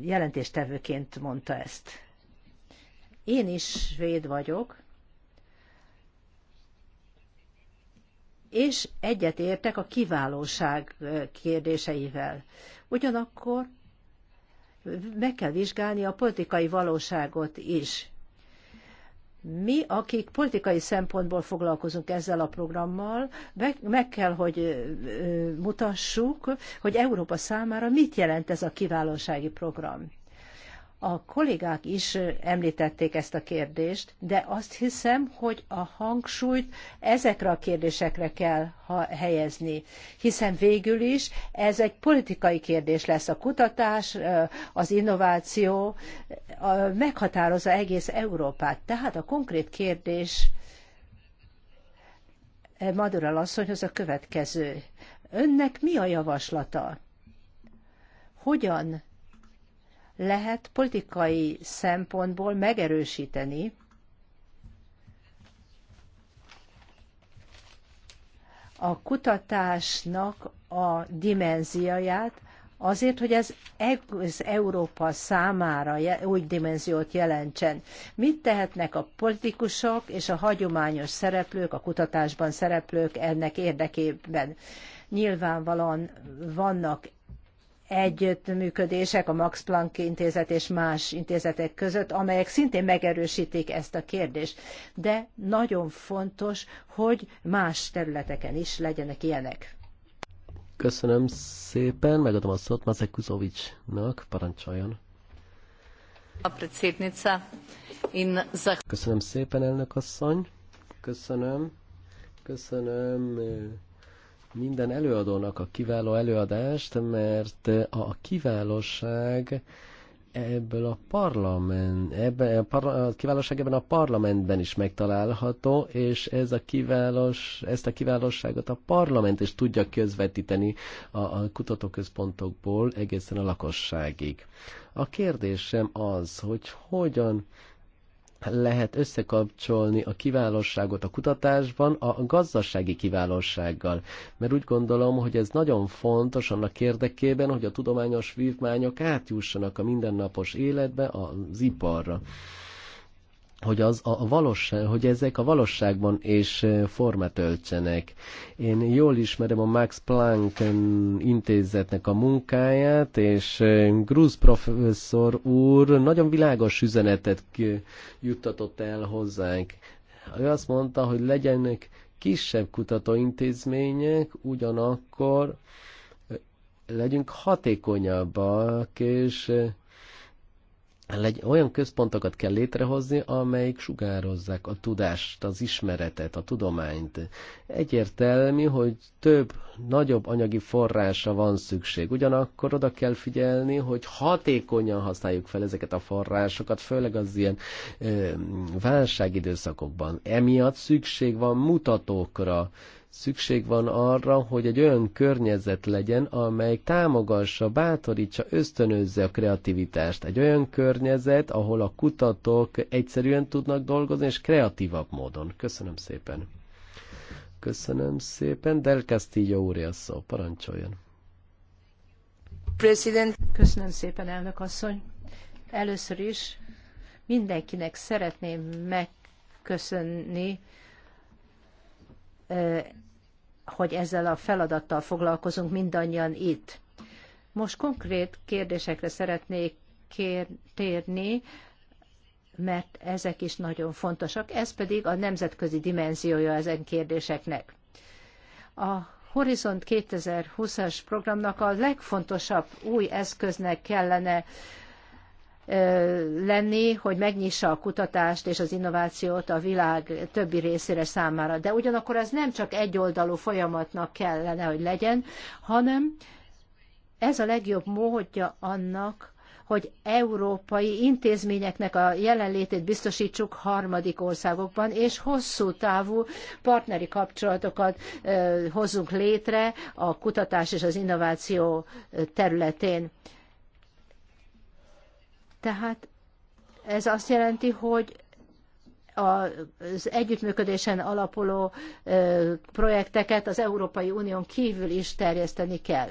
Jelentéstevőként mondta ezt. Én is svéd vagyok, és egyetértek a kiválóság kérdéseivel. Ugyanakkor meg kell vizsgálni a politikai valóságot is. Mi, akik politikai szempontból foglalkozunk ezzel a programmal, meg kell, hogy mutassuk, hogy Európa számára mit jelent ez a kiválósági program a kollégák is említették ezt a kérdést, de azt hiszem, hogy a hangsúlyt ezekre a kérdésekre kell helyezni, hiszen végül is ez egy politikai kérdés lesz. A kutatás, az innováció meghatározza egész Európát. Tehát a konkrét kérdés Madura asszonyhoz a következő. Önnek mi a javaslata? Hogyan lehet politikai szempontból megerősíteni a kutatásnak a dimenzióját, azért, hogy ez, ez Európa számára új dimenziót jelentsen. Mit tehetnek a politikusok és a hagyományos szereplők, a kutatásban szereplők ennek érdekében? Nyilvánvalóan vannak együttműködések a Max Planck intézet és más intézetek között, amelyek szintén megerősítik ezt a kérdést. De nagyon fontos, hogy más területeken is legyenek ilyenek. Köszönöm szépen, megadom a szót Mazek Kuzovicsnak, parancsoljon. A predsednica. In za... Köszönöm szépen, elnök asszony. Köszönöm. Köszönöm minden előadónak a kiváló előadást, mert a kiválóság ebből a parlament, ebben a, parla, a kiválóság ebben a parlamentben is megtalálható, és ez a kiválós, ezt a kiválóságot a parlament is tudja közvetíteni a, a kutatóközpontokból egészen a lakosságig. A kérdésem az, hogy hogyan lehet összekapcsolni a kiválóságot a kutatásban a gazdasági kiválósággal. Mert úgy gondolom, hogy ez nagyon fontos annak érdekében, hogy a tudományos vívmányok átjussanak a mindennapos életbe, az iparra hogy, az a valóság, hogy ezek a valóságban és formát öltsenek. Én jól ismerem a Max Planck intézetnek a munkáját, és Gruz professzor úr nagyon világos üzenetet juttatott el hozzánk. Ő azt mondta, hogy legyenek kisebb kutatóintézmények, ugyanakkor legyünk hatékonyabbak, és olyan központokat kell létrehozni, amelyik sugározzák a tudást, az ismeretet, a tudományt. Egyértelmű, hogy több, nagyobb anyagi forrása van szükség. Ugyanakkor oda kell figyelni, hogy hatékonyan használjuk fel ezeket a forrásokat, főleg az ilyen ö, válságidőszakokban. Emiatt szükség van mutatókra, Szükség van arra, hogy egy olyan környezet legyen, amely támogassa, bátorítsa, ösztönözze a kreativitást. Egy olyan környezet, ahol a kutatók egyszerűen tudnak dolgozni, és kreatívabb módon. Köszönöm szépen. Köszönöm szépen. Del Castillo úr, a szó. Parancsoljon. President. Köszönöm szépen, elnök asszony. Először is mindenkinek szeretném megköszönni Eh, hogy ezzel a feladattal foglalkozunk mindannyian itt. Most konkrét kérdésekre szeretnék kér, térni, mert ezek is nagyon fontosak. Ez pedig a nemzetközi dimenziója ezen kérdéseknek. A Horizont 2020-as programnak a legfontosabb új eszköznek kellene lenni, hogy megnyissa a kutatást és az innovációt a világ többi részére számára. De ugyanakkor ez nem csak egyoldalú folyamatnak kellene, hogy legyen, hanem ez a legjobb módja annak, hogy európai intézményeknek a jelenlétét biztosítsuk harmadik országokban, és hosszú távú partneri kapcsolatokat hozzunk létre a kutatás és az innováció területén tehát ez azt jelenti, hogy az együttműködésen alapuló projekteket az Európai Unión kívül is terjeszteni kell.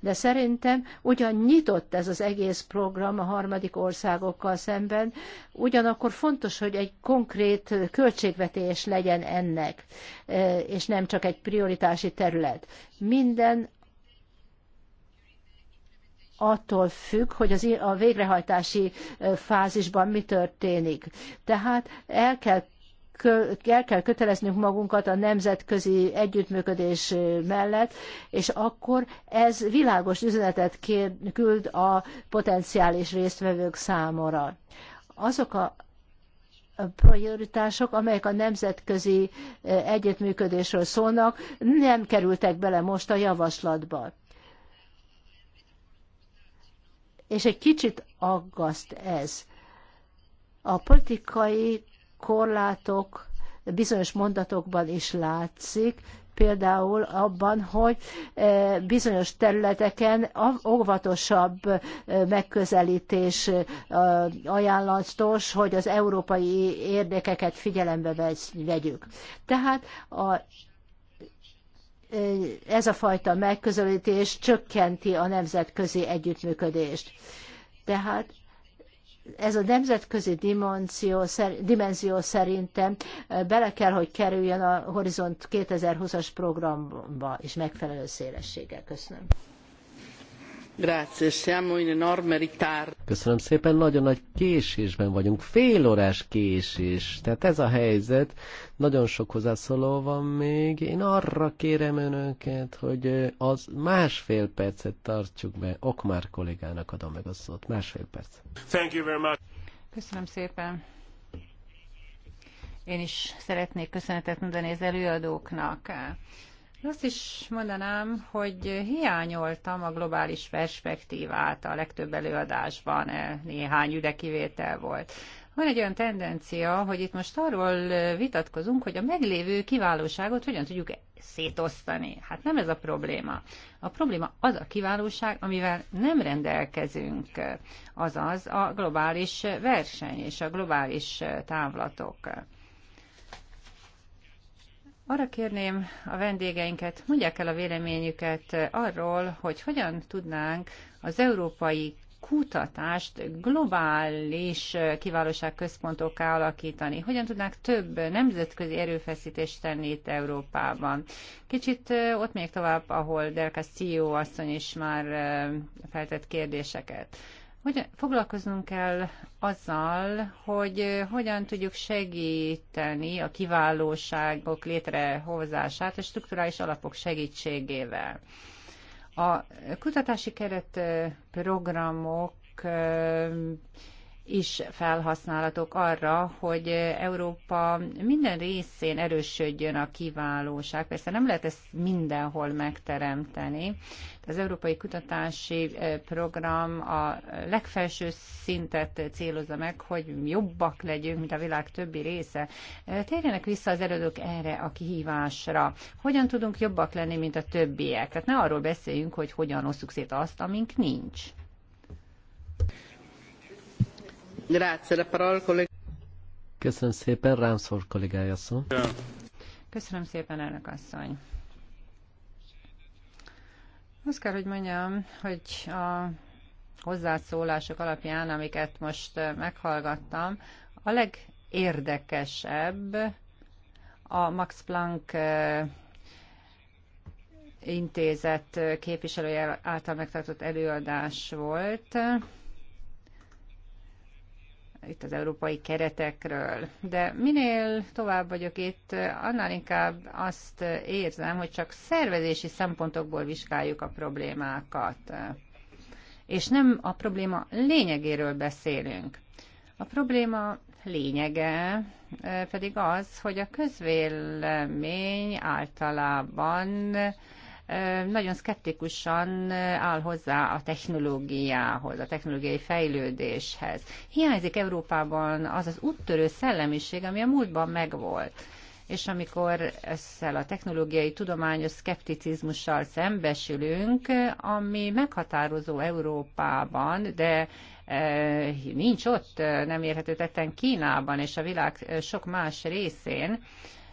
De szerintem ugyan nyitott ez az egész program a harmadik országokkal szemben, ugyanakkor fontos, hogy egy konkrét költségvetés legyen ennek, és nem csak egy prioritási terület. Minden attól függ, hogy az, a végrehajtási fázisban mi történik. Tehát el kell el kell köteleznünk magunkat a nemzetközi együttműködés mellett, és akkor ez világos üzenetet kér, küld a potenciális résztvevők számára. Azok a prioritások, amelyek a nemzetközi együttműködésről szólnak, nem kerültek bele most a javaslatba. és egy kicsit aggaszt ez. A politikai korlátok bizonyos mondatokban is látszik, például abban, hogy e, bizonyos területeken óvatosabb e, megközelítés e, ajánlatos, hogy az európai érdekeket figyelembe vegyük. Tehát a ez a fajta megközelítés csökkenti a nemzetközi együttműködést. Tehát ez a nemzetközi dimenzió, dimenzió szerintem bele kell, hogy kerüljön a Horizont 2020-as programba, és megfelelő szélességgel. Köszönöm. Köszönöm szépen, nagyon nagy késésben vagyunk, fél órás késés. Tehát ez a helyzet, nagyon sok hozzászóló van még. Én arra kérem önöket, hogy az másfél percet tartsuk be. Okmár kollégának adom meg a szót. Másfél perc. Thank you very much. Köszönöm szépen. Én is szeretnék köszönetet mondani az előadóknak. Azt is mondanám, hogy hiányoltam a globális perspektívát a legtöbb előadásban, e néhány üdekivétel volt. Van egy olyan tendencia, hogy itt most arról vitatkozunk, hogy a meglévő kiválóságot hogyan tudjuk szétosztani. Hát nem ez a probléma. A probléma az a kiválóság, amivel nem rendelkezünk, azaz a globális verseny és a globális távlatok. Arra kérném a vendégeinket, mondják el a véleményüket arról, hogy hogyan tudnánk az európai kutatást globális kiválóság központokká alakítani? Hogyan tudnánk több nemzetközi erőfeszítést tenni itt Európában? Kicsit ott még tovább, ahol Delkas CEO asszony is már feltett kérdéseket hogy foglalkoznunk kell azzal, hogy hogyan tudjuk segíteni a kiválóságok létrehozását a strukturális alapok segítségével. A kutatási keret programok is felhasználatok arra, hogy Európa minden részén erősödjön a kiválóság. Persze nem lehet ezt mindenhol megteremteni. Az Európai Kutatási eh, Program a legfelső szintet célozza meg, hogy jobbak legyünk, mint a világ többi része. Eh, térjenek vissza az erődök erre a kihívásra. Hogyan tudunk jobbak lenni, mint a többiek? Tehát ne arról beszéljünk, hogy hogyan osszuk szét azt, amink nincs. Köszönöm szépen, rám szól kollégája szó. Köszönöm szépen, elnök asszony. Azt kell, hogy mondjam, hogy a hozzászólások alapján, amiket most meghallgattam, a legérdekesebb a Max Planck intézet képviselője által megtartott előadás volt, itt az európai keretekről, de minél tovább vagyok itt, annál inkább azt érzem, hogy csak szervezési szempontokból vizsgáljuk a problémákat, és nem a probléma lényegéről beszélünk. A probléma lényege eh, pedig az, hogy a közvélemény általában nagyon szkeptikusan áll hozzá a technológiához, a technológiai fejlődéshez. Hiányzik Európában az az úttörő szellemiség, ami a múltban megvolt és amikor ezzel a technológiai tudományos szkepticizmussal szembesülünk, ami meghatározó Európában, de nincs ott, nem érhető tetten Kínában és a világ sok más részén,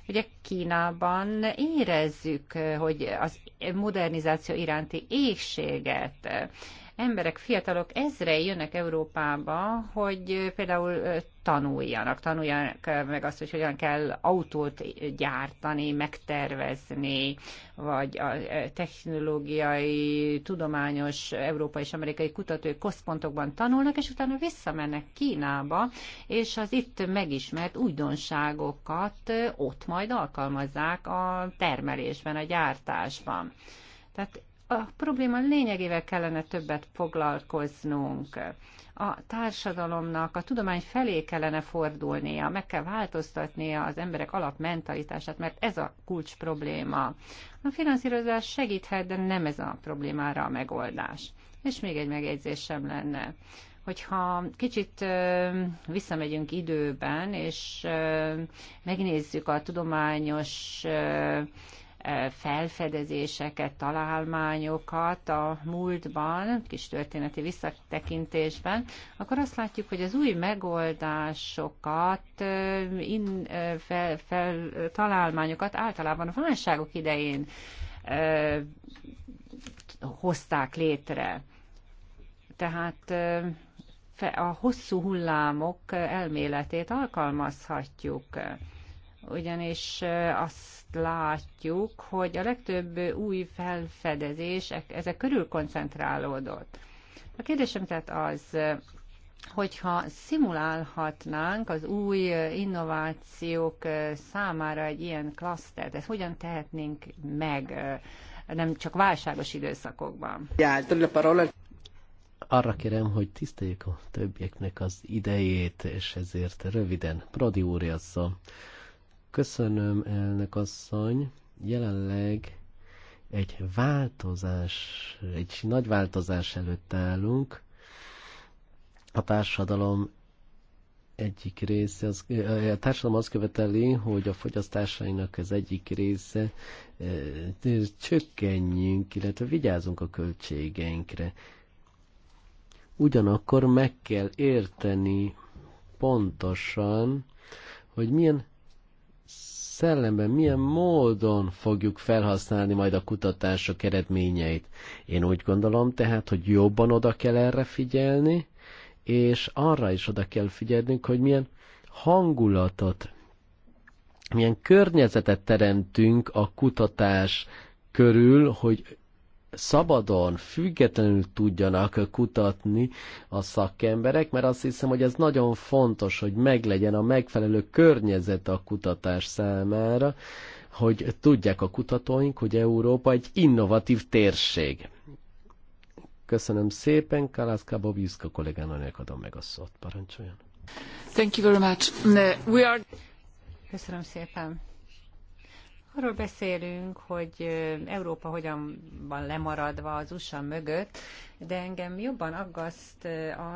Ugye Kínában érezzük, hogy az modernizáció iránti éhséget, emberek, fiatalok ezrei jönnek Európába, hogy például tanuljanak, tanuljanak meg azt, hogy hogyan kell autót gyártani, megtervezni, vagy a technológiai, tudományos európai és amerikai kutatói központokban tanulnak, és utána visszamennek Kínába, és az itt megismert újdonságokat ott majd alkalmazzák a termelésben, a gyártásban. Tehát a probléma lényegével kellene többet foglalkoznunk. A társadalomnak a tudomány felé kellene fordulnia, meg kell változtatnia az emberek alapmentalitását, mert ez a kulcs probléma. A finanszírozás segíthet, de nem ez a problémára a megoldás. És még egy megjegyzésem lenne hogyha kicsit visszamegyünk időben, és megnézzük a tudományos felfedezéseket, találmányokat a múltban, kis történeti visszatekintésben, akkor azt látjuk, hogy az új megoldásokat, in, fel, fel, találmányokat általában a válságok idején ö, hozták létre. Tehát a hosszú hullámok elméletét alkalmazhatjuk ugyanis azt látjuk, hogy a legtöbb új felfedezés e- ezek körül koncentrálódott. A kérdésem tehát az, hogyha szimulálhatnánk az új innovációk számára egy ilyen klasztert, ezt hogyan tehetnénk meg, nem csak válságos időszakokban? Arra kérem, hogy tiszteljük a többieknek az idejét, és ezért röviden Prodi úr jasszom. Köszönöm, elnök asszony. Jelenleg egy változás, egy nagy változás előtt állunk. A társadalom egyik része, az, a társadalom azt követeli, hogy a fogyasztásainak az egyik része csökkenjünk, illetve vigyázunk a költségeinkre. Ugyanakkor meg kell érteni pontosan, hogy milyen szellemben, milyen módon fogjuk felhasználni majd a kutatások eredményeit. Én úgy gondolom tehát, hogy jobban oda kell erre figyelni, és arra is oda kell figyelnünk, hogy milyen hangulatot, milyen környezetet teremtünk a kutatás körül, hogy szabadon, függetlenül tudjanak kutatni a szakemberek, mert azt hiszem, hogy ez nagyon fontos, hogy meglegyen a megfelelő környezet a kutatás számára, hogy tudják a kutatóink, hogy Európa egy innovatív térség. Köszönöm szépen, Kalászka Bobjuszka kollégának adom meg a szót. Parancsoljon. Thank you very much. We are... Köszönöm szépen. Arról beszélünk, hogy Európa hogyan van lemaradva az USA mögött, de engem jobban aggaszt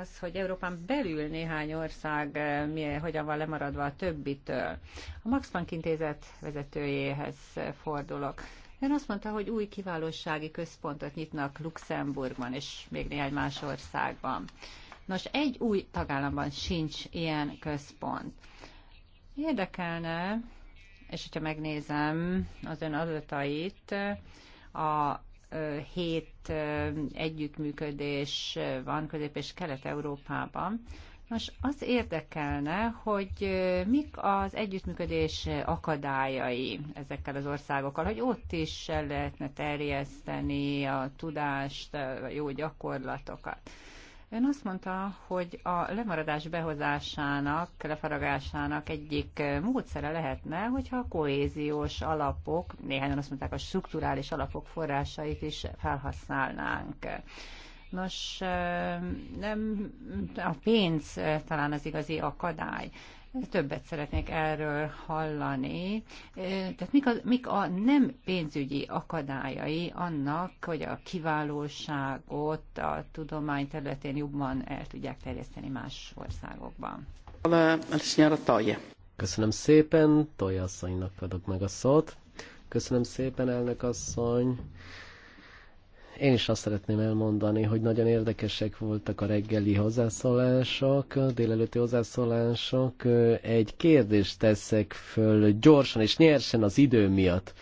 az, hogy Európán belül néhány ország milyen, hogyan van lemaradva a többitől. A Max Planck intézet vezetőjéhez fordulok. Ön azt mondta, hogy új kiválósági központot nyitnak Luxemburgban és még néhány más országban. Nos, egy új tagállamban sincs ilyen központ. Érdekelne, és hogyha megnézem az ön adatait, a hét együttműködés van Közép- és Kelet-Európában. Most az érdekelne, hogy mik az együttműködés akadályai ezekkel az országokkal, hogy ott is lehetne terjeszteni a tudást, a jó gyakorlatokat. Ön azt mondta, hogy a lemaradás behozásának, lefaragásának egyik eh, módszere lehetne, hogyha a kohéziós alapok, néhányan azt mondták, a strukturális alapok forrásait is felhasználnánk. Nos, eh, nem, a pénz eh, talán az igazi akadály. Többet szeretnék erről hallani. Tehát mik a, mik a nem pénzügyi akadályai annak, hogy a kiválóságot a tudomány területén jobban el tudják terjeszteni más országokban? Köszönöm szépen, Tolja asszonynak adok meg a szót. Köszönöm szépen, elnök asszony. Én is azt szeretném elmondani, hogy nagyon érdekesek voltak a reggeli hozzászólások, délelőtti hozzászólások. Egy kérdést teszek föl gyorsan és nyersen az idő miatt.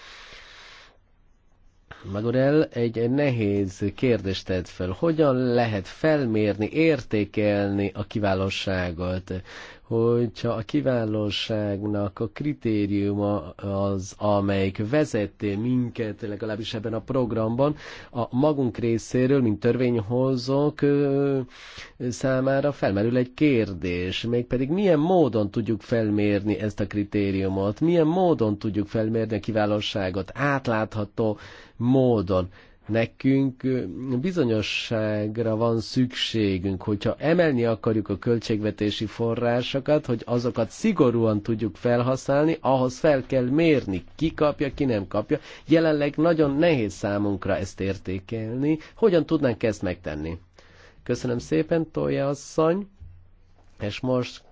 Magorel egy nehéz kérdést tett fel. Hogyan lehet felmérni, értékelni a kiválóságot? Hogyha a kiválóságnak a kritériuma az, amelyik vezette minket, legalábbis ebben a programban, a magunk részéről, mint törvényhozók számára felmerül egy kérdés, mégpedig milyen módon tudjuk felmérni ezt a kritériumot, milyen módon tudjuk felmérni a kiválóságot, átlátható módon. Nekünk bizonyosságra van szükségünk, hogyha emelni akarjuk a költségvetési forrásokat, hogy azokat szigorúan tudjuk felhasználni, ahhoz fel kell mérni, ki kapja, ki nem kapja. Jelenleg nagyon nehéz számunkra ezt értékelni. Hogyan tudnánk ezt megtenni? Köszönöm szépen, Tolja asszony, és most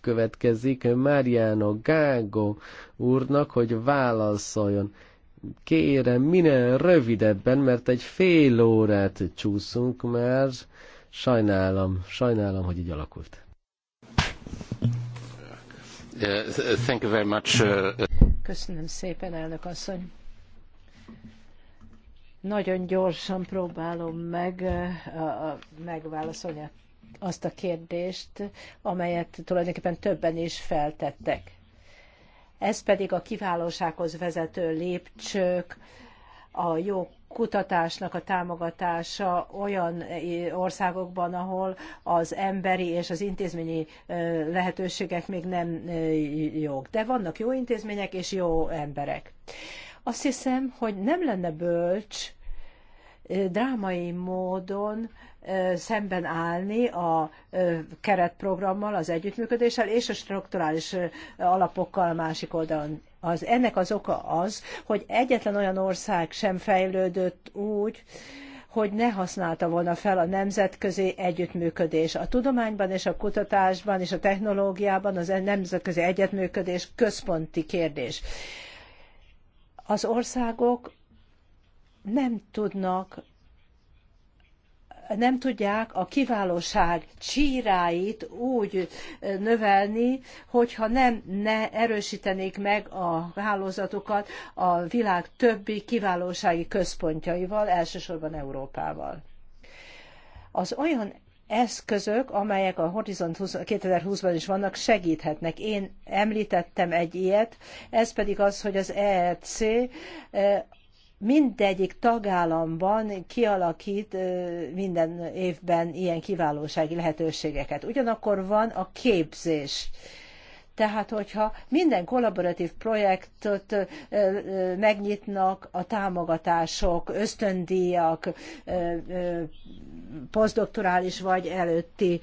következik Mariano Gágo úrnak, hogy válaszoljon kérem, minél rövidebben, mert egy fél órát csúszunk mert Sajnálom, sajnálom, hogy így alakult. Thank you very much. Uh, Köszönöm szépen, elnök asszony. Nagyon gyorsan próbálom meg uh, megválaszolni azt a kérdést, amelyet tulajdonképpen többen is feltettek ez pedig a kiválósághoz vezető lépcsők, a jó kutatásnak a támogatása olyan eh, országokban, ahol az emberi és az intézményi eh, lehetőségek még nem eh, jók. De vannak jó intézmények és jó emberek. Azt hiszem, hogy nem lenne bölcs drámai módon szemben állni a keretprogrammal, az együttműködéssel és a strukturális alapokkal a másik oldalon. Az, ennek az oka az, hogy egyetlen olyan ország sem fejlődött úgy, hogy ne használta volna fel a nemzetközi együttműködés. A tudományban és a kutatásban és a technológiában az nemzetközi együttműködés központi kérdés. Az országok nem tudnak nem tudják a kiválóság csíráit úgy növelni, hogyha nem ne erősítenék meg a hálózatukat a világ többi kiválósági központjaival, elsősorban Európával. Az olyan eszközök, amelyek a Horizont 2020-ban is vannak, segíthetnek. Én említettem egy ilyet, ez pedig az, hogy az EEC mindegyik tagállamban kialakít minden évben ilyen kiválósági lehetőségeket. Ugyanakkor van a képzés tehát, hogyha minden kollaboratív projektot megnyitnak a támogatások, ösztöndíjak, posztdoktorális vagy előtti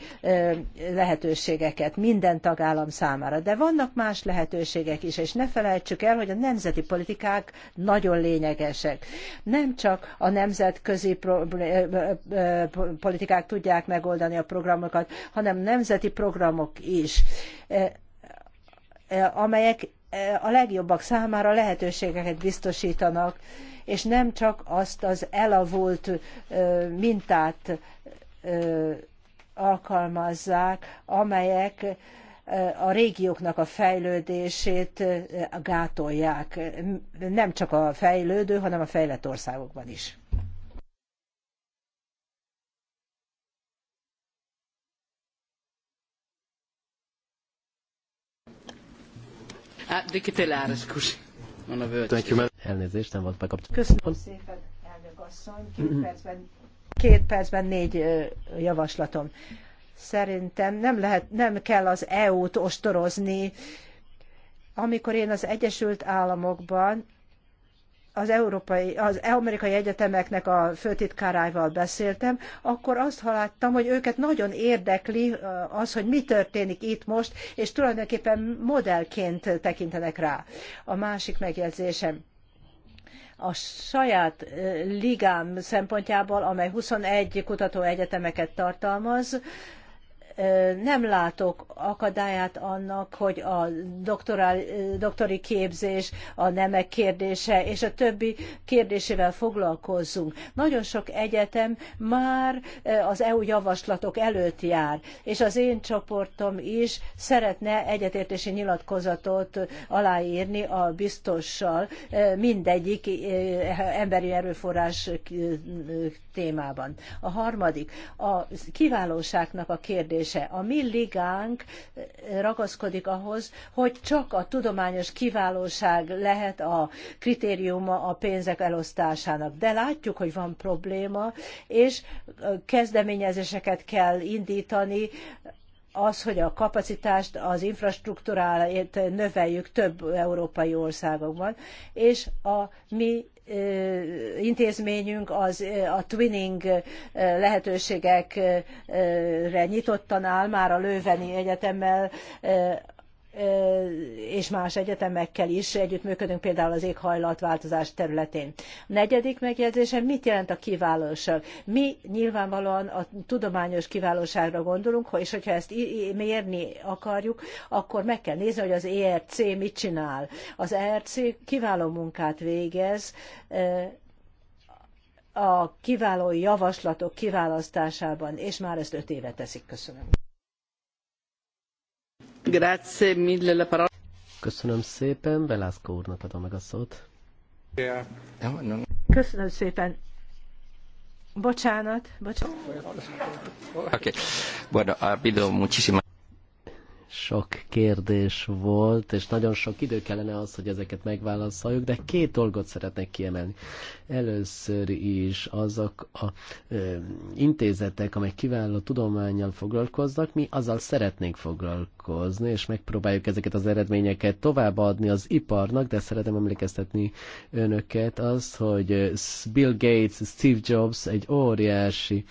lehetőségeket minden tagállam számára. De vannak más lehetőségek is, és ne felejtsük el, hogy a nemzeti politikák nagyon lényegesek. Nem csak a nemzetközi politikák tudják megoldani a programokat, hanem nemzeti programok is E, amelyek e, a legjobbak számára lehetőségeket biztosítanak, és nem csak azt az elavult e, mintát alkalmazzák, amelyek a régióknak a fejlődését gátolják, nem csak a fejlődő, hanem a fejlett országokban is. Ah, de kitelár, scusi. Elnézést, nem volt bekapcsolva. Köszönöm szépen, elnök asszony. Két percben, két percben négy javaslatom. Szerintem nem, lehet, nem kell az EU-t ostorozni. Amikor én az Egyesült Államokban az, európai, az amerikai egyetemeknek a főtitkárával beszéltem, akkor azt láttam, hogy őket nagyon érdekli az, hogy mi történik itt most, és tulajdonképpen modellként tekintenek rá. A másik megjegyzésem a saját ligám szempontjából, amely 21 kutatóegyetemeket tartalmaz, nem látok akadályát annak, hogy a doktorál, doktori képzés, a nemek kérdése és a többi kérdésével foglalkozzunk. Nagyon sok egyetem már az EU javaslatok előtt jár, és az én csoportom is szeretne egyetértési nyilatkozatot aláírni a biztossal mindegyik emberi erőforrás témában. A harmadik, a kiválóságnak a kérdés kérdése. A mi ligánk eh, ragaszkodik ahhoz, hogy csak a tudományos kiválóság lehet a kritériuma a pénzek elosztásának. De látjuk, hogy van probléma, és eh, kezdeményezéseket kell indítani, az, hogy a kapacitást, az infrastruktúrát növeljük több európai országokban, és a mi intézményünk az a twinning lehetőségekre nyitottan áll, már a Lőveni Egyetemmel és más egyetemekkel is együttműködünk, például az éghajlatváltozás területén. A negyedik megjegyzésem, mit jelent a kiválóság? Mi nyilvánvalóan a tudományos kiválóságra gondolunk, és hogyha ezt mérni akarjuk, akkor meg kell nézni, hogy az ERC mit csinál. Az ERC kiváló munkát végez, a kiváló javaslatok kiválasztásában, és már ezt öt éve teszik. Köszönöm. Köszönöm szépen, Velászko úrnak adom meg a szót. Köszönöm szépen. Bocsánat, bocsánat. Oké, okay. bueno, ha habido muchísimas sok kérdés volt, és nagyon sok idő kellene az, hogy ezeket megválaszoljuk, de két dolgot szeretnék kiemelni. Először is azok a ö, intézetek, amelyek kiváló tudományjal foglalkoznak, mi azzal szeretnénk foglalkozni, és megpróbáljuk ezeket az eredményeket továbbadni az iparnak, de szeretem emlékeztetni önöket az, hogy Bill Gates, Steve Jobs egy óriási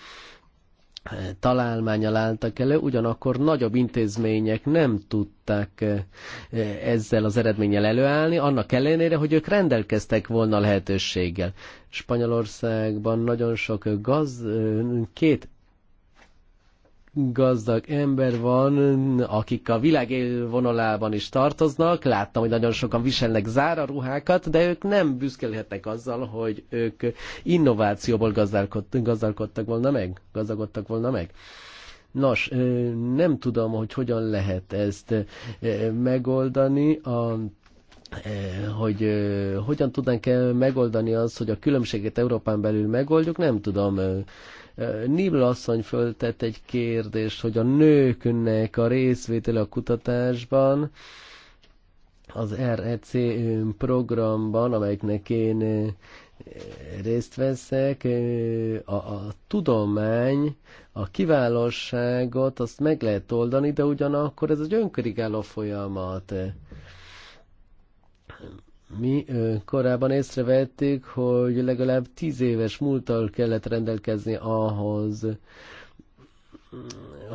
találmányal álltak elő, ugyanakkor nagyobb intézmények nem tudták eh, eh, ezzel az eredménnyel előállni, annak ellenére, hogy ők rendelkeztek volna lehetőséggel. Spanyolországban nagyon sok gaz, eh, két gazdag ember van, akik a világ élvonalában is tartoznak. Láttam, hogy nagyon sokan viselnek zára ruhákat, de ők nem büszkelhetnek azzal, hogy ők innovációból gazdálkodtak, gazdálkodtak volna meg, gazdagodtak volna meg. Nos, nem tudom, hogy hogyan lehet ezt megoldani. A hogy hogyan tudnánk megoldani azt, hogy a különbséget Európán belül megoldjuk, nem tudom. Nibla asszony föltett egy kérdést, hogy a nőknek a részvétele a kutatásban, az REC programban, amelyiknek én részt veszek, a, a tudomány, a kiválóságot azt meg lehet oldani, de ugyanakkor ez egy önkörigáló folyamat. Mi korábban észrevettük, hogy legalább tíz éves múltal kellett rendelkezni ahhoz,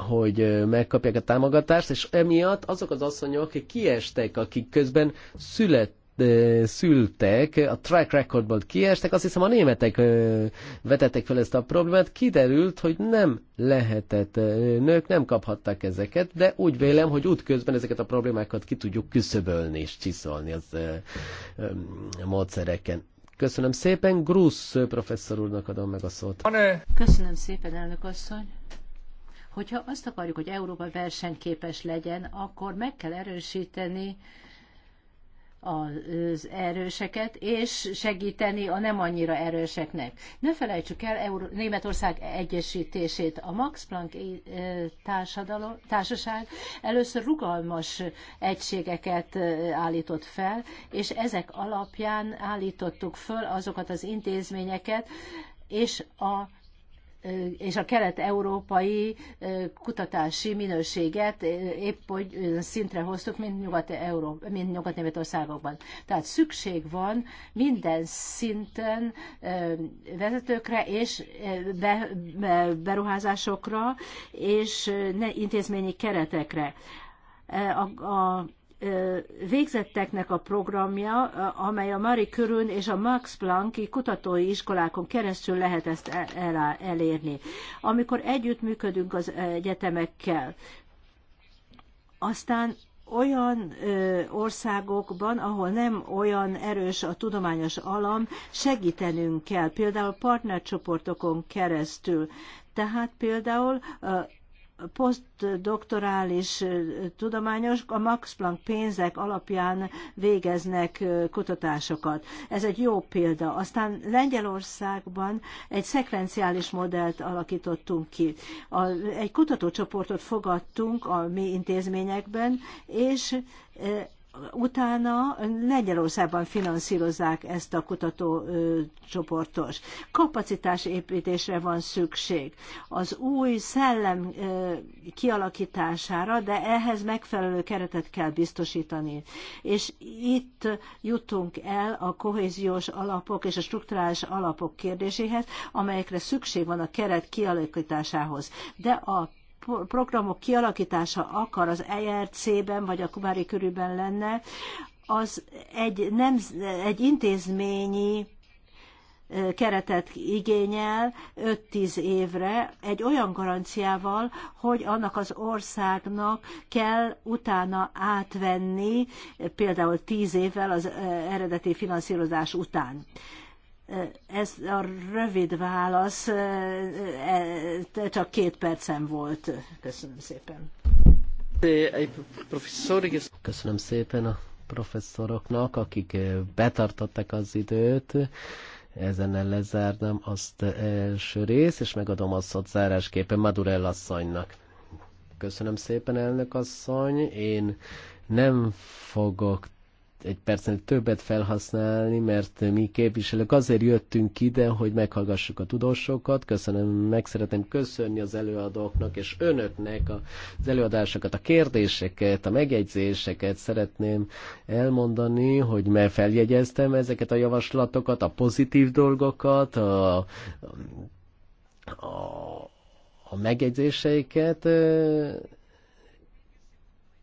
hogy megkapják a támogatást, és emiatt azok az asszonyok kiestek, akik közben szület szültek, a track recordból kiestek, azt hiszem a németek vetettek fel ezt a problémát, kiderült, hogy nem lehetett, nők nem kaphattak ezeket, de úgy vélem, hogy útközben ezeket a problémákat ki tudjuk küszöbölni és csiszolni az módszereken. Köszönöm szépen, Grusz professzor úrnak adom meg a szót. Köszönöm szépen, elnök asszony. Hogyha azt akarjuk, hogy Európa versenyképes legyen, akkor meg kell erősíteni az erőseket, és segíteni a nem annyira erőseknek. Ne felejtsük el Euró- Németország egyesítését. A Max Planck eh, társadalom, társaság először rugalmas egységeket eh, állított fel, és ezek alapján állítottuk föl azokat az intézményeket, és a és a kelet-európai kutatási minőséget épp hogy szintre hoztuk, mint, nyugat mint Nyugat-Németországokban. Tehát szükség van minden szinten vezetőkre és beruházásokra és intézményi keretekre. A, a végzetteknek a programja, amely a Marie Curie és a Max Planck kutatói iskolákon keresztül lehet ezt e, elérni. Amikor együttműködünk az egyetemekkel, aztán olyan ö, országokban, ahol nem olyan erős a tudományos alam, segítenünk kell, például partnercsoportokon keresztül. Tehát például posztdoktorális tudományos a Max Planck pénzek alapján végeznek kutatásokat. Ez egy jó példa. Aztán Lengyelországban egy szekvenciális modellt alakítottunk ki. A, egy kutatócsoportot fogadtunk a mi intézményekben, és utána Lengyelországban finanszírozzák ezt a kutatócsoportos. Kapacitásépítésre van szükség, az új szellem kialakítására, de ehhez megfelelő keretet kell biztosítani. És itt jutunk el a kohéziós alapok és a strukturális alapok kérdéséhez, amelyekre szükség van a keret kialakításához. De a programok kialakítása akar az ERC-ben vagy a Kumári körülben lenne, az egy, nem, egy intézményi keretet igényel 5-10 évre egy olyan garanciával, hogy annak az országnak kell utána átvenni például 10 évvel az eredeti finanszírozás után. Ez a rövid válasz csak két percen volt. Köszönöm szépen. Köszönöm szépen a professzoroknak, akik betartották az időt. Ezen lezárnám azt első rész, és megadom a szót zárásképpen Madurell asszonynak. Köszönöm szépen, elnök asszony. Én nem fogok egy percen többet felhasználni, mert mi képviselők azért jöttünk ide, hogy meghallgassuk a tudósokat. Köszönöm, meg szeretném köszönni az előadóknak és önöknek az előadásokat, a kérdéseket, a megjegyzéseket. Szeretném elmondani, hogy me feljegyeztem ezeket a javaslatokat, a pozitív dolgokat, a, a, a megjegyzéseiket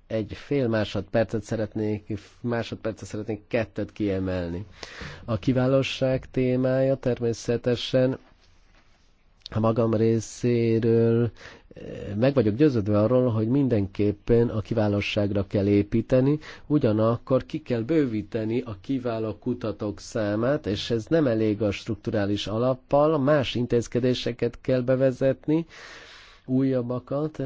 egy fél másodpercet szeretnék, másodpercet szeretnék kettőt kiemelni. A kiválóság témája természetesen a magam részéről eh, meg vagyok győződve arról, hogy mindenképpen a kiválóságra kell építeni, ugyanakkor ki kell bővíteni a kiváló kutatók számát, és ez nem elég a strukturális alappal, más intézkedéseket kell bevezetni, újabbakat,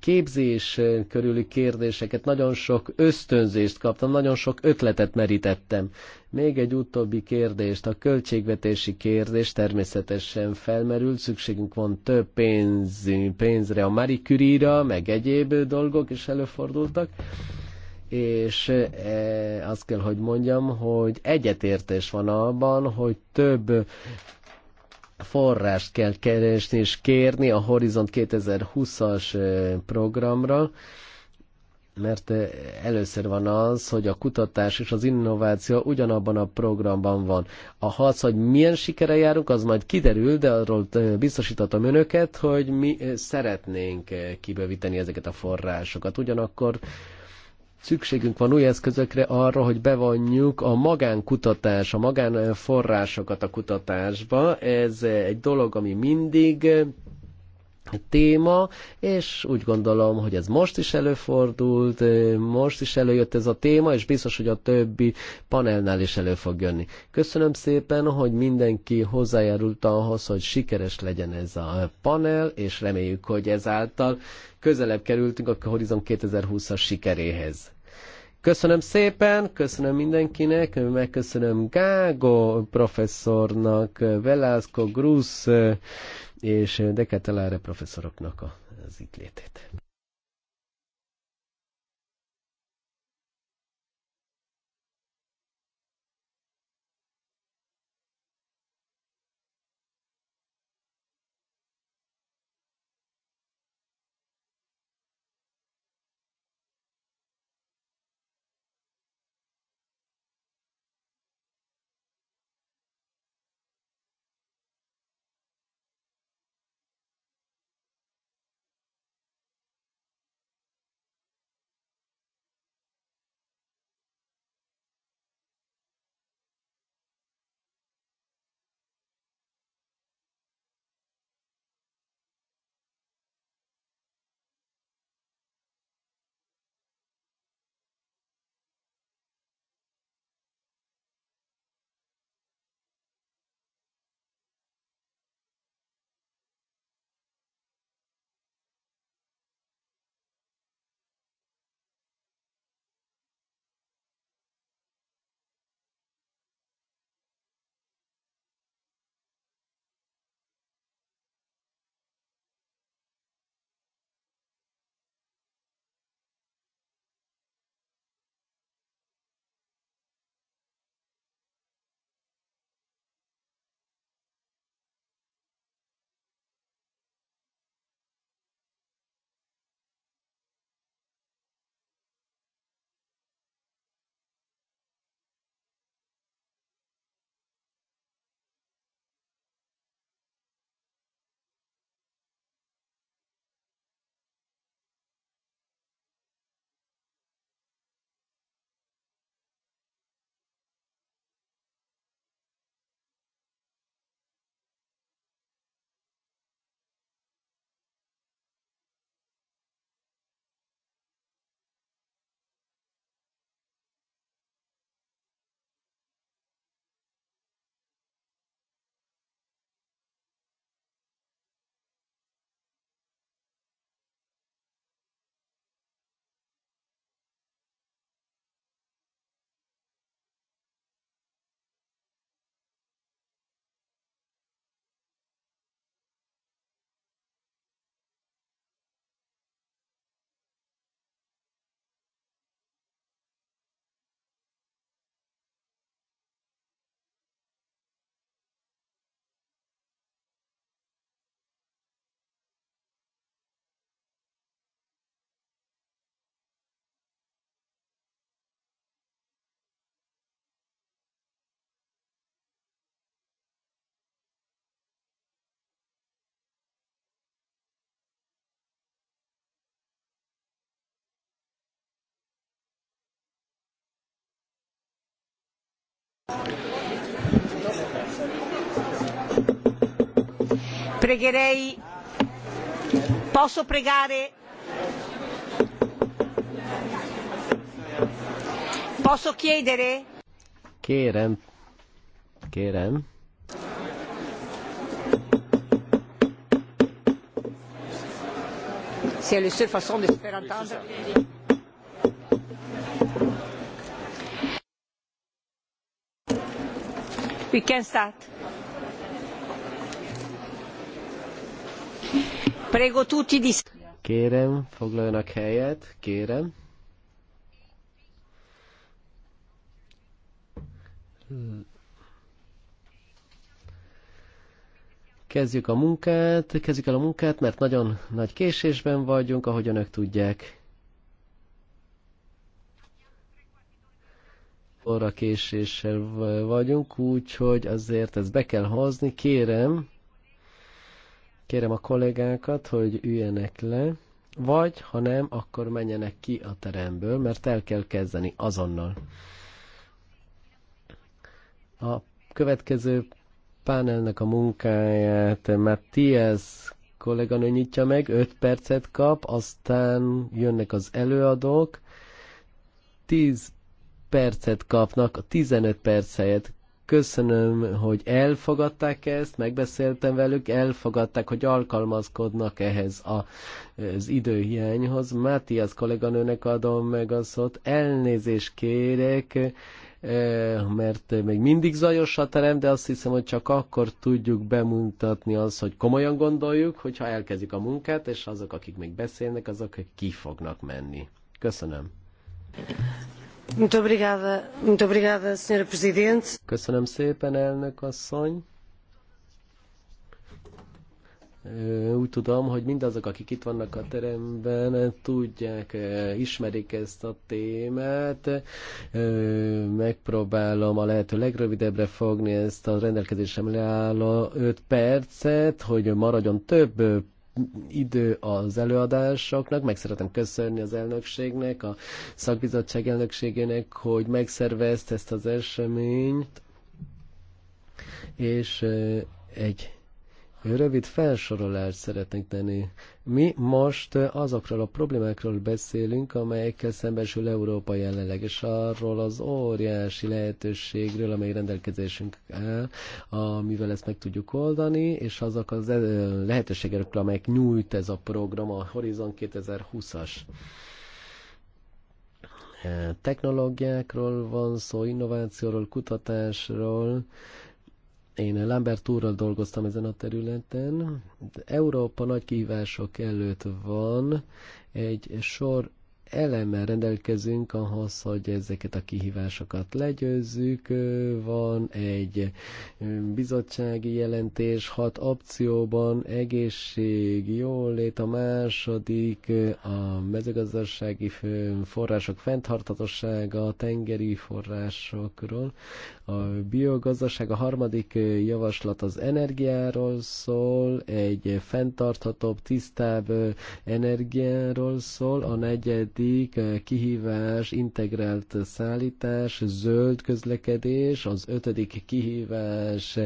képzés körüli kérdéseket, nagyon sok ösztönzést kaptam, nagyon sok ötletet merítettem. Még egy utóbbi kérdést, a költségvetési kérdés természetesen felmerült, szükségünk van több pénz, pénzre, a Marie Curie-ra, meg egyéb dolgok is előfordultak és azt kell, hogy mondjam, hogy egyetértés van abban, hogy több forrást kell keresni és kérni a Horizont 2020-as programra, mert először van az, hogy a kutatás és az innováció ugyanabban a programban van. A hasz, hogy milyen sikere járunk, az majd kiderül, de arról biztosítatom önöket, hogy mi szeretnénk kibővíteni ezeket a forrásokat. Ugyanakkor szükségünk van új eszközökre arra, hogy bevonjuk a magánkutatás, a magánforrásokat a kutatásba. Ez egy dolog, ami mindig téma, és úgy gondolom, hogy ez most is előfordult, most is előjött ez a téma, és biztos, hogy a többi panelnál is elő fog jönni. Köszönöm szépen, hogy mindenki hozzájárult ahhoz, hogy sikeres legyen ez a panel, és reméljük, hogy ezáltal közelebb kerültünk a Horizon 2020-as sikeréhez. Köszönöm szépen, köszönöm mindenkinek, megköszönöm Gágo professzornak, Velasco Grusz, és Dekateláre professzoroknak az itt létét. Pregherei. Posso pregare? Posso chiedere? Kérem. Kérem. C'est la seule façon de se faire entendre. We can start. Prego tutti di... Kérem, foglaljanak helyet, kérem. Kezdjük a munkát, kezdjük el a munkát, mert nagyon nagy késésben vagyunk, ahogy önök tudják. óra késéssel vagyunk, úgyhogy azért ezt be kell hozni. Kérem, kérem a kollégákat, hogy üljenek le, vagy ha nem, akkor menjenek ki a teremből, mert el kell kezdeni azonnal. A következő panelnek a munkáját Matthias kolléganő nyitja meg, 5 percet kap, aztán jönnek az előadók, 10 percet kapnak, a 15 perc helyett. Köszönöm, hogy elfogadták ezt, megbeszéltem velük, elfogadták, hogy alkalmazkodnak ehhez a, az időhiányhoz. Mátias kolléganőnek adom meg a szót, elnézést kérek, eh, mert még mindig zajos a terem, de azt hiszem, hogy csak akkor tudjuk bemutatni azt, hogy komolyan gondoljuk, hogyha elkezdik a munkát, és azok, akik még beszélnek, azok ki fognak menni. Köszönöm. Köszönöm szépen, elnök asszony. Úgy tudom, hogy mindazok, akik itt vannak a teremben, tudják, ismerik ezt a témát. Megpróbálom a lehető legrövidebbre fogni ezt a rendelkezésemre álló 5 percet, hogy maradjon több idő az előadásoknak. Meg szeretem köszönni az elnökségnek, a szakbizottság elnökségének, hogy megszervezt ezt az eseményt, és egy Rövid felsorolást szeretnénk tenni. Mi most azokról a problémákról beszélünk, amelyekkel szembesül Európa jelenleg, és arról az óriási lehetőségről, amely rendelkezésünk áll, amivel ezt meg tudjuk oldani, és azok az lehetőségekről, amelyek nyújt ez a program, a Horizon 2020-as technológiákról van szó, innovációról, kutatásról, én Lambert úrral dolgoztam ezen a területen. Európa nagy kihívások előtt van, egy sor elemmel rendelkezünk ahhoz, hogy ezeket a kihívásokat legyőzzük. Van egy bizottsági jelentés hat opcióban, egészség, jólét, a második, a mezőgazdasági források fenntartatossága, a tengeri forrásokról, a biogazdaság, a harmadik javaslat az energiáról szól, egy fenntarthatóbb, tisztább energiáról szól, a negyedik logisztik, eh, kihívás, integrált szállítás, zöld közlekedés, az ötödik kihívás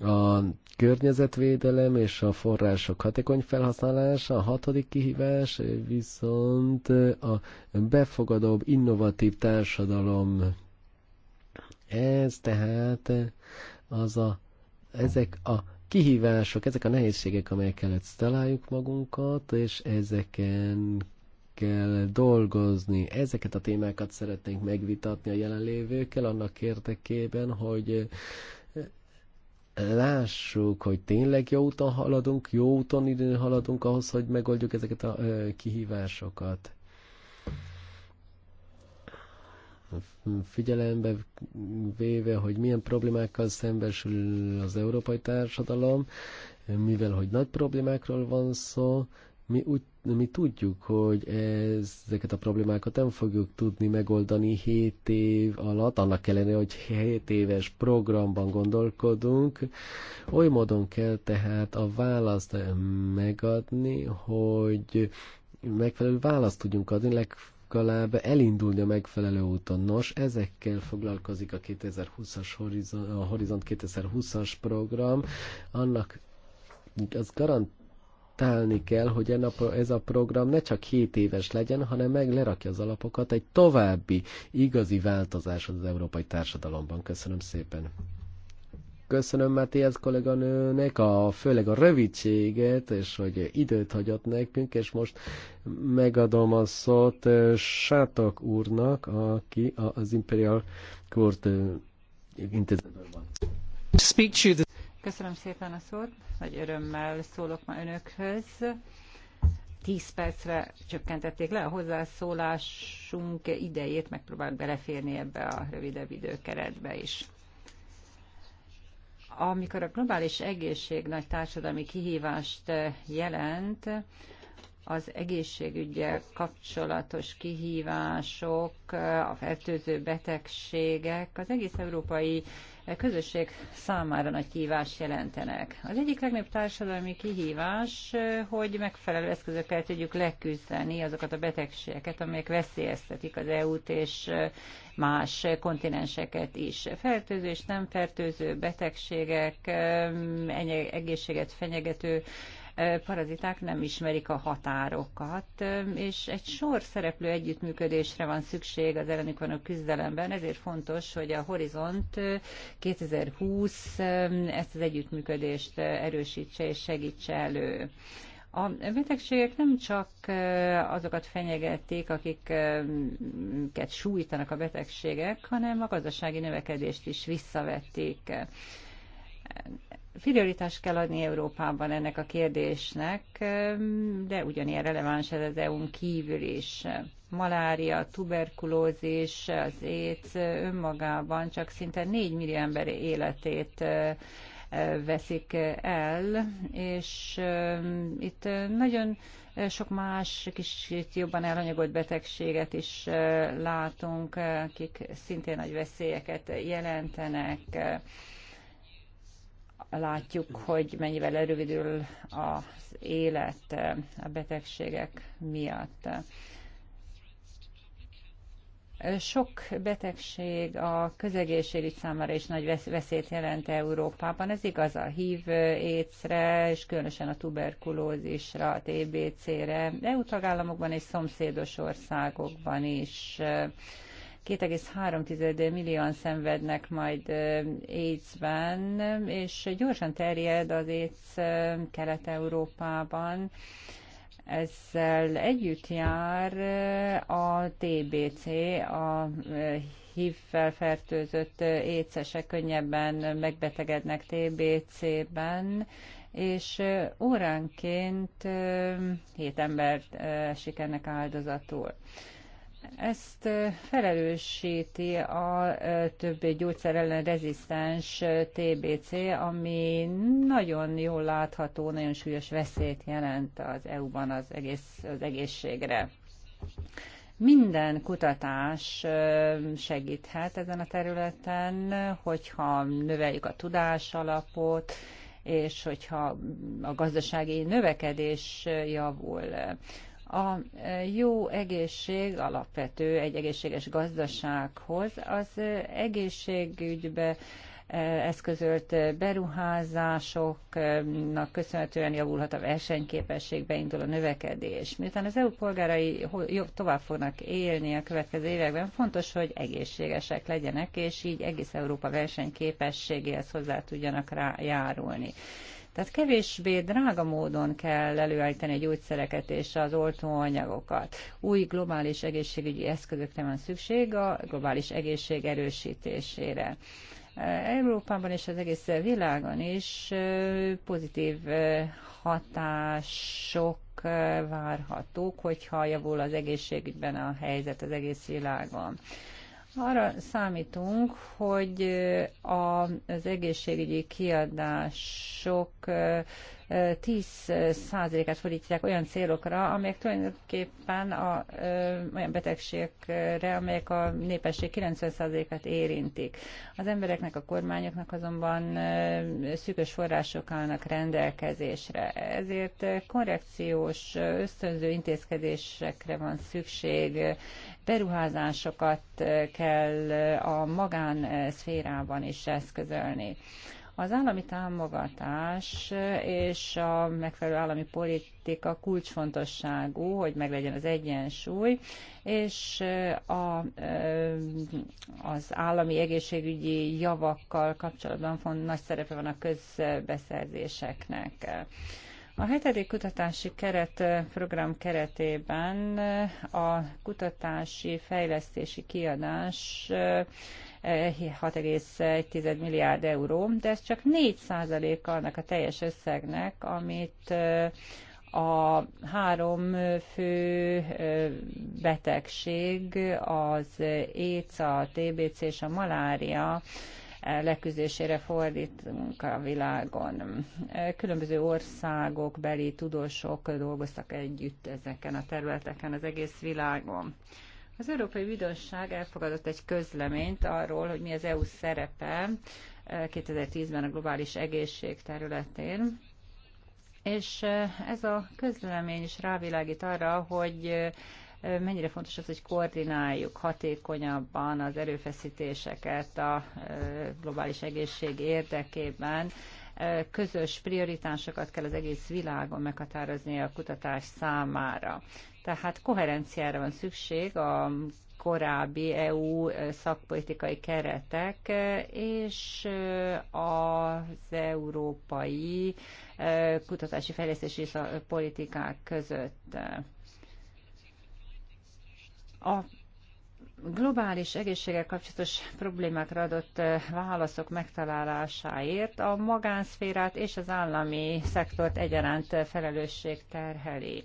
a környezetvédelem és a források hatékony felhasználása, a hatodik kihívás viszont a befogadóbb, innovatív társadalom. Ez tehát az a, ezek a kihívások, ezek a nehézségek, amelyek előtt találjuk magunkat, és ezeken kell dolgozni. Ezeket a témákat szeretnénk megvitatni a jelenlévőkkel annak érdekében, hogy eh, lássuk, hogy tényleg jó úton haladunk, jó úton időn haladunk ahhoz, hogy megoldjuk ezeket a eh, kihívásokat. Figyelembe véve, hogy milyen problémákkal szembesül az európai társadalom, mivel hogy nagy problémákról van szó, mi úgy de mi tudjuk, hogy ezeket a problémákat nem fogjuk tudni megoldani 7 év alatt, annak kellene, hogy 7 éves programban gondolkodunk. Oly módon kell tehát a választ megadni, hogy megfelelő választ tudjunk adni, legalább elindulni a megfelelő úton. Nos, ezekkel foglalkozik a 2020-as horizon, a Horizont 2020-as program, annak az garant adaptálni kell, hogy ez a program ne csak 7 éves legyen, hanem meg lerakja az alapokat egy további igazi változás az európai társadalomban. Köszönöm szépen. Köszönöm Matthias kolléganőnek, a, főleg a rövidséget, és hogy időt hagyott nekünk, és most megadom a szót Sátok úrnak, aki az Imperial Court intézetben van. Köszönöm szépen a szót, nagy örömmel szólok ma önökhöz. 10 percre csökkentették le a hozzászólásunk idejét, megpróbálok beleférni ebbe a rövidebb időkeretbe is. Amikor a globális egészség nagy társadalmi kihívást jelent, az egészségügyel kapcsolatos kihívások, a fertőző betegségek az egész európai közösség számára nagy kihívást jelentenek. Az egyik legnagyobb társadalmi kihívás, hogy megfelelő eszközökkel tudjuk leküzdeni azokat a betegségeket, amelyek veszélyeztetik az EU-t és más kontinenseket is. Fertőző és nem fertőző betegségek, egészséget fenyegető paraziták nem ismerik a határokat, és egy sor szereplő együttműködésre van szükség az ellenük van a küzdelemben, ezért fontos, hogy a Horizont 2020 ezt az együttműködést erősítse és segítse elő. A betegségek nem csak azokat fenyegették, akiket sújtanak a betegségek, hanem a gazdasági növekedést is visszavették prioritást kell adni Európában ennek a kérdésnek, de ugyanilyen releváns ez az EU-n kívül is. Malária, tuberkulózis, az AIDS önmagában csak szinte 4 millió ember életét veszik el, és itt nagyon sok más kicsit jobban elanyagolt betegséget is látunk, akik szintén nagy veszélyeket jelentenek látjuk, hogy mennyivel rövidül az élet a betegségek miatt. Sok betegség a közegészségügy számára is nagy veszélyt jelent Európában. Ez igaz a HIV écre, és különösen a tuberkulózisra, a TBC-re, EU tagállamokban és szomszédos országokban is 2,3 millióan szenvednek majd AIDS-ben, és gyorsan terjed az AIDS Kelet-Európában. Ezzel együtt jár a TBC, a HIV-fel fertőzött écesek könnyebben megbetegednek TBC-ben, és óránként hét ember sikernek áldozatul. Ezt felelősíti a többi gyógyszer ellen rezisztens TBC, ami nagyon jól látható, nagyon súlyos veszélyt jelent az EU-ban az, egész, az egészségre. Minden kutatás segíthet ezen a területen, hogyha növeljük a tudás alapot, és hogyha a gazdasági növekedés javul. A jó egészség alapvető egy egészséges gazdasághoz. Az egészségügybe eh, eszközölt beruházásoknak köszönhetően javulhat a versenyképesség, beindul a növekedés. Miután az EU polgárai tovább fognak élni a következő években, fontos, hogy egészségesek legyenek, és így egész Európa versenyképességéhez hozzá tudjanak rá járulni. Tehát kevésbé drága módon kell előállítani a gyógyszereket és az oltóanyagokat. Új globális egészségügyi eszközökre van szükség a globális egészség erősítésére. Európában és az egész világon is pozitív hatások várhatók, hogyha javul az egészségügyben a helyzet az egész világon. Arra számítunk, hogy az egészségügyi kiadások 10%-át fordítják olyan célokra, amelyek tulajdonképpen a, olyan betegségekre, amelyek a népesség 90%-át érintik. Az embereknek, a kormányoknak azonban szűkös források állnak rendelkezésre. Ezért korrekciós, ösztönző intézkedésekre van szükség, beruházásokat kell a magánszférában is eszközölni. Az állami támogatás és a megfelelő állami politika kulcsfontosságú, hogy meglegyen az egyensúly, és a, az állami egészségügyi javakkal kapcsolatban font, nagy szerepe van a közbeszerzéseknek. A hetedik kutatási keret program keretében a kutatási fejlesztési kiadás 6,1 milliárd euró, de ez csak 4 százaléka annak a teljes összegnek, amit a három fő betegség, az éc, a TBC és a malária, leküzdésére fordítunk a világon. Különböző országok beli tudósok dolgoztak együtt ezeken a területeken az egész világon. Az Európai Bíróság elfogadott egy közleményt arról, hogy mi az EU szerepe 2010-ben eh, a globális egészség területén, és eh, ez a közlemény is rávilágít arra, hogy eh, mennyire fontos az, hogy koordináljuk hatékonyabban az erőfeszítéseket a globális egészség érdekében. Közös prioritásokat kell az egész világon meghatározni a kutatás számára. Tehát koherenciára van szükség a korábbi EU e, szakpolitikai keretek e, és e, az európai kutatási fejlesztési politikák között. A globális egészséggel kapcsolatos problémákra adott válaszok megtalálásáért a magánszférát és az állami szektort egyaránt felelősség terheli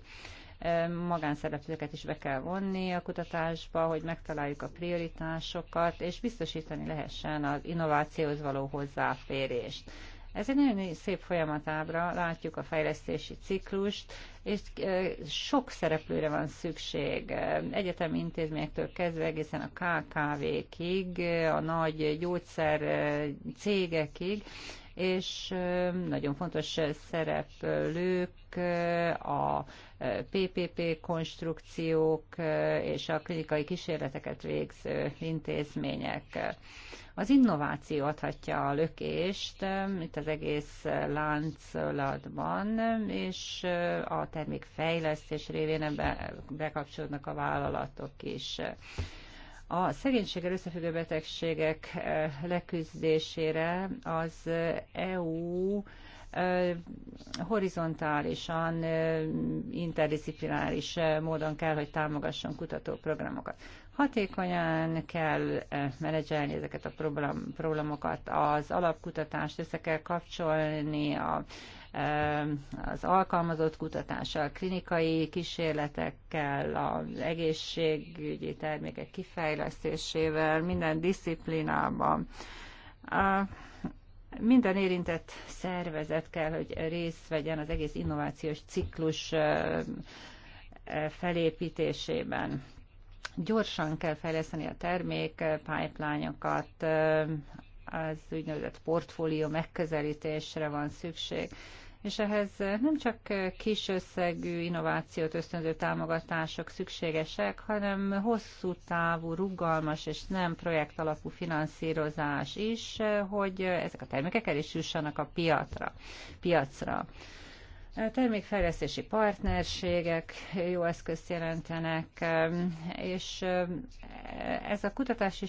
magánszereplőket is be kell vonni a kutatásba, hogy megtaláljuk a prioritásokat, és biztosítani lehessen az innovációhoz való hozzáférést. Ez egy nagyon szép folyamatábra, látjuk a fejlesztési ciklust, és sok szereplőre van szükség. Egyetemi intézményektől kezdve egészen a KKV-kig, a nagy gyógyszer cégekig, és nagyon fontos szereplők a PPP konstrukciók és a klinikai kísérleteket végző intézmények. Az innováció adhatja a lökést itt az egész láncolatban, és a termék fejlesztés révén ebbe bekapcsolódnak a vállalatok is. A szegénységgel összefüggő betegségek eh, leküzdésére az EU eh, e eh, horizontálisan, interdisziplináris módon kell, hogy támogasson kutatóprogramokat. Hatékonyan kell menedzselni ezeket a problémokat, az alapkutatást össze kell kapcsolni a az alkalmazott kutatással, klinikai kísérletekkel, az egészségügyi termékek kifejlesztésével, minden disziplinában. Minden érintett szervezet kell, hogy részt vegyen az egész innovációs ciklus felépítésében gyorsan kell fejleszteni a termék pipeline-okat, az úgynevezett portfólió megközelítésre van szükség és ehhez nem csak kis összegű innovációt ösztönző támogatások szükségesek, hanem hosszú távú, rugalmas és nem projekt alapú finanszírozás is, hogy ezek a termékek el is jussanak a piatra, piacra. piacra. Termékfejlesztési partnerségek jó eszközt jelentenek, és ez a kutatási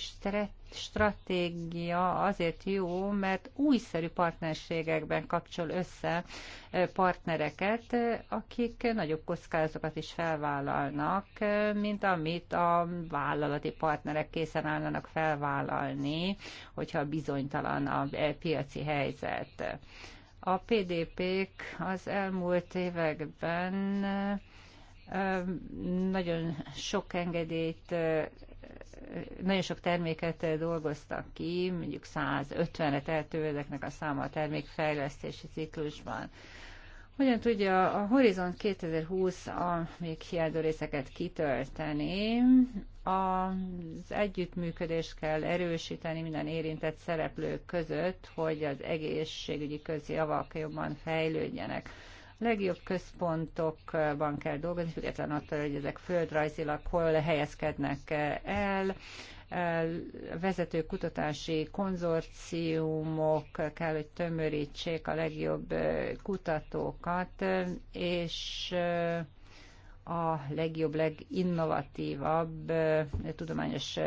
stratégia azért jó, mert újszerű partnerségekben kapcsol össze partnereket, akik nagyobb kockázatokat is felvállalnak, mint amit a vállalati partnerek készen állnak felvállalni, hogyha bizonytalan a e, piaci helyzet. A PDP-k az elmúlt években nagyon sok engedélyt, nagyon sok terméket dolgoztak ki, mondjuk 150-et eltő a száma a termékfejlesztési ciklusban hogyan tudja a Horizont 2020 a még hiányzó részeket kitölteni. Az együttműködést kell erősíteni minden érintett szereplők között, hogy az egészségügyi közjavak jobban fejlődjenek legjobb központokban kell dolgozni, független attól, hogy ezek földrajzilag hol helyezkednek el, vezető kutatási konzorciumok kell, hogy tömörítsék a legjobb kutatókat, és a legjobb, leginnovatívabb tudományos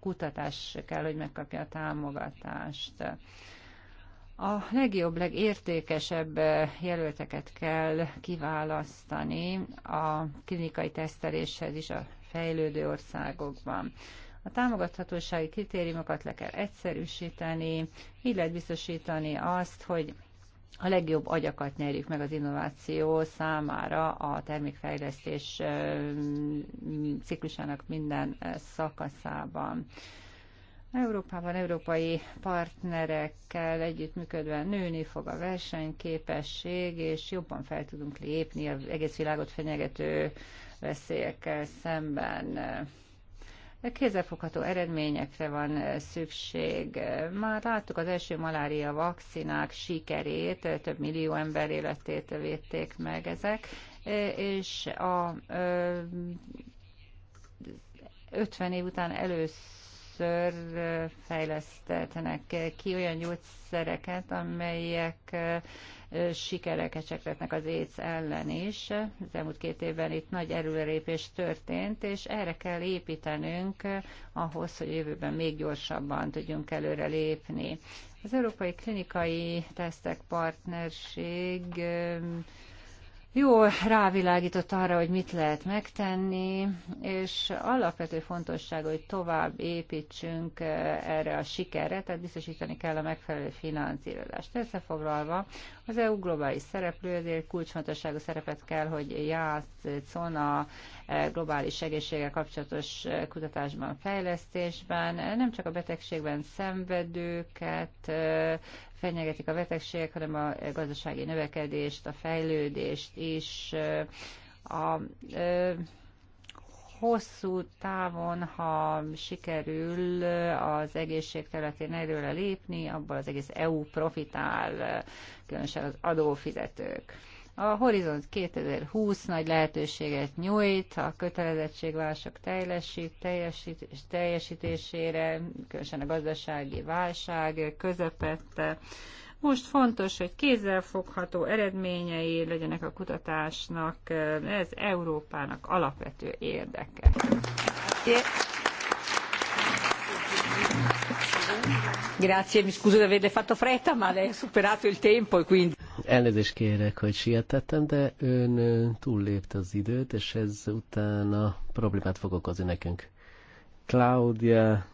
kutatás kell, hogy megkapja a támogatást a legjobb, legértékesebb jelölteket kell kiválasztani a klinikai teszteléshez is a fejlődő országokban. A támogathatósági kritériumokat le kell egyszerűsíteni, így lehet biztosítani azt, hogy a legjobb agyakat nyerjük meg az innováció számára a termékfejlesztés ciklusának minden szakaszában. Európában európai partnerekkel együttműködve nőni fog a versenyképesség, és jobban fel tudunk lépni az egész világot fenyegető veszélyekkel szemben. Kézzelfogható eredményekre van szükség. Már láttuk az első malária vakcinák sikerét, több millió ember életét védték meg ezek, és a 50 év után először először fejlesztetnek ki olyan gyógyszereket, amelyek sikereket csekretnek az AIDS ellen is. Az elmúlt két évben itt nagy erőrépés történt, és erre kell építenünk ahhoz, hogy jövőben még gyorsabban tudjunk előre lépni. Az Európai Klinikai Tesztek Partnerség jó rávilágított arra, hogy mit lehet megtenni, és alapvető fontosság, hogy tovább építsünk eh, erre a sikerre, tehát biztosítani kell a megfelelő finanszírozást. Összefoglalva, az EU globális szereplő, ezért kulcsfontosságú szerepet kell, hogy játszon a eh, globális egészséggel kapcsolatos eh, kutatásban, fejlesztésben, nem csak a betegségben szenvedőket fenyegetik a betegségek, hanem a gazdasági növekedést, a fejlődést is. A, hosszú távon, ha sikerül az egészség területén előre lépni, abból az egész EU profitál, különösen az adófizetők. A Horizont 2020 nagy lehetőséget nyújt a kötelezettségvások teljesít, teljesít, teljesítésére, különösen a gazdasági válság közepette. Most fontos, hogy kézzelfogható eredményei legyenek a kutatásnak, ez Európának alapvető érdeke. Grazie, mi scuso di averle fatto fretta, ma lei ha superato il tempo e quindi... Elnézést kérek, hogy sietettem, de ön túllépte az időt, és ez utána problémát fog okozni nekünk. Claudia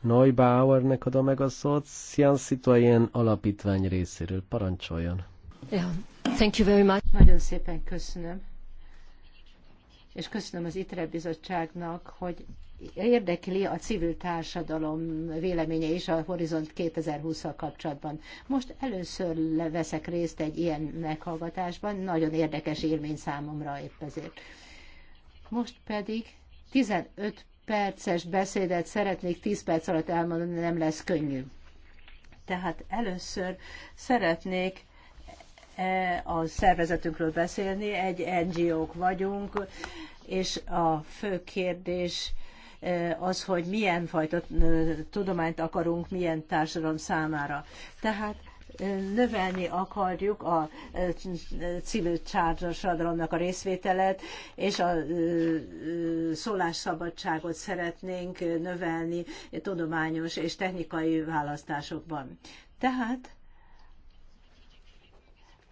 Neubauernek adom meg a szót, Sian Citoyen alapítvány részéről. Parancsoljon! Yeah. Thank you very much. Nagyon szépen köszönöm és köszönöm az ITRE bizottságnak, hogy érdekli a civil társadalom véleménye is a Horizont 2020-al kapcsolatban. Most először veszek részt egy ilyen meghallgatásban, nagyon érdekes élmény számomra épp ezért. Most pedig 15 perces beszédet szeretnék 10 perc alatt elmondani, nem lesz könnyű. Tehát először szeretnék E, a szervezetünkről beszélni, egy NGO-k vagyunk, és a fő kérdés e, az, hogy milyen fajta e, tudományt akarunk, milyen társadalom számára. Tehát növelni akarjuk a civil társadalomnak a részvételet, és a szólásszabadságot szeretnénk növelni tudományos és technikai választásokban. Tehát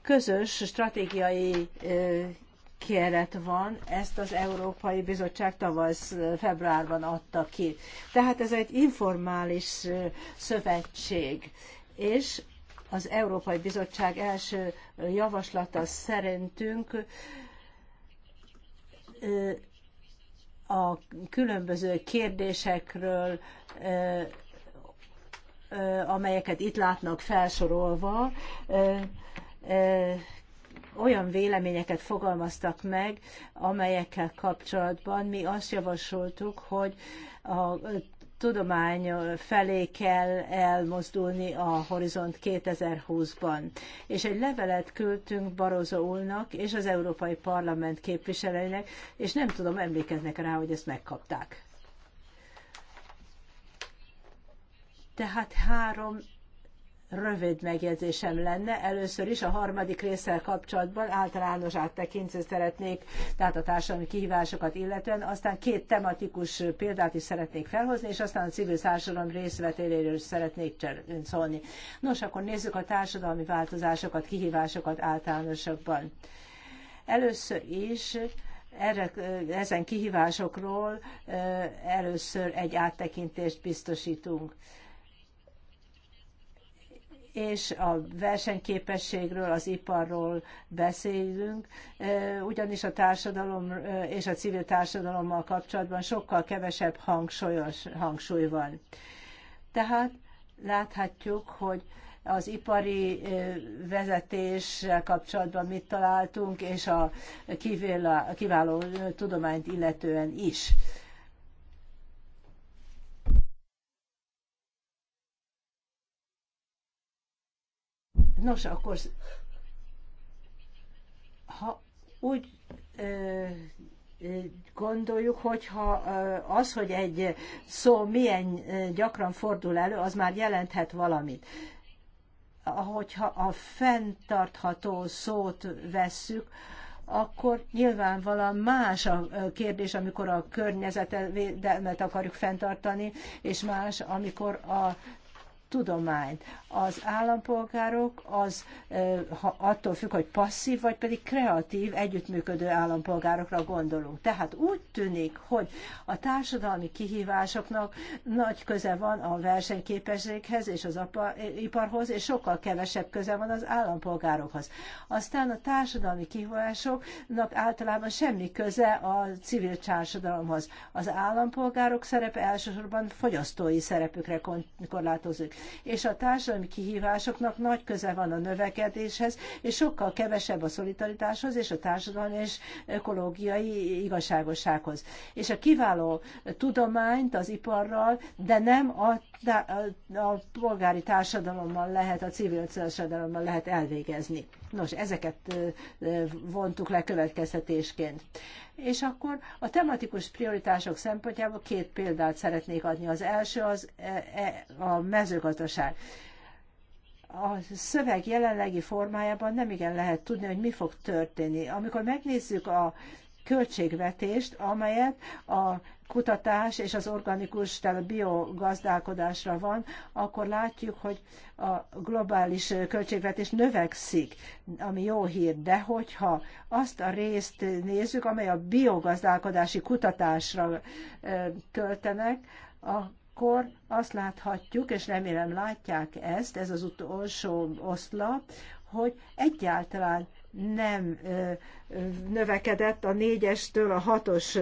közös stratégiai keret van, ezt az Európai Bizottság tavasz februárban adta ki. Tehát ez egy informális szövetség, és az Európai Bizottság első javaslata szerintünk a különböző kérdésekről, amelyeket itt látnak felsorolva, olyan véleményeket fogalmaztak meg, amelyekkel kapcsolatban mi azt javasoltuk, hogy a tudomány felé kell elmozdulni a Horizont 2020-ban. És egy levelet küldtünk Barozo úrnak és az Európai Parlament képviselőinek, és nem tudom, emlékeznek rá, hogy ezt megkapták. Tehát három rövid megjegyzésem lenne. Először is a harmadik részsel kapcsolatban általános áttekintést szeretnék, tehát a társadalmi kihívásokat illetően. Aztán két tematikus példát is szeretnék felhozni, és aztán a civil társadalom részvetéléről is szeretnék szólni. Nos, akkor nézzük a társadalmi változásokat, kihívásokat általánosokban. Először is erre, ezen kihívásokról először egy áttekintést biztosítunk és a versenyképességről, az iparról beszélünk, ugyanis a társadalom és a civil társadalommal kapcsolatban sokkal kevesebb hangsúlyos, hangsúly van. Tehát láthatjuk, hogy az ipari vezetéssel kapcsolatban mit találtunk, és a kiváló tudományt illetően is Nos, akkor ha úgy gondoljuk, hogyha az, hogy egy szó milyen gyakran fordul elő, az már jelenthet valamit. Hogyha a fenntartható szót vesszük, akkor nyilvánvalóan más a kérdés, amikor a környezetvédelmet akarjuk fenntartani, és más, amikor a tudományt. Az állampolgárok az ha attól függ, hogy passzív vagy pedig kreatív, együttműködő állampolgárokra gondolunk. Tehát úgy tűnik, hogy a társadalmi kihívásoknak nagy köze van a versenyképességhez és az iparhoz, és sokkal kevesebb köze van az állampolgárokhoz. Aztán a társadalmi kihívásoknak általában semmi köze a civil társadalomhoz. Az állampolgárok szerepe elsősorban fogyasztói szerepükre korlátozik és a társadalmi kihívásoknak nagy köze van a növekedéshez, és sokkal kevesebb a szolidaritáshoz és a társadalmi és ökológiai igazságossághoz. És a kiváló tudományt az iparral, de nem a, a, a polgári társadalommal lehet, a civil társadalommal lehet elvégezni. Nos, ezeket vontuk le következtetésként. És akkor a tematikus prioritások szempontjából két példát szeretnék adni. Az első az e, e, a mezőgazdaság a szöveg jelenlegi formájában nem igen lehet tudni, hogy mi fog történni. Amikor megnézzük a költségvetést, amelyet a kutatás és az organikus, tehát a biogazdálkodásra van, akkor látjuk, hogy a globális költségvetés növekszik, ami jó hír, de hogyha azt a részt nézzük, amely a biogazdálkodási kutatásra költenek, akkor azt láthatjuk, és remélem látják ezt, ez az utolsó oszlap, hogy egyáltalán nem növekedett a négyestől a hatos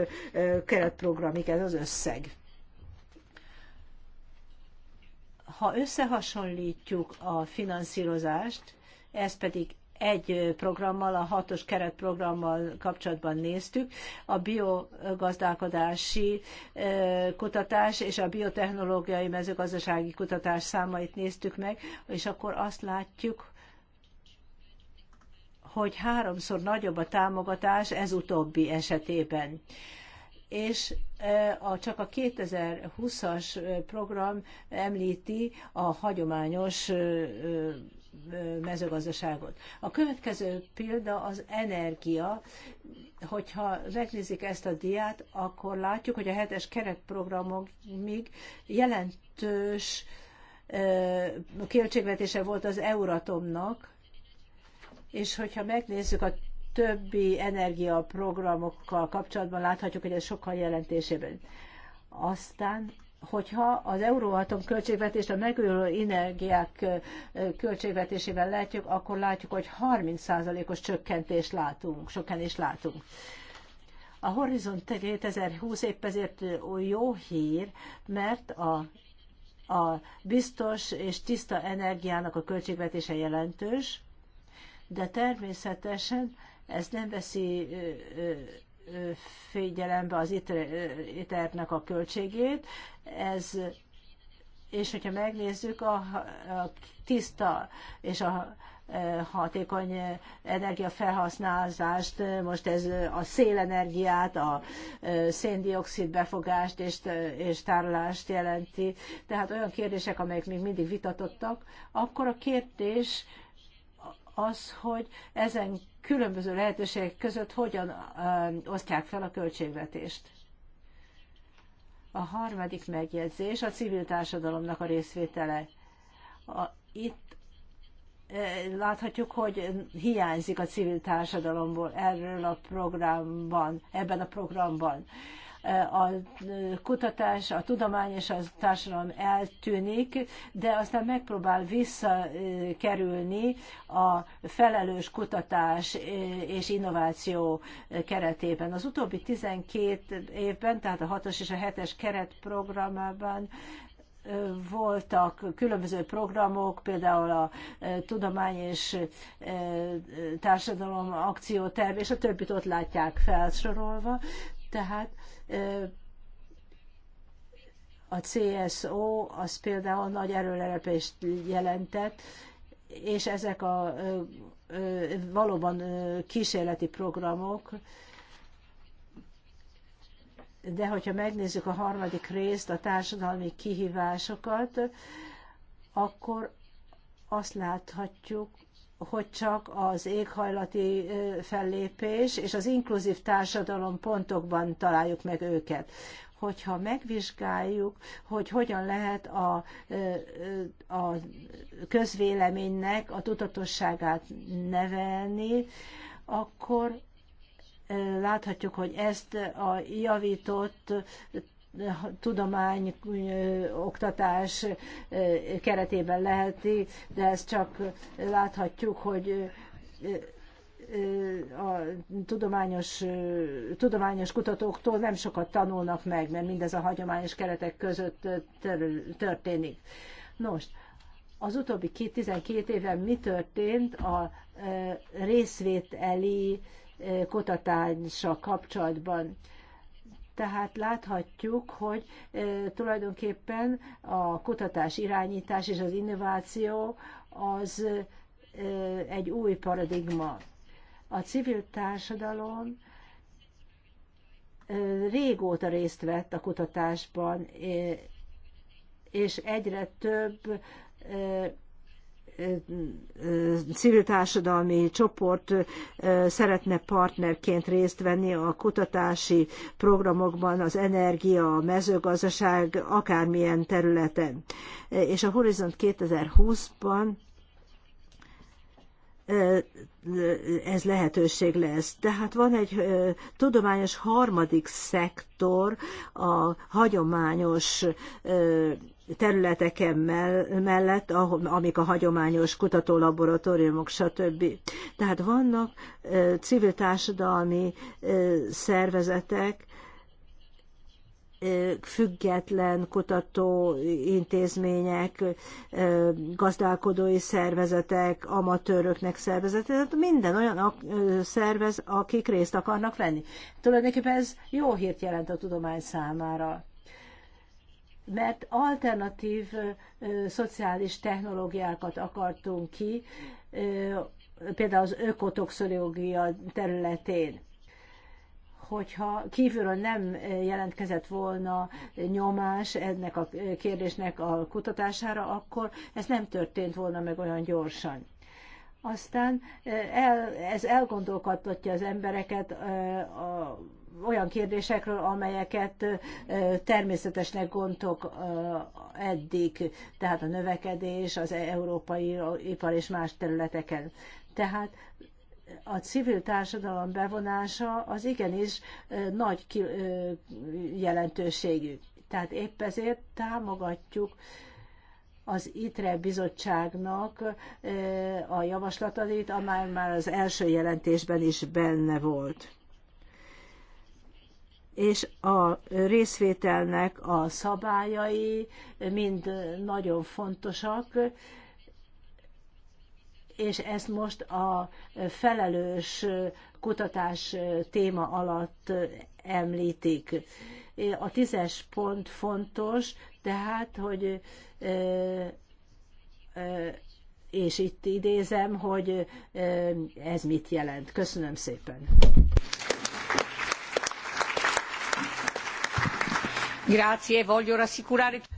keretprogramig ez az összeg. Ha összehasonlítjuk a finanszírozást, ez pedig egy programmal, a hatos keretprogrammal kapcsolatban néztük, a biogazdálkodási kutatás és a biotechnológiai mezőgazdasági kutatás számait néztük meg, és akkor azt látjuk, hogy háromszor nagyobb a támogatás ez utóbbi esetében. És a, csak a 2020-as program említi a hagyományos mezőgazdaságot. A következő példa az energia. Hogyha megnézik ezt a diát, akkor látjuk, hogy a hetes keretprogramok még jelentős költségvetése volt az Euratomnak, és hogyha megnézzük a többi energiaprogramokkal kapcsolatban, láthatjuk, hogy ez sokkal jelentésében. Aztán hogyha az Euróatom költségvetést a megújuló energiák költségvetésével látjuk, akkor látjuk, hogy 30%-os csökkentést látunk, is látunk. A Horizon 2020 épp ezért jó hír, mert a, a biztos és tiszta energiának a költségvetése jelentős, de természetesen ez nem veszi figyelembe az iternek a költségét, ez és hogyha megnézzük a, a tiszta és a hatékony energiafelhasználást, most ez a szélenergiát, a széndiokszid befogást és, és tárolást jelenti, tehát olyan kérdések, amelyek még mindig vitatottak, akkor a kérdés az, hogy ezen különböző lehetőségek között hogyan osztják fel a költségvetést. A harmadik megjegyzés a civil társadalomnak a részvétele. A, itt láthatjuk, hogy hiányzik a civil társadalomból erről a programban, ebben a programban a kutatás, a tudomány és a társadalom eltűnik, de aztán megpróbál visszakerülni a felelős kutatás és innováció keretében. Az utóbbi 12 évben, tehát a 6-os és a 7-es keretprogramában voltak különböző programok, például a Tudomány és Társadalom Akcióterv, és a többit ott látják felsorolva. Tehát a CSO az például nagy erőlelepést jelentett, és ezek a valóban kísérleti programok, de hogyha megnézzük a harmadik részt, a társadalmi kihívásokat, akkor azt láthatjuk, hogy csak az éghajlati fellépés és az inkluzív társadalom pontokban találjuk meg őket. Hogyha megvizsgáljuk, hogy hogyan lehet a, a közvéleménynek a tudatosságát nevelni, akkor láthatjuk, hogy ezt a javított tudomány, oktatás keretében leheti, de ezt csak láthatjuk, hogy a tudományos, tudományos kutatóktól nem sokat tanulnak meg, mert mindez a hagyományos keretek között történik. Nos, az utóbbi két, 12 évben mi történt a részvételi kutatással kapcsolatban? Tehát láthatjuk, hogy tulajdonképpen a kutatás irányítás és az innováció az egy új paradigma. A civil társadalom régóta részt vett a kutatásban, és egyre több civil társadalmi csoport szeretne partnerként részt venni a kutatási programokban, az energia, a mezőgazdaság, akármilyen területen. És a Horizont 2020-ban ez lehetőség lesz. Tehát van egy tudományos harmadik szektor a hagyományos területeken mellett, amik a hagyományos kutatólaboratóriumok, stb. Tehát vannak civil társadalmi szervezetek, független kutató intézmények, gazdálkodói szervezetek, amatőröknek szervezetek, tehát minden olyan szervez, akik részt akarnak venni. Tulajdonképpen ez jó hírt jelent a tudomány számára mert alternatív szociális technológiákat akartunk ki, például az ökotoxológia területén hogyha kívülről nem jelentkezett volna nyomás ennek a kérdésnek a kutatására, akkor ez nem történt volna meg olyan gyorsan. Aztán eh, el, ez elgondolkodtatja az embereket eh, a, olyan kérdésekről, amelyeket eh, természetesnek gondtok eddig, tehát a növekedés, az európai ipar és más területeken. Tehát a civil társadalom bevonása az igenis nagy jelentőségű. Tehát épp ezért támogatjuk az ITRE bizottságnak a javaslatait, amely már az első jelentésben is benne volt. És a részvételnek a szabályai mind nagyon fontosak, és ezt most a felelős kutatás téma alatt említik. A tízes pont fontos, tehát, hogy és itt idézem, hogy ez mit jelent. Köszönöm szépen.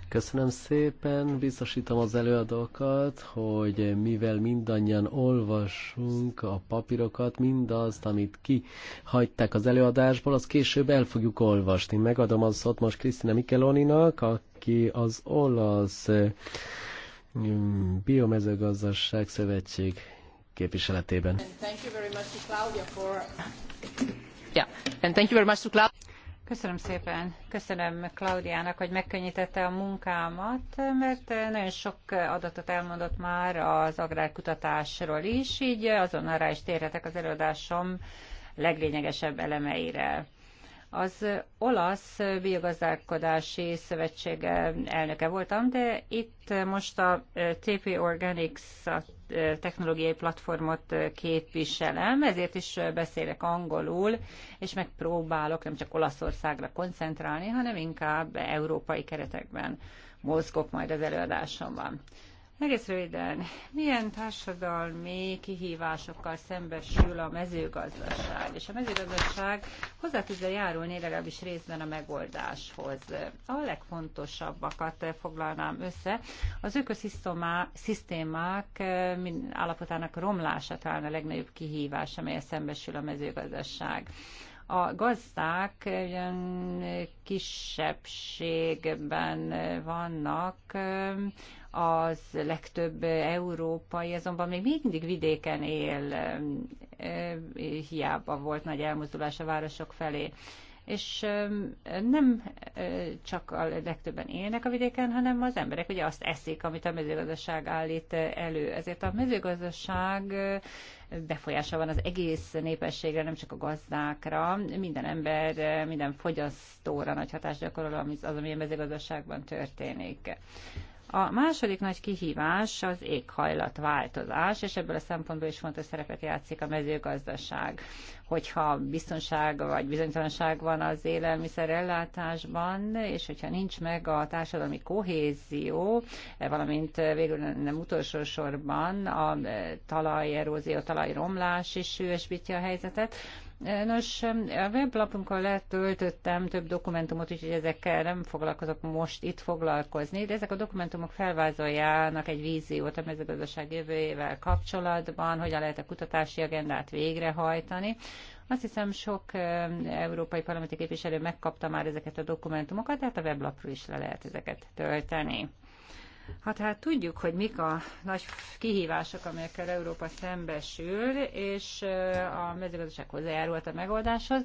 Köszönöm szépen, biztosítom az előadókat, hogy mivel mindannyian olvasunk a papírokat, mindazt, amit kihagyták az előadásból, az később el fogjuk olvasni. Megadom az szót most Krisztina Mikeloninak, aki az olasz mm, biomezőgazdaság szövetség képviseletében. Köszönöm szépen. Köszönöm Klaudiának, hogy megkönnyítette a munkámat, mert nagyon sok adatot elmondott már az agrárkutatásról is, így azonnal rá is térhetek az előadásom leglényegesebb elemeire. Az olasz biogazdálkodási szövetség elnöke voltam, de itt most a TP Organics-at technológiai platformot képviselem, ezért is beszélek angolul, és megpróbálok nem csak Olaszországra koncentrálni, hanem inkább európai keretekben mozgok majd az előadásomban. Egész röviden, milyen társadalmi kihívásokkal szembesül a mezőgazdaság? És a mezőgazdaság hozzá tudja járulni legalábbis részben a megoldáshoz. A legfontosabbakat foglalnám össze. Az ökoszisztémák eh, állapotának romlása talán a legnagyobb kihívás, amelyel szembesül a mezőgazdaság. A gazdák ilyen kisebbségben vannak, az legtöbb európai, azonban még mindig vidéken él, hiába volt nagy elmozdulás a városok felé és nem csak a legtöbben élnek a vidéken, hanem az emberek ugye azt eszik, amit a mezőgazdaság állít elő. Ezért a mezőgazdaság befolyása van az egész népességre, nem csak a gazdákra, minden ember, minden fogyasztóra nagy hatást gyakorol az, ami a mezőgazdaságban történik. A második nagy kihívás az éghajlatváltozás, és ebből a szempontból is fontos szerepet játszik a mezőgazdaság hogyha biztonság vagy bizonytalanság van az élelmiszer ellátásban, és hogyha nincs meg a társadalmi kohézió, valamint végül nem utolsó sorban a eh, talajerózió, talajromlás is sűrűsíti a helyzetet, Nos, a weblapunkon letöltöttem több dokumentumot, úgyhogy ezekkel nem foglalkozok most itt foglalkozni, de ezek a dokumentumok felvázoljának egy víziót a mezőgazdaság jövőjével kapcsolatban, hogyan lehet a kutatási agendát végrehajtani. Azt hiszem, sok európai parlamenti képviselő megkapta már ezeket a dokumentumokat, tehát a weblapról is le lehet ezeket tölteni. Hát hát tudjuk, hogy mik a nagy kihívások, amelyekkel Európa szembesül, és a mezőgazdaság hozzájárult a megoldáshoz.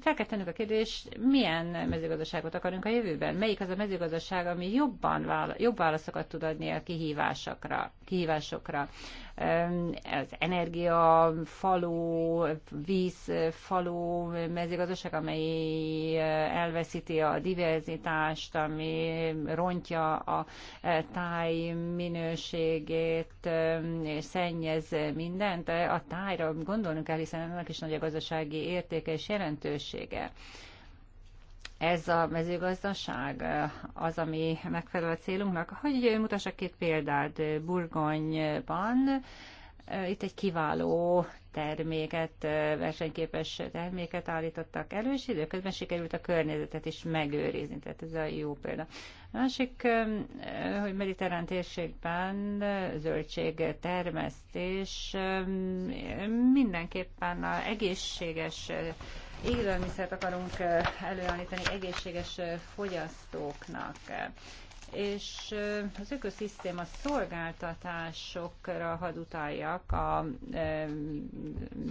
Fel kell tennünk a kérdést, milyen mezőgazdaságot akarunk a jövőben? Melyik az a mezőgazdaság, ami jobban vála- jobb válaszokat tud adni a kihívásokra? kihívásokra? az energia falu, víz falu mezőgazdaság, amely eh, elveszíti a diverzitást, ami rontja a eh, táj minőségét, eh, és szennyez mindent. A tájra gondolnunk kell, hiszen ennek is nagy a gazdasági értéke és jelentősége ez a mezőgazdaság az, ami megfelel a célunknak. Hogy mutassak két példát Burgonyban, itt egy kiváló terméket, versenyképes terméket állítottak elő, és időközben sikerült a környezetet is megőrizni. Tehát ez a jó példa. A másik, hogy mediterrán térségben zöldség termesztés mindenképpen a egészséges élelmiszert akarunk előállítani egészséges fogyasztóknak és az ökoszisztéma szolgáltatásokra hadd utaljak a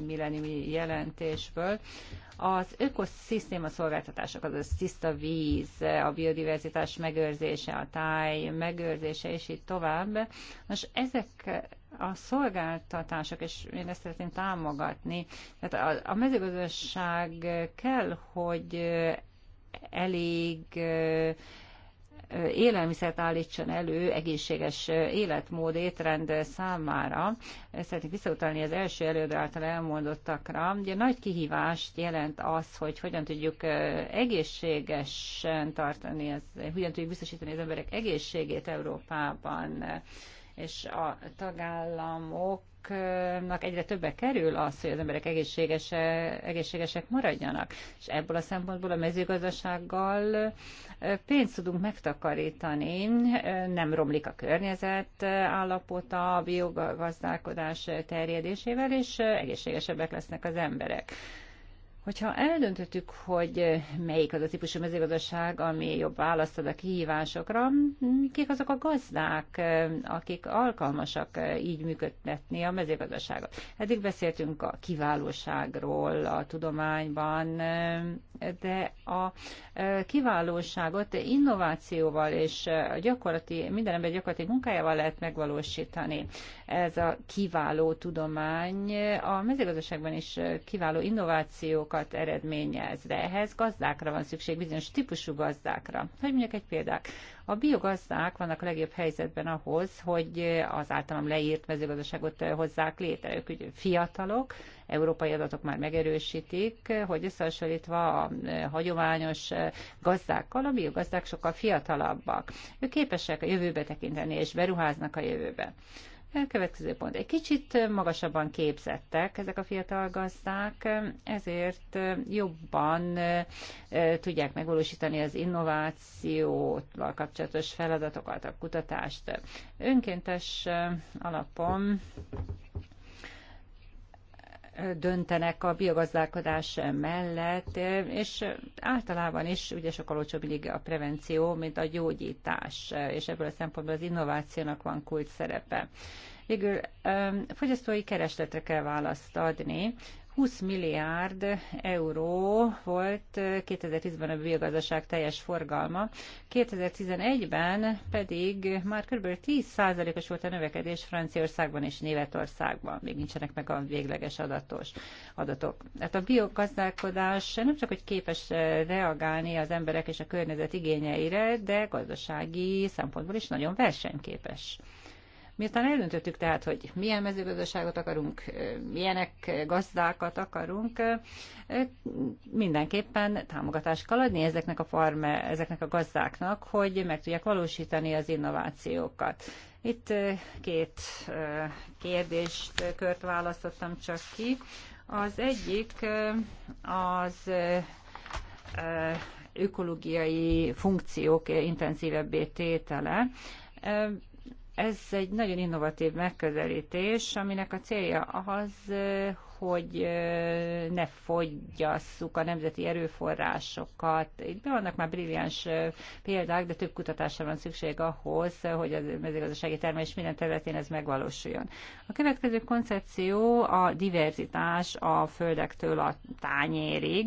millenniumi jelentésből. Az ökoszisztéma szolgáltatások, azaz tiszta víz, a biodiverzitás megőrzése, a táj megőrzése, és így tovább. Most ezek a szolgáltatások, és én ezt szeretném támogatni, tehát a, a mezőgazdaság kell, hogy eh, elég eh, élelmiszert állítson elő egészséges eh, életmód, étrend számára. Szeretnék visszautalni az első előadó által elmondottakra. Ugye nagy kihívást jelent az, hogy hogyan tudjuk egészségesen tartani, az, hogyan tudjuk biztosítani az emberek egészségét Európában és a tagállamoknak egyre többe kerül az, hogy az emberek egészségese, egészségesek maradjanak. És ebből a szempontból a mezőgazdasággal pénzt tudunk megtakarítani, nem romlik a környezet állapota, a biogazdálkodás terjedésével, és egészségesebbek lesznek az emberek. Hogyha eldöntöttük, hogy eh, melyik az a típusú mezőgazdaság, ami jobb választ ad a kihívásokra, kik azok a gazdák, eh, akik alkalmasak eh, így működtetni a mezőgazdaságot. Eddig beszéltünk a kiválóságról a tudományban, de a kiválóságot innovációval és a gyakorlati, minden ember gyakorlati munkájával lehet megvalósítani. Ez a kiváló tudomány a mezőgazdaságban is kiváló innovációk sokat eredményez, de ehhez gazdákra van szükség, bizonyos típusú gazdákra. Hogy mondjak egy példát? A biogazdák vannak a legjobb helyzetben ahhoz, hogy az általam leírt mezőgazdaságot hozzák létre. Ők ugye fiatalok, európai adatok már megerősítik, hogy összehasonlítva a e, hagyományos e, gazdákkal, a biogazdák sokkal fiatalabbak. Ők képesek a jövőbe tekinteni, és beruháznak a jövőbe. Következő pont. Egy kicsit magasabban képzettek ezek a fiatal gazdák, ezért jobban tudják megvalósítani az innovációval kapcsolatos feladatokat, a kutatást. Önkéntes alapon döntenek a biogazdálkodás mellett, és általában is ugye sokkal olcsóbb mindig a prevenció, mint a gyógyítás, és ebből a szempontból az innovációnak van kult szerepe. Végül fogyasztói keresletre kell választ adni, 20 milliárd euró volt 2010-ben a biogazdaság teljes forgalma, 2011-ben pedig már kb. 10%-os volt a növekedés Franciaországban és Németországban, még nincsenek meg a végleges adatos, adatok. Hát a biogazdálkodás nem csak, hogy képes reagálni az emberek és a környezet igényeire, de gazdasági szempontból is nagyon versenyképes. Miután eldöntöttük tehát, hogy milyen mezőgazdaságot akarunk, milyenek gazdákat akarunk, mindenképpen támogatást kell adni ezeknek a, farm, ezeknek a gazdáknak, hogy meg tudják valósítani az innovációkat. Itt két kérdést, kört választottam csak ki. Az egyik az ökológiai funkciók intenzívebbé tétele. Ez egy nagyon innovatív megközelítés, aminek a célja az, hogy ne fogyasszuk a nemzeti erőforrásokat. Itt be vannak már brilliáns példák, de több kutatásra van szükség ahhoz, hogy a mezőgazdasági termelés minden területén ez megvalósuljon. A következő koncepció a diverzitás a földektől a tányérig,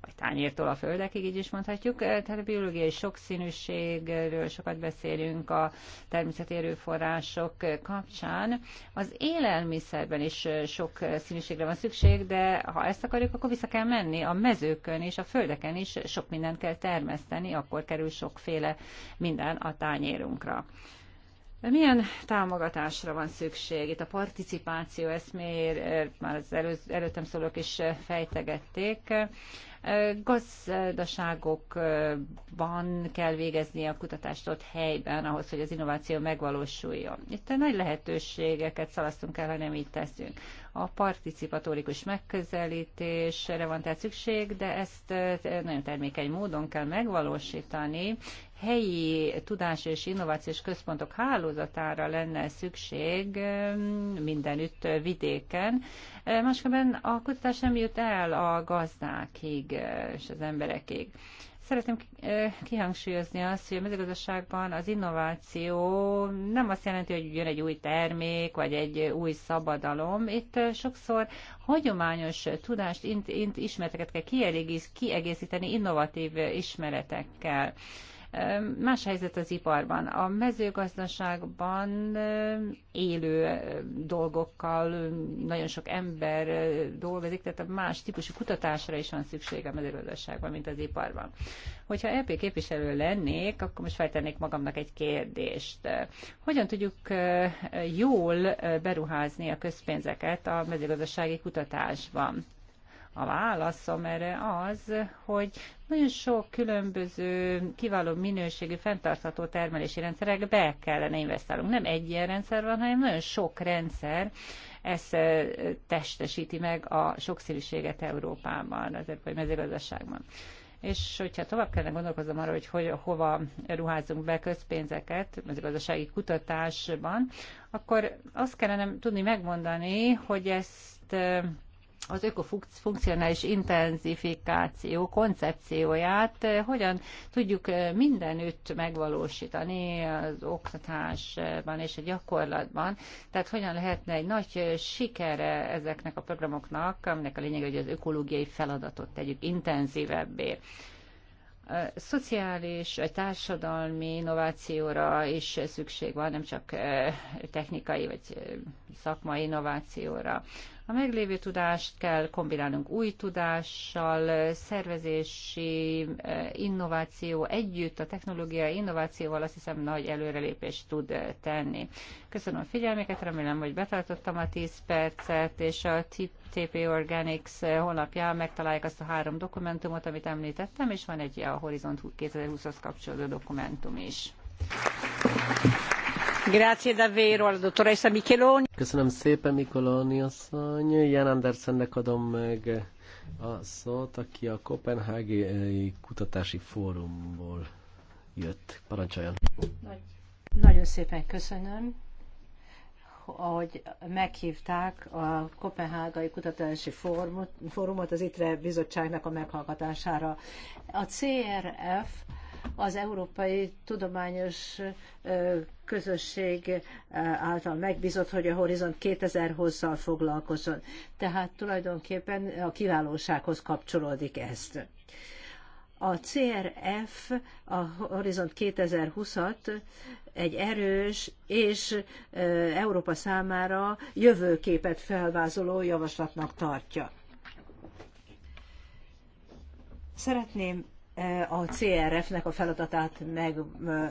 vagy tányértól a földekig, így is mondhatjuk. Tehát a biológiai sokszínűségről sokat beszélünk a természeti erőforrások kapcsán. Az élelmiszerben is sok színűségre mindenre van szükség, de ha ezt akarjuk, akkor vissza kell menni a mezőkön és a földeken is, sok mindent kell termeszteni, akkor kerül sokféle minden a tányérunkra. Milyen támogatásra van szükség? Itt a participáció eszméért eh, már az előttem szólók is eh, fejtegették. Gazdaságokban kell végezni a kutatást ott helyben, ahhoz, hogy az innováció megvalósuljon. Itt nagy lehetőségeket szalasztunk el, ha nem így teszünk. A participatórikus megközelítésre van tehát szükség, de ezt eh, nagyon termékeny módon kell megvalósítani, helyi tudás és innovációs központok hálózatára lenne szükség eh, mindenütt eh, vidéken. Máskülönben a kutatás nem jut el a gazdákig és az emberekig. Szeretném kihangsúlyozni azt, hogy a mezőgazdaságban az innováció nem azt jelenti, hogy jön egy új termék, vagy egy új szabadalom. Itt sokszor hagyományos tudást, int, int, ismereteket kell kielégíteni, kiegészíteni innovatív ismeretekkel. Más helyzet az iparban. A mezőgazdaságban élő dolgokkal nagyon sok ember dolgozik, tehát a más típusú kutatásra is van szüksége a mezőgazdaságban, mint az iparban. Hogyha EP képviselő lennék, akkor most feltennék magamnak egy kérdést. Hogyan tudjuk jól beruházni a közpénzeket a mezőgazdasági kutatásban? A válaszom erre az, hogy nagyon sok különböző kiváló minőségű, fenntartható termelési rendszerekbe kellene investálnunk. Nem egy ilyen rendszer van, hanem nagyon sok rendszer, ez testesíti meg a sokszínűséget Európában, az európai mezőgazdaságban. És hogyha tovább kellene gondolkoznom arra, hogy, hogy hova ruházunk be közpénzeket mezőgazdasági kutatásban, akkor azt kellene tudni megmondani, hogy ezt az ökofunkcionális intenzifikáció koncepcióját eh, hogyan tudjuk eh, mindenütt megvalósítani az oktatásban és a gyakorlatban, tehát hogyan lehetne egy nagy eh, sikere ezeknek a programoknak, aminek a lényeg, hogy az ökológiai feladatot tegyük intenzívebbé szociális, társadalmi innovációra is szükség van, nem csak technikai vagy szakmai innovációra. A meglévő tudást kell kombinálnunk új tudással, szervezési eh, innováció együtt, a technológiai innovációval azt hiszem nagy előrelépést tud eh, tenni. Köszönöm a figyelmüket, remélem, hogy betartottam a 10 percet, és a TP Organics eh, honlapján megtalálják azt a három dokumentumot, amit említettem, és van egy a Horizont 2020-hoz kapcsolódó dokumentum is. Thank you. Köszönöm szépen Micheloni asszony. Jan Andersennek adom meg a szót, aki a Kopenhági Kutatási Fórumból jött. Parancsoljon. nagyon szépen köszönöm hogy meghívták a Kopenhágai Kutatási Fórumot, fórumot az ITRE bizottságnak a meghallgatására. A CRF az Európai Tudományos Közösség által megbízott, hogy a Horizont 2000 hozzal foglalkozzon. Tehát tulajdonképpen a kiválósághoz kapcsolódik ezt. A CRF, a Horizont 2020-at egy erős és Európa számára jövőképet felvázoló javaslatnak tartja. Szeretném a CRF-nek a feladatát meg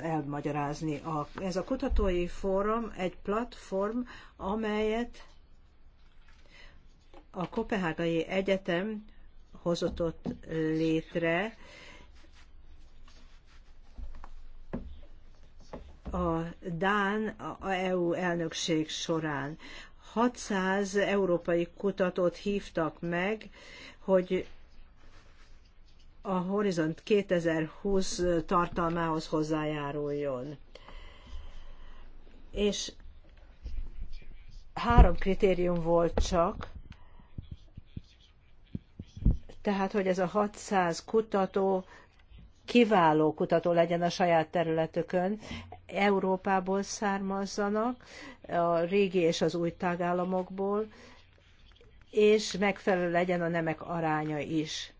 elmagyarázni. A, ez a kutatói fórum egy platform, amelyet a Kopenhágai Egyetem hozott ott létre a Dán a EU elnökség során. 600 európai kutatót hívtak meg, hogy a Horizont 2020 tartalmához hozzájáruljon. És három kritérium volt csak, tehát hogy ez a 600 kutató kiváló kutató legyen a saját területükön, Európából származzanak, a régi és az új tagállamokból, és megfelelő legyen a nemek aránya is.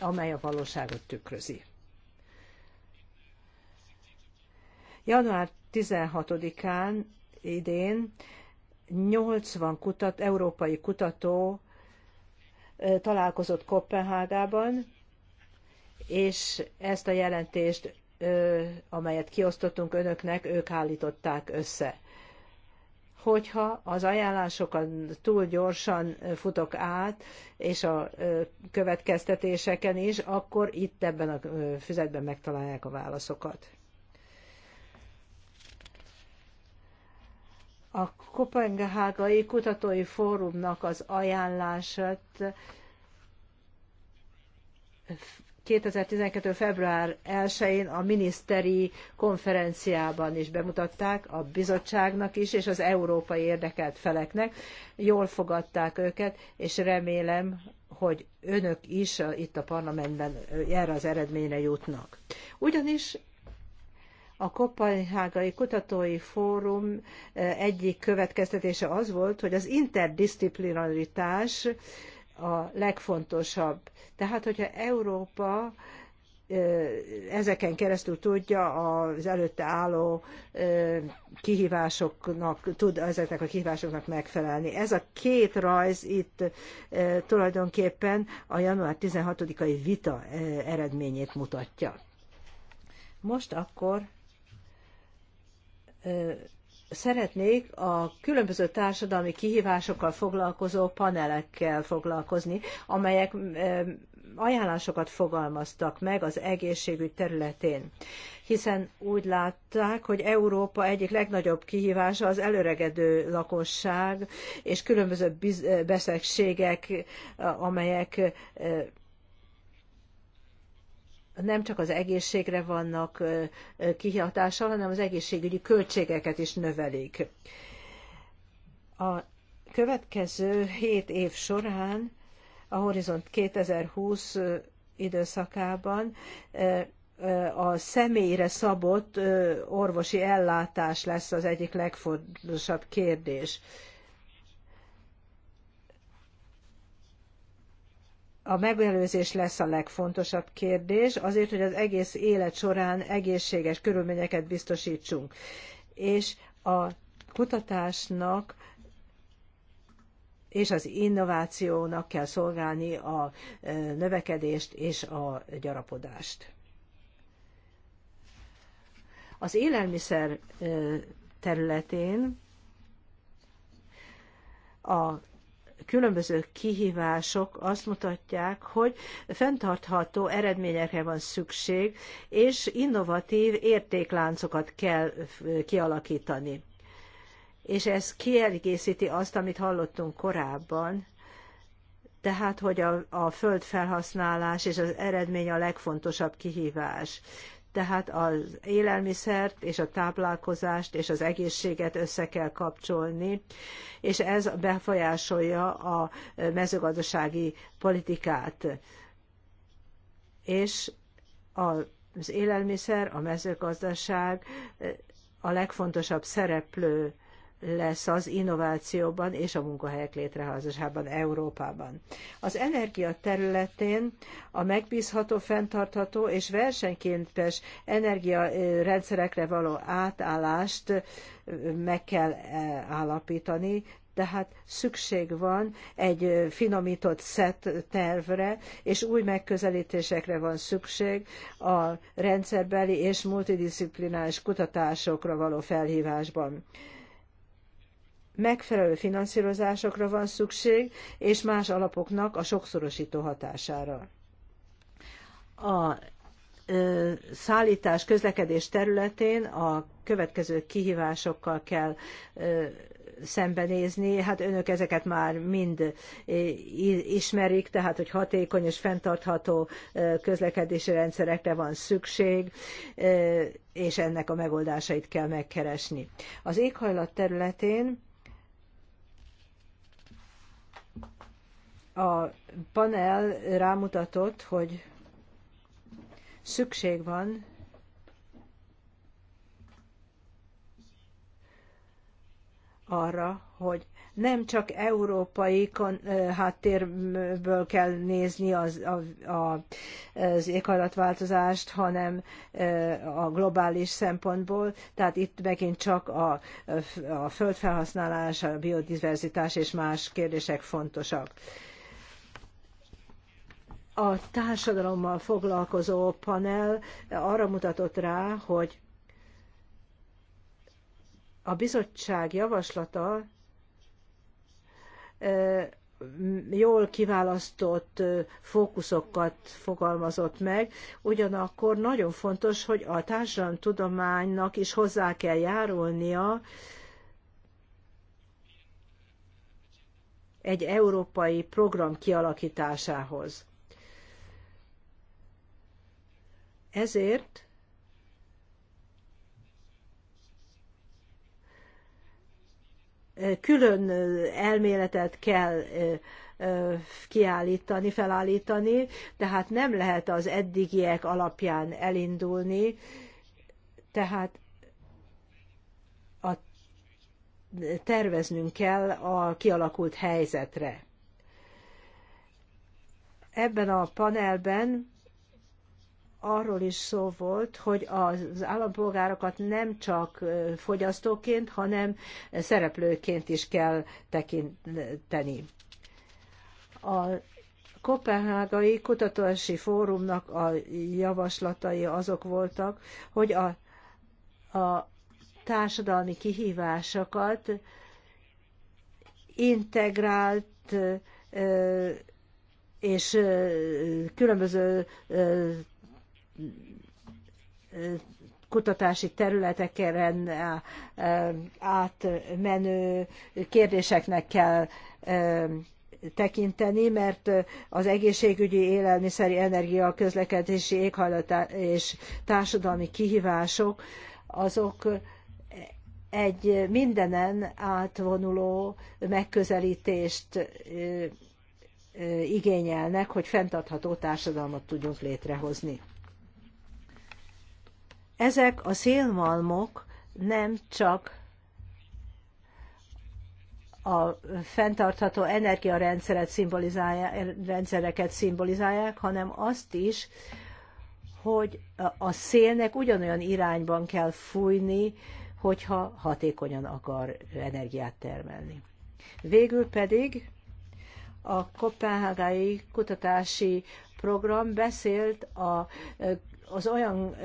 amely a valóságot tükrözi. Január 16-án idén 80 kutat, európai kutató találkozott Kopenhágában, és ezt a jelentést, amelyet kiosztottunk önöknek, ők állították össze hogyha az ajánlásokon túl gyorsan futok át, és a következtetéseken is, akkor itt ebben a füzetben megtalálják a válaszokat. A Kopenhágai Kutatói Fórumnak az ajánlását 2012. február 1-én a miniszteri konferenciában is bemutatták a bizottságnak is, és az európai érdekelt feleknek. Jól fogadták őket, és remélem, hogy önök is itt a parlamentben erre az eredményre jutnak. Ugyanis a Kopenhágai Kutatói Fórum egyik következtetése az volt, hogy az interdisziplinaritás a legfontosabb. Tehát, hogyha Európa ezeken keresztül tudja az előtte álló kihívásoknak, tud ezeknek a kihívásoknak megfelelni. Ez a két rajz itt tulajdonképpen a január 16-ai vita eredményét mutatja. Most akkor szeretnék a különböző társadalmi kihívásokkal foglalkozó panelekkel foglalkozni, amelyek ajánlásokat fogalmaztak meg az egészségügy területén, hiszen úgy látták, hogy Európa egyik legnagyobb kihívása az előregedő lakosság és különböző beszegségek, amelyek nem csak az egészségre vannak kihatással, hanem az egészségügyi költségeket is növelik. A következő 7 év során a Horizont 2020 időszakában a személyre szabott orvosi ellátás lesz az egyik legfontosabb kérdés. a megelőzés lesz a legfontosabb kérdés, azért, hogy az egész élet során egészséges körülményeket biztosítsunk. És a kutatásnak és az innovációnak kell szolgálni a növekedést és a gyarapodást. Az élelmiszer területén a különböző kihívások azt mutatják, hogy fenntartható eredményekre van szükség, és innovatív értékláncokat kell kialakítani. És ez kiegészíti azt, amit hallottunk korábban, tehát, hogy a, a földfelhasználás és az eredmény a legfontosabb kihívás tehát az élelmiszert és a táplálkozást és az egészséget össze kell kapcsolni, és ez befolyásolja a mezőgazdasági politikát. És az élelmiszer, a mezőgazdaság a legfontosabb szereplő lesz az innovációban és a munkahelyek létrehozásában Európában. Az energia területén a megbízható, fenntartható és versenyképes energiarendszerekre való átállást meg kell állapítani, tehát szükség van egy finomított szett tervre, és új megközelítésekre van szükség a rendszerbeli és multidisziplinális kutatásokra való felhívásban megfelelő finanszírozásokra van szükség, és más alapoknak a sokszorosító hatására. A szállítás közlekedés területén a következő kihívásokkal kell szembenézni. Hát önök ezeket már mind ismerik, tehát hogy hatékony és fenntartható közlekedési rendszerekre van szükség, és ennek a megoldásait kell megkeresni. Az éghajlat területén a panel rámutatott, hogy szükség van arra, hogy nem csak európai háttérből kell nézni az, a, a, az éghajlatváltozást, hanem a globális szempontból, tehát itt megint csak a, a földfelhasználás, a biodiverzitás és más kérdések fontosak. A társadalommal foglalkozó panel arra mutatott rá, hogy a bizottság javaslata jól kiválasztott fókuszokat fogalmazott meg, ugyanakkor nagyon fontos, hogy a társadalomtudománynak is hozzá kell járulnia egy európai program kialakításához. Ezért külön elméletet kell kiállítani, felállítani, tehát nem lehet az eddigiek alapján elindulni, tehát a, terveznünk kell a kialakult helyzetre. Ebben a panelben arról is szó volt, hogy az állampolgárokat nem csak fogyasztóként, hanem szereplőként is kell tekinteni. A Kopenhágai Kutatási Fórumnak a javaslatai azok voltak, hogy a, a társadalmi kihívásokat integrált és különböző kutatási területeken átmenő kérdéseknek kell tekinteni, mert az egészségügyi, élelmiszeri, energia, közlekedési, éghajlat és társadalmi kihívások azok egy mindenen átvonuló megközelítést igényelnek, hogy fenntartható társadalmat tudjunk létrehozni. Ezek a szélmalmok nem csak a fenntartható energiarendszereket szimbolizálják, rendszereket szimbolizálják, hanem azt is, hogy a szélnek ugyanolyan irányban kell fújni, hogyha hatékonyan akar energiát termelni. Végül pedig a kopenhágai kutatási program beszélt a az olyan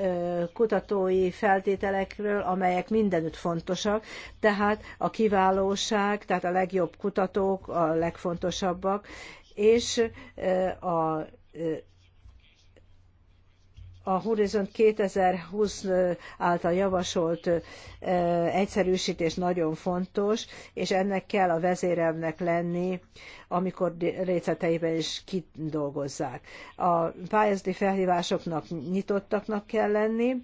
kutatói feltételekről, amelyek mindenütt fontosak, tehát a kiválóság, tehát a legjobb kutatók a legfontosabbak, és a a Horizont 2020 által javasolt egyszerűsítés nagyon fontos, és ennek kell a vezérelvnek lenni, amikor részleteiben is kidolgozzák. A pályázati felhívásoknak nyitottaknak kell lenni,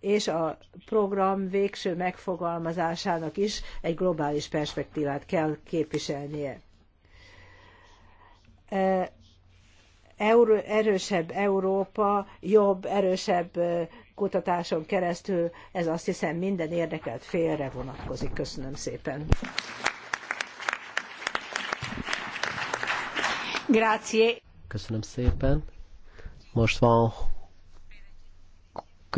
és a program végső megfogalmazásának is egy globális perspektívát kell képviselnie Euró, erősebb Európa, jobb, erősebb kutatáson keresztül, ez azt hiszem minden érdekelt félre vonatkozik. Köszönöm szépen. Grazie. Köszönöm szépen. Most van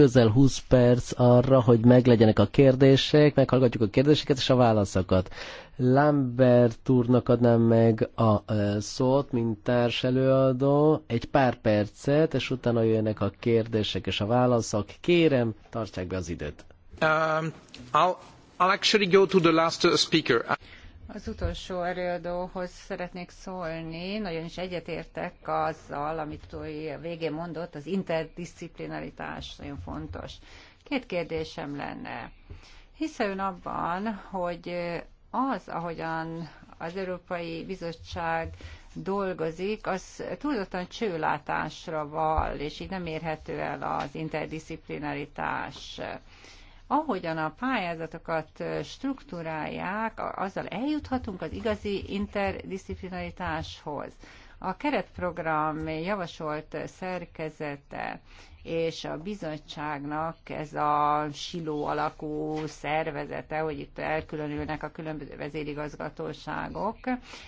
közel 20 perc arra, hogy meglegyenek a kérdések, meghallgatjuk a kérdéseket és a válaszokat. Lambert úrnak adnám meg a szót, mint társelőadó, egy pár percet, és utána jönnek a kérdések és a válaszok. Kérem, tartsák be az időt. Um, I'll, I'll actually go to the last uh, speaker. Az utolsó előadóhoz szeretnék szólni. Nagyon is egyetértek azzal, amit végén mondott, az interdisziplinaritás nagyon fontos. Két kérdésem lenne. Hisze ön abban, hogy az, ahogyan az Európai Bizottság dolgozik, az túlzottan csőlátásra val, és így nem érhető el az interdisziplinaritás ahogyan a pályázatokat struktúrálják, azzal eljuthatunk az igazi interdisziplinaritáshoz. A keretprogram javasolt szerkezete és a bizottságnak ez a siló alakú szervezete, hogy itt elkülönülnek a különböző vezérigazgatóságok,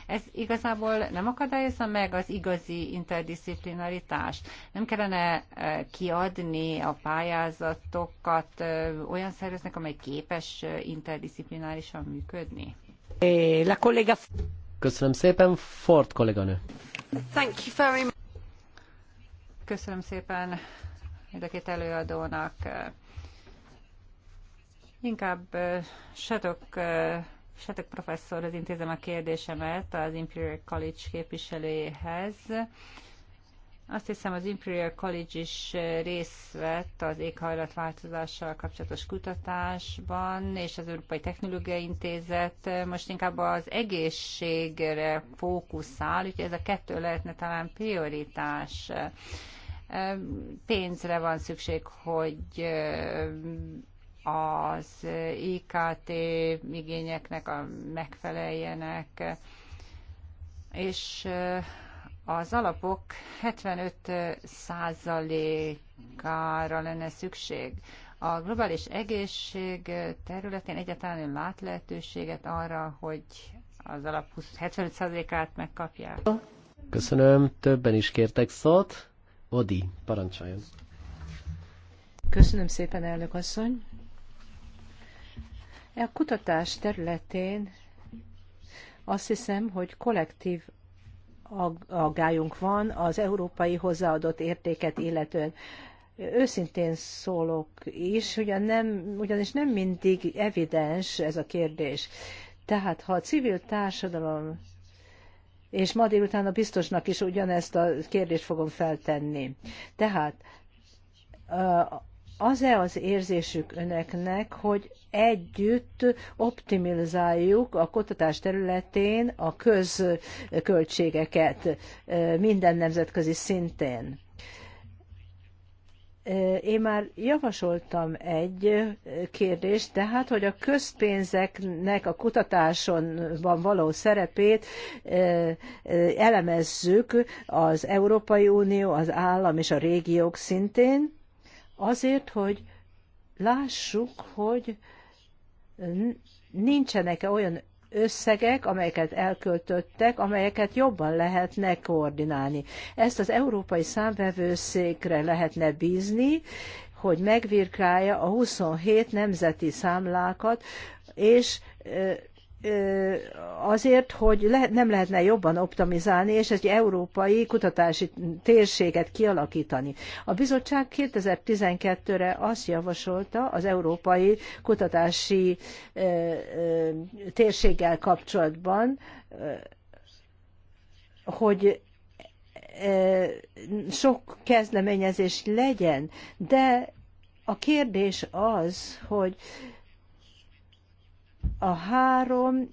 ez igazából nem akadályozza meg az igazi interdisziplinaritást. Nem kellene e, kiadni a pályázatokat e, olyan szerveznek, amely képes e, interdisziplinárisan működni? La kollega. Köszönöm szépen, Ford kolléganő. Thank you very much. Köszönöm szépen, mind a két előadónak. Inkább Sedok, Sedok professzorhoz intézem a kérdésemet az Imperial College képviselőjéhez. Azt hiszem, az Imperial College is részt vett az éghajlatváltozással kapcsolatos kutatásban, és az Európai Technológiai Intézet most inkább az egészségre fókuszál, úgyhogy ez a kettő lehetne talán prioritás. Pénzre van szükség, hogy az IKT igényeknek a megfeleljenek, és az alapok 75%-ára lenne szükség. A globális egészség területén egyáltalán lát lehetőséget arra, hogy az alap 75%-át megkapják. Köszönöm, többen is kértek szót. Odi, parancsoljon. Köszönöm szépen, elnök asszony. E a kutatás területén azt hiszem, hogy kollektív aggályunk van az európai hozzáadott értéket illetően. Őszintén szólok is, ugyan nem, ugyanis nem mindig evidens ez a kérdés. Tehát, ha a civil társadalom és ma délután a biztosnak is ugyanezt a kérdést fogom feltenni. Tehát az-e az érzésük önöknek, hogy együtt optimizáljuk a kutatás területén a közköltségeket minden nemzetközi szinten? Én már javasoltam egy kérdést, tehát, hogy a közpénzeknek a kutatásonban való szerepét elemezzük az Európai Unió, az állam és a régiók szintén, azért, hogy lássuk, hogy nincsenek-e olyan összegek, amelyeket elköltöttek, amelyeket jobban lehetne koordinálni. Ezt az Európai Számvevőszékre lehetne bízni, hogy megvirkálja a 27 nemzeti számlákat, és azért, hogy le, nem lehetne jobban optimizálni, és egy európai kutatási térséget kialakítani. A bizottság 2012-re azt javasolta az európai kutatási térséggel kapcsolatban, hogy sok kezdeményezés legyen, de a kérdés az, hogy a három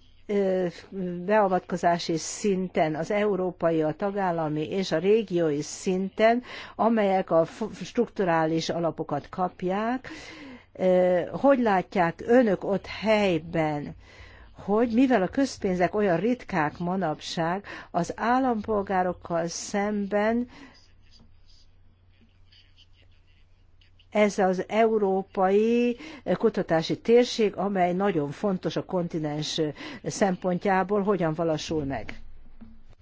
beavatkozási szinten, az európai, a tagállami és a régiói szinten, amelyek a strukturális alapokat kapják, hogy látják önök ott helyben, hogy mivel a közpénzek olyan ritkák manapság, az állampolgárokkal szemben ez az európai kutatási térség, amely nagyon fontos a kontinens szempontjából, hogyan valósul meg.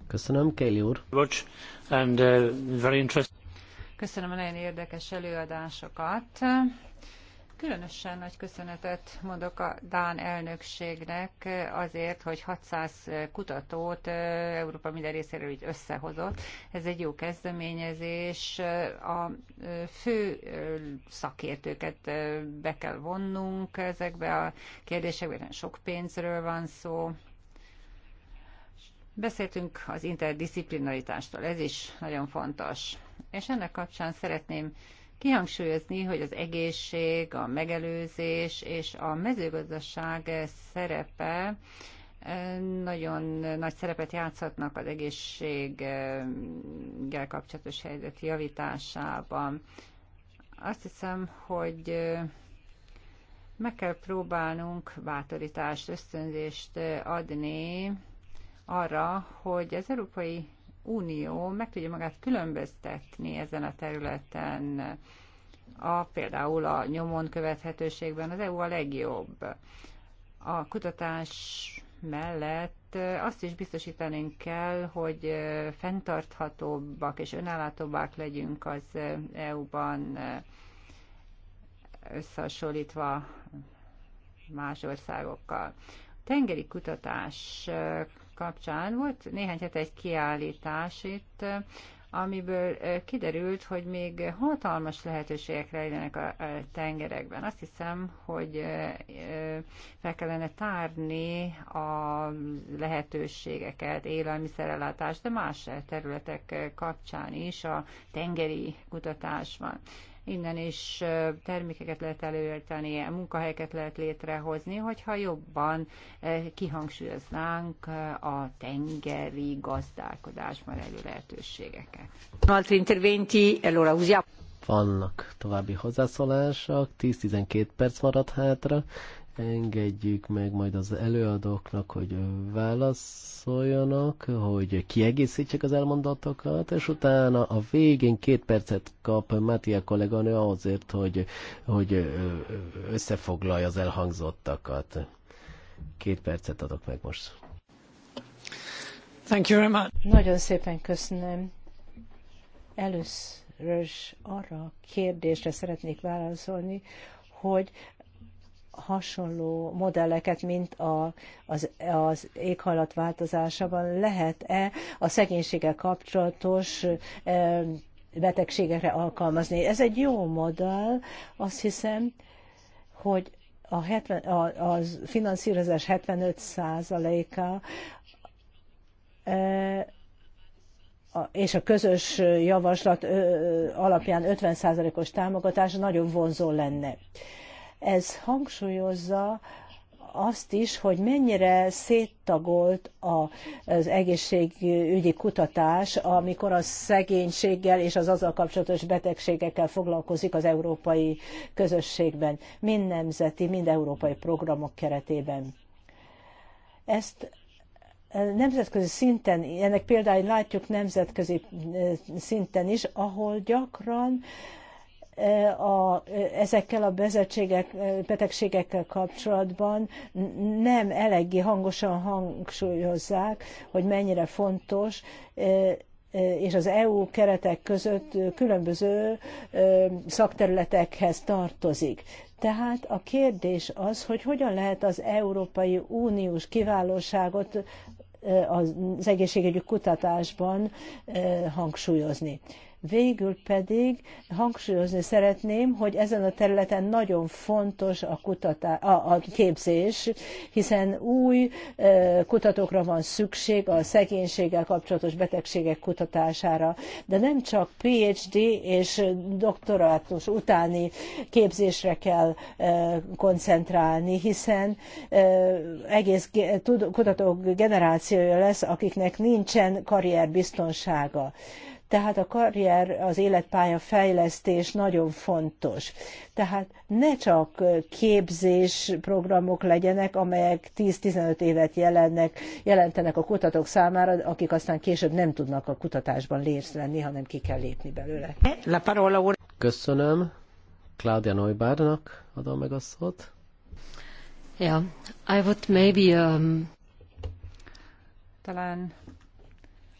Köszönöm, Kelly úr. And, uh, very Köszönöm a nagyon érdekes előadásokat. Különösen nagy köszönetet mondok a Dán elnökségnek azért, hogy 600 kutatót Európa minden részéről így összehozott. Ez egy jó kezdeményezés. A fő szakértőket be kell vonnunk ezekbe a kérdésekben. Sok pénzről van szó. Beszéltünk az interdisziplinaritástól, ez is nagyon fontos. És ennek kapcsán szeretném kihangsúlyozni, hogy az egészség, a megelőzés és a mezőgazdaság szerepe eh, nagyon nagy szerepet játszhatnak az egészséggel kapcsolatos helyzet javításában. Azt hiszem, hogy eh, meg kell próbálnunk bátorítást, ösztönzést eh, adni arra, hogy az Európai Unió meg tudja magát különböztetni ezen a területen. A, például a nyomon követhetőségben az EU a legjobb. A kutatás mellett azt is biztosítanunk kell, hogy fenntarthatóbbak és önállátóbbak legyünk az EU-ban összehasonlítva más országokkal. A tengeri kutatás kapcsán volt néhány hete egy kiállítás itt, amiből kiderült, hogy még hatalmas lehetőségek rejlenek a tengerekben. Azt hiszem, hogy fel kellene tárni a lehetőségeket, élelmiszerellátás, de más területek kapcsán is a tengeri kutatásban innen is termékeket lehet előállítani, munkahelyeket lehet létrehozni, hogyha jobban kihangsúlyoznánk a tengeri gazdálkodásban elő lehetőségeket. Vannak további hozzászólások, 10-12 perc maradt hátra, engedjük meg majd az előadóknak, hogy válaszoljanak, hogy kiegészítsék az elmondatokat, és utána a végén két percet kap Mátia kolléganő azért, hogy, hogy összefoglalja az elhangzottakat. Két percet adok meg most. Thank you very much. Nagyon szépen köszönöm. Először arra a kérdésre szeretnék válaszolni, hogy hasonló modelleket, mint a, az, az éghajlat változásában lehet-e a szegénysége kapcsolatos betegségekre alkalmazni. Ez egy jó modell, azt hiszem, hogy a, 70, a, a finanszírozás 75%-a és a közös javaslat alapján 50%-os támogatás nagyon vonzó lenne. Ez hangsúlyozza azt is, hogy mennyire széttagolt az egészségügyi kutatás, amikor a szegénységgel és az azzal kapcsolatos betegségekkel foglalkozik az európai közösségben, mind nemzeti, mind európai programok keretében. Ezt e, nemzetközi szinten, ennek példáit látjuk nemzetközi e, szinten is, ahol gyakran a, ezekkel a betegségekkel kapcsolatban nem eléggé hangosan hangsúlyozzák, hogy mennyire fontos, és az EU keretek között különböző szakterületekhez tartozik. Tehát a kérdés az, hogy hogyan lehet az Európai Uniós kiválóságot az egészségügyi kutatásban hangsúlyozni. Végül pedig hangsúlyozni szeretném, hogy ezen a területen nagyon fontos a, kutatá- a, a képzés, hiszen új e, kutatókra van szükség a szegénységgel kapcsolatos betegségek kutatására, de nem csak PhD és doktorátus utáni képzésre kell e, koncentrálni, hiszen e, egész ge- kutatók generációja lesz, akiknek nincsen karrierbiztonsága. biztonsága tehát a karrier, az életpálya fejlesztés nagyon fontos. Tehát ne csak képzés programok legyenek, amelyek 10-15 évet jelennek, jelentenek a kutatók számára, akik aztán később nem tudnak a kutatásban részt venni, hanem ki kell lépni belőle. Köszönöm. Claudia Neubárnak adom meg a szót. Yeah, I would maybe um... talán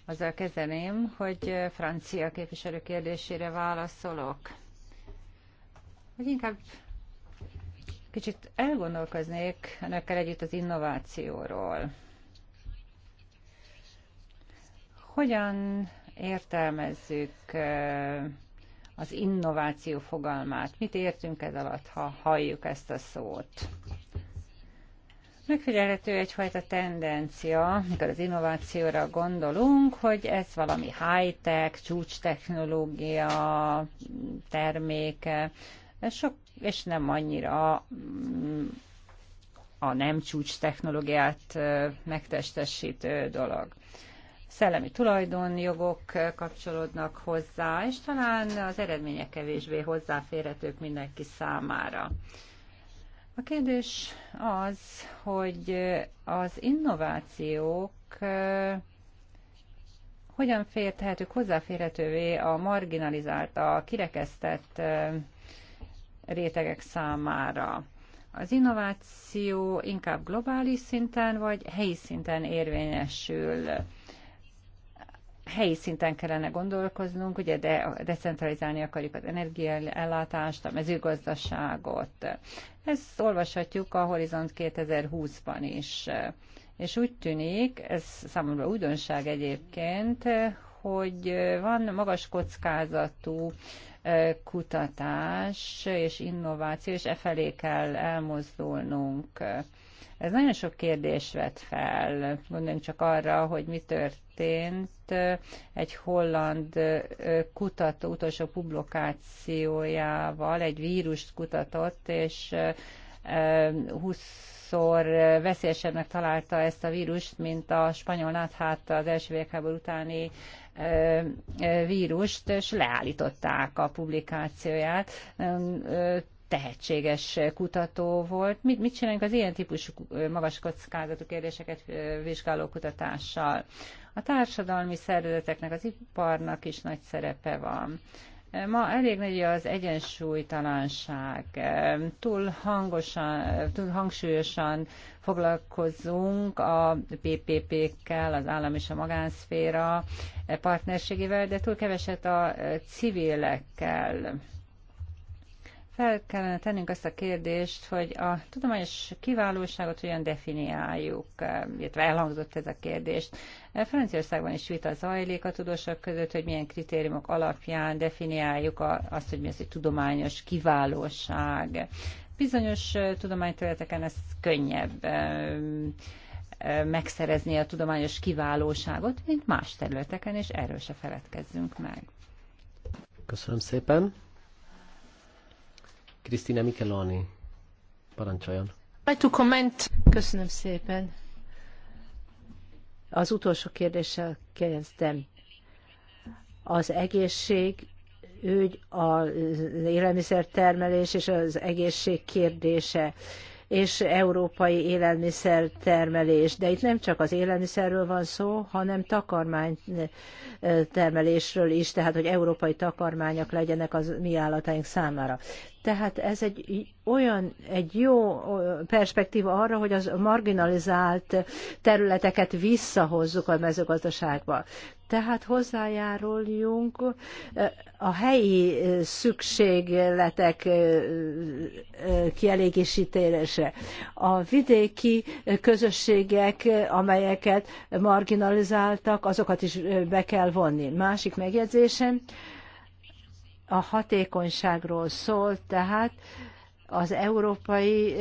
azzal kezdeném, hogy francia képviselő kérdésére válaszolok. Hogy inkább kicsit elgondolkoznék önökkel együtt az innovációról. Hogyan értelmezzük az innováció fogalmát? Mit értünk ez alatt, ha halljuk ezt a szót? Megfigyelhető egyfajta tendencia, mikor az innovációra gondolunk, hogy ez valami high-tech, csúcs technológia terméke, sok, és nem annyira mm, a nem csúcs technológiát megtestesítő dolog. Szellemi tulajdonjogok kapcsolódnak hozzá, és talán az eredmények kevésbé hozzáférhetők mindenki számára. A kérdés az, hogy az innovációk hogyan férhetők hozzáférhetővé a marginalizált, a kirekesztett rétegek számára. Az innováció inkább globális szinten vagy helyi szinten érvényesül helyi szinten kellene gondolkoznunk, ugye de, decentralizálni akarjuk az energiaellátást, a mezőgazdaságot. Ezt olvashatjuk a Horizont 2020-ban is. És úgy tűnik, ez számomra újdonság egyébként, hogy van magas kockázatú kutatás és innováció, és e felé kell elmozdulnunk. Ez nagyon sok kérdés vet fel. Gondoljunk csak arra, hogy mi történt egy holland kutató utolsó publikációjával, egy vírust kutatott, és 20 szor veszélyesebbnek találta ezt a vírust, mint a spanyol náthát az első világháború utáni vírust, és leállították a publikációját tehetséges kutató volt. Mit, mit csináljunk az ilyen típusú magas kockázatú kérdéseket vizsgáló kutatással? A társadalmi szervezeteknek, az iparnak is nagy szerepe van. Ma elég nagy az egyensúlytalanság. Túl, hangosan, túl hangsúlyosan foglalkozunk a PPP-kkel, az állam és a magánszféra partnerségével, de túl keveset a civilekkel fel kellene tennünk azt a kérdést, hogy a tudományos kiválóságot hogyan definiáljuk, illetve elhangzott ez a kérdés. Franciaországban is vita zajlik a tudósok között, hogy milyen kritériumok alapján definiáljuk azt, hogy mi az, egy tudományos kiválóság. Bizonyos tudományterületeken ez könnyebb megszerezni a tudományos kiválóságot, mint más területeken, és erről se feledkezzünk meg. Köszönöm szépen! Krisztina Mikeloni, parancsoljon. Köszönöm szépen. Az utolsó kérdéssel kezdtem. Az egészség ügy, az élelmiszertermelés és az egészség kérdése és európai élelmiszertermelés. De itt nem csak az élelmiszerről van szó, hanem takarmánytermelésről is, tehát hogy európai takarmányok legyenek az mi állataink számára. Tehát ez egy olyan egy jó perspektíva arra, hogy az marginalizált területeket visszahozzuk a mezőgazdaságba. Tehát hozzájáruljunk a helyi szükségletek kielégésítésére. A vidéki közösségek, amelyeket marginalizáltak, azokat is be kell vonni. Másik megjegyzésem, a hatékonyságról szól, tehát az európai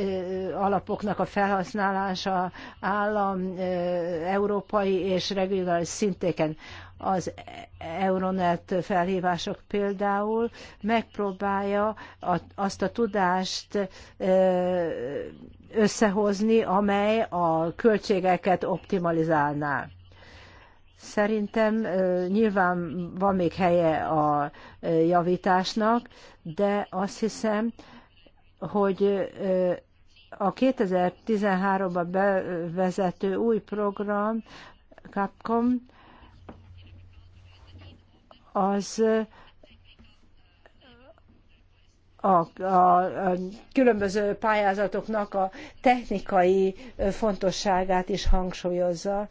alapoknak a felhasználása állam, európai és regionális szintéken. Az Euronet felhívások például megpróbálja azt a tudást összehozni, amely a költségeket optimalizálná. Szerintem nyilván van még helye a javításnak, de azt hiszem, hogy a 2013-ban bevezető új program, Capcom, az a, a, a különböző pályázatoknak a technikai fontosságát is hangsúlyozza,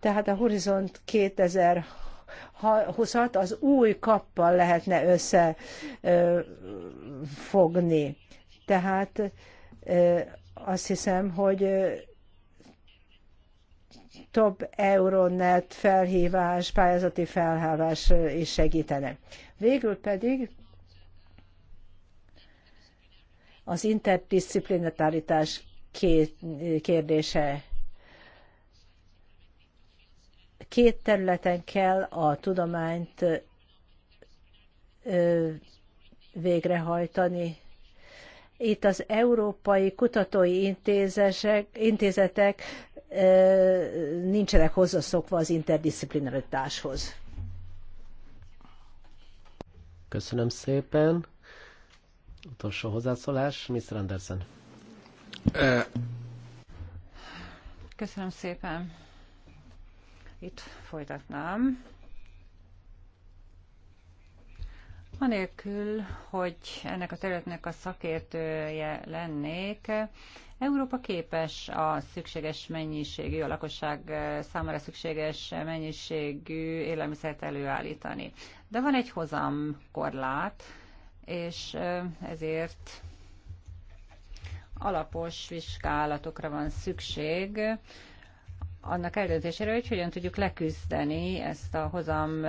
tehát a Horizont 2000 20-at az új kappal lehetne összefogni. Tehát azt hiszem, hogy több Euronet felhívás, pályázati felhívás is segítene. Végül pedig az interdisziplinaritás kérdése Két területen kell a tudományt végrehajtani. Itt az Európai Kutatói Intézesek, Intézetek nincsenek hozzaszokva az interdisziplinaritáshoz. Köszönöm szépen. Utolsó hozzászólás, Mr. Anderson. Köszönöm szépen itt folytatnám. Anélkül, hogy ennek a területnek a szakértője lennék, Európa képes a szükséges mennyiségű, a lakosság számára szükséges mennyiségű élelmiszert előállítani. De van egy hozamkorlát, és ezért alapos vizsgálatokra van szükség, annak eldöntésére, hogy hogyan tudjuk leküzdeni ezt a hozam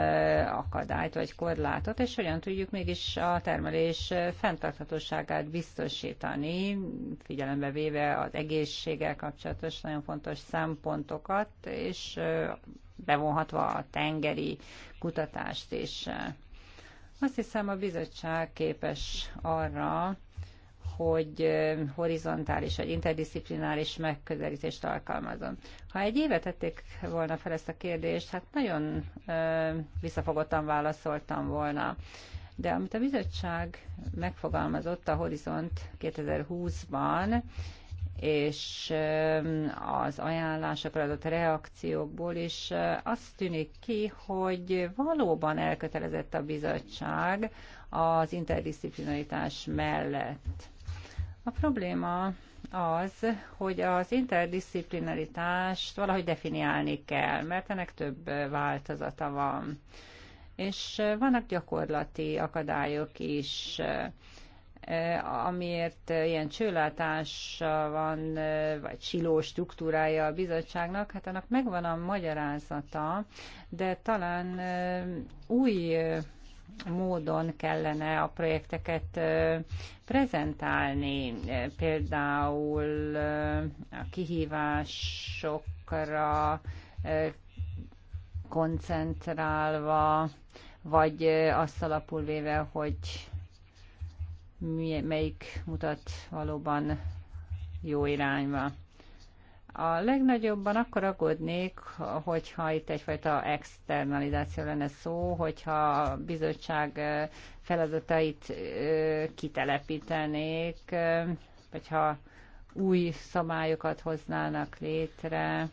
akadályt vagy korlátot, és hogyan tudjuk mégis a termelés fenntarthatóságát biztosítani, figyelembe véve az egészséggel kapcsolatos nagyon fontos szempontokat, és bevonhatva a tengeri kutatást is. Azt hiszem a bizottság képes arra, hogy horizontális vagy interdisziplináris megközelítést alkalmazom. Ha egy éve tették volna fel ezt a kérdést, hát nagyon visszafogottan válaszoltam volna. De amit a bizottság megfogalmazott a Horizont 2020-ban, és az ajánlásokra adott reakciókból is azt tűnik ki, hogy valóban elkötelezett a bizottság az interdisziplinaritás mellett. A probléma az, hogy az interdisziplinaritást valahogy definiálni kell, mert ennek több változata van. És vannak gyakorlati akadályok is, amiért ilyen csőlátása van, vagy siló struktúrája a bizottságnak, hát annak megvan a magyarázata, de talán új módon kellene a projekteket prezentálni, például a kihívásokra koncentrálva, vagy azt alapul véve, hogy melyik mutat valóban jó irányba. A legnagyobban akkor aggódnék, hogyha itt egyfajta externalizáció lenne szó, hogyha a bizottság feladatait kitelepítenék, hogyha új szabályokat hoznának létre.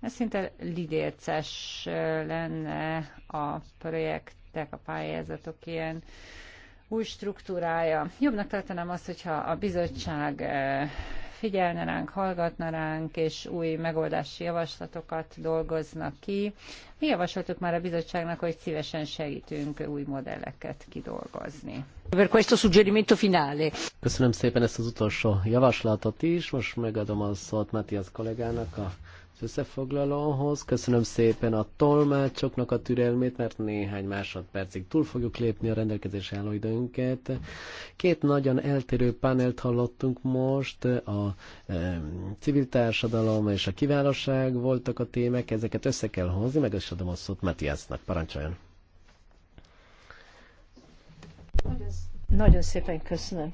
Ez szinte lidérces lenne a projektek, a pályázatok ilyen új struktúrája. Jobbnak tartanám azt, hogyha a bizottság figyelne ránk, hallgatna ránk, és új megoldási javaslatokat dolgoznak ki. Mi javasoltuk már a bizottságnak, hogy szívesen segítünk új modelleket kidolgozni. Köszönöm szépen ezt az utolsó javaslatot is. Most megadom a szót Matthias kollégának a összefoglalóhoz. Köszönöm szépen a tolmácsoknak a türelmét, mert néhány másodpercig túl fogjuk lépni a rendelkezés álló időnket. Két nagyon eltérő panelt hallottunk most, a e, civil társadalom és a kiválóság voltak a témák, ezeket össze kell hozni, meg is adom a szót Matthiasnak. Parancsoljon! Nagyon szépen köszönöm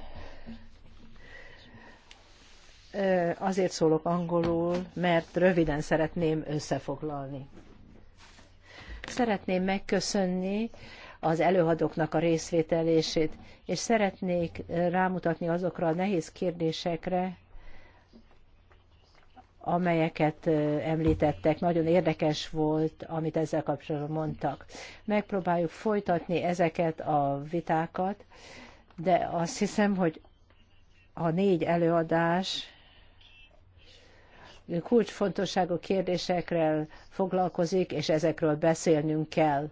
azért szólok angolul, mert röviden szeretném összefoglalni. Szeretném megköszönni az előadóknak a részvételését, és szeretnék rámutatni azokra a nehéz kérdésekre, amelyeket említettek. Nagyon érdekes volt, amit ezzel kapcsolatban mondtak. Megpróbáljuk folytatni ezeket a vitákat, de azt hiszem, hogy a négy előadás kulcsfontosságú kérdésekkel foglalkozik, és ezekről beszélnünk kell.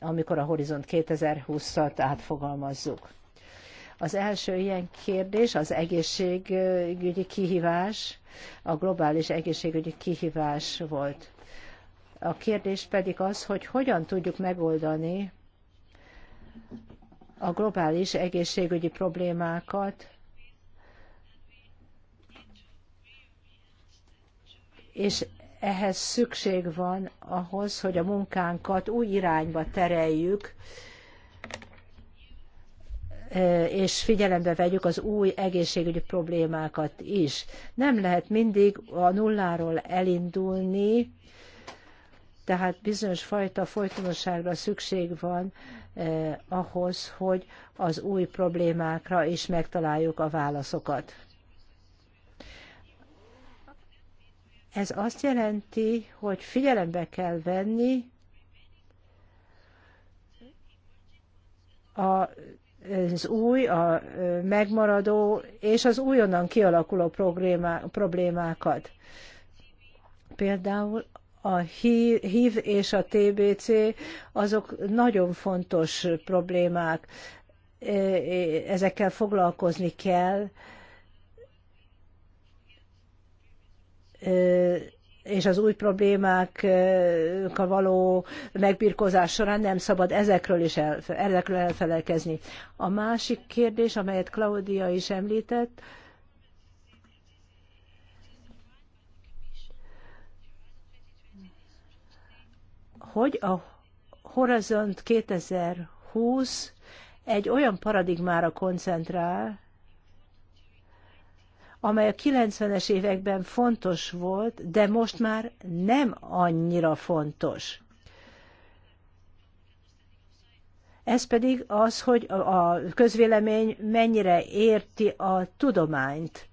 amikor a Horizont 2020-at átfogalmazzuk. Az első ilyen kérdés az egészségügyi kihívás, a globális egészségügyi kihívás volt. A kérdés pedig az, hogy hogyan tudjuk megoldani a globális egészségügyi problémákat és ehhez szükség van ahhoz, hogy a munkánkat új irányba tereljük, e, és figyelembe vegyük az új egészségügyi problémákat is. Nem lehet mindig a nulláról elindulni, tehát bizonyos fajta folytonosságra szükség van eh, ahhoz, hogy az új problémákra is megtaláljuk a válaszokat. Ez azt jelenti, hogy figyelembe kell venni a az új, a megmaradó és az újonnan kialakuló problémákat. Például a HIV és a TBC azok nagyon fontos problémák, e, e, ezekkel foglalkozni kell, és az új problémákkal való megbirkózás során nem szabad ezekről is elfe, ezekről elfelelkezni. A másik kérdés, amelyet Claudia is említett, hogy a Horizont 2020 egy olyan paradigmára koncentrál, amely a 90-es években fontos volt, de most már nem annyira fontos. Ez pedig az, hogy a közvélemény mennyire érti a tudományt.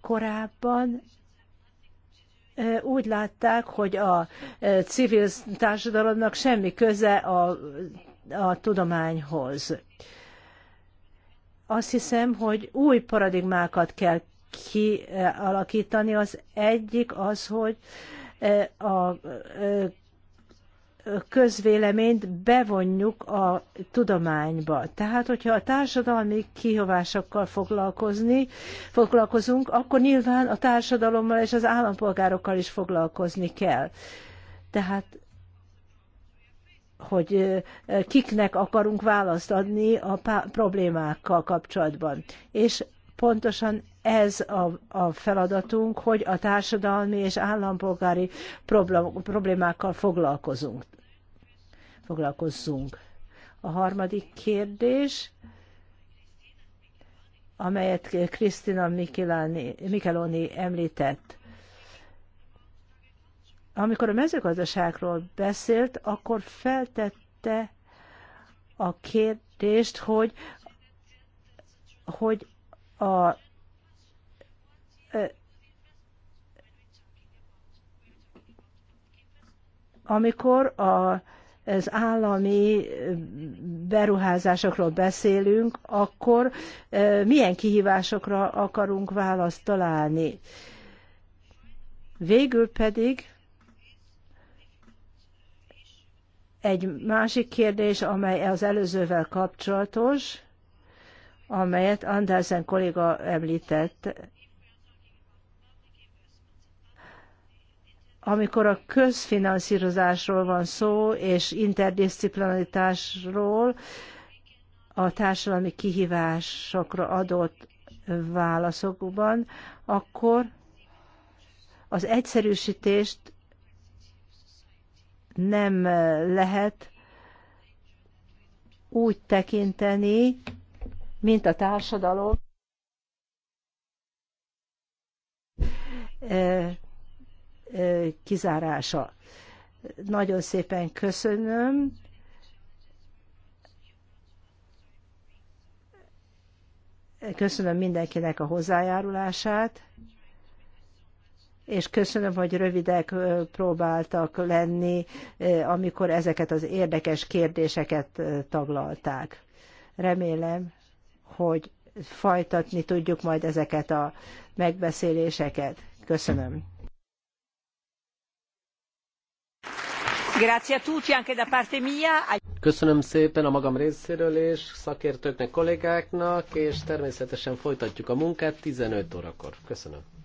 Korábban úgy látták, hogy a civil társadalomnak semmi köze a, a tudományhoz. Azt hiszem, hogy új paradigmákat kell kialakítani. Az egyik az, hogy e, e, a közvéleményt bevonjuk a tudományba. Tehát, hogyha a társadalmi kihívásokkal foglalkozni, foglalkozunk, akkor nyilván a társadalommal és az állampolgárokkal is foglalkozni kell. Tehát hogy kiknek akarunk választ adni a problémákkal kapcsolatban. És pontosan ez a, a feladatunk, hogy a társadalmi és állampolgári problémákkal foglalkozunk. foglalkozzunk. A harmadik kérdés, amelyet Krisztina Micheloni említett. Amikor a mezőgazdaságról beszélt, akkor feltette a kérdést, hogy, hogy a amikor a, az állami beruházásokról beszélünk, akkor milyen kihívásokra akarunk választ találni. Végül pedig Egy másik kérdés, amely az előzővel kapcsolatos, amelyet Andersen kolléga említett, amikor a közfinanszírozásról van szó, és interdisziplinaritásról, a társadalmi kihívásokra adott válaszokban, akkor az egyszerűsítést nem lehet úgy tekinteni, mint a társadalom kizárása. Nagyon szépen köszönöm. Köszönöm mindenkinek a hozzájárulását és köszönöm, hogy rövidek próbáltak lenni, amikor ezeket az érdekes kérdéseket taglalták. Remélem, hogy fajtatni tudjuk majd ezeket a megbeszéléseket. Köszönöm. Köszönöm szépen a magam részéről és szakértőknek, kollégáknak, és természetesen folytatjuk a munkát 15 órakor. Köszönöm.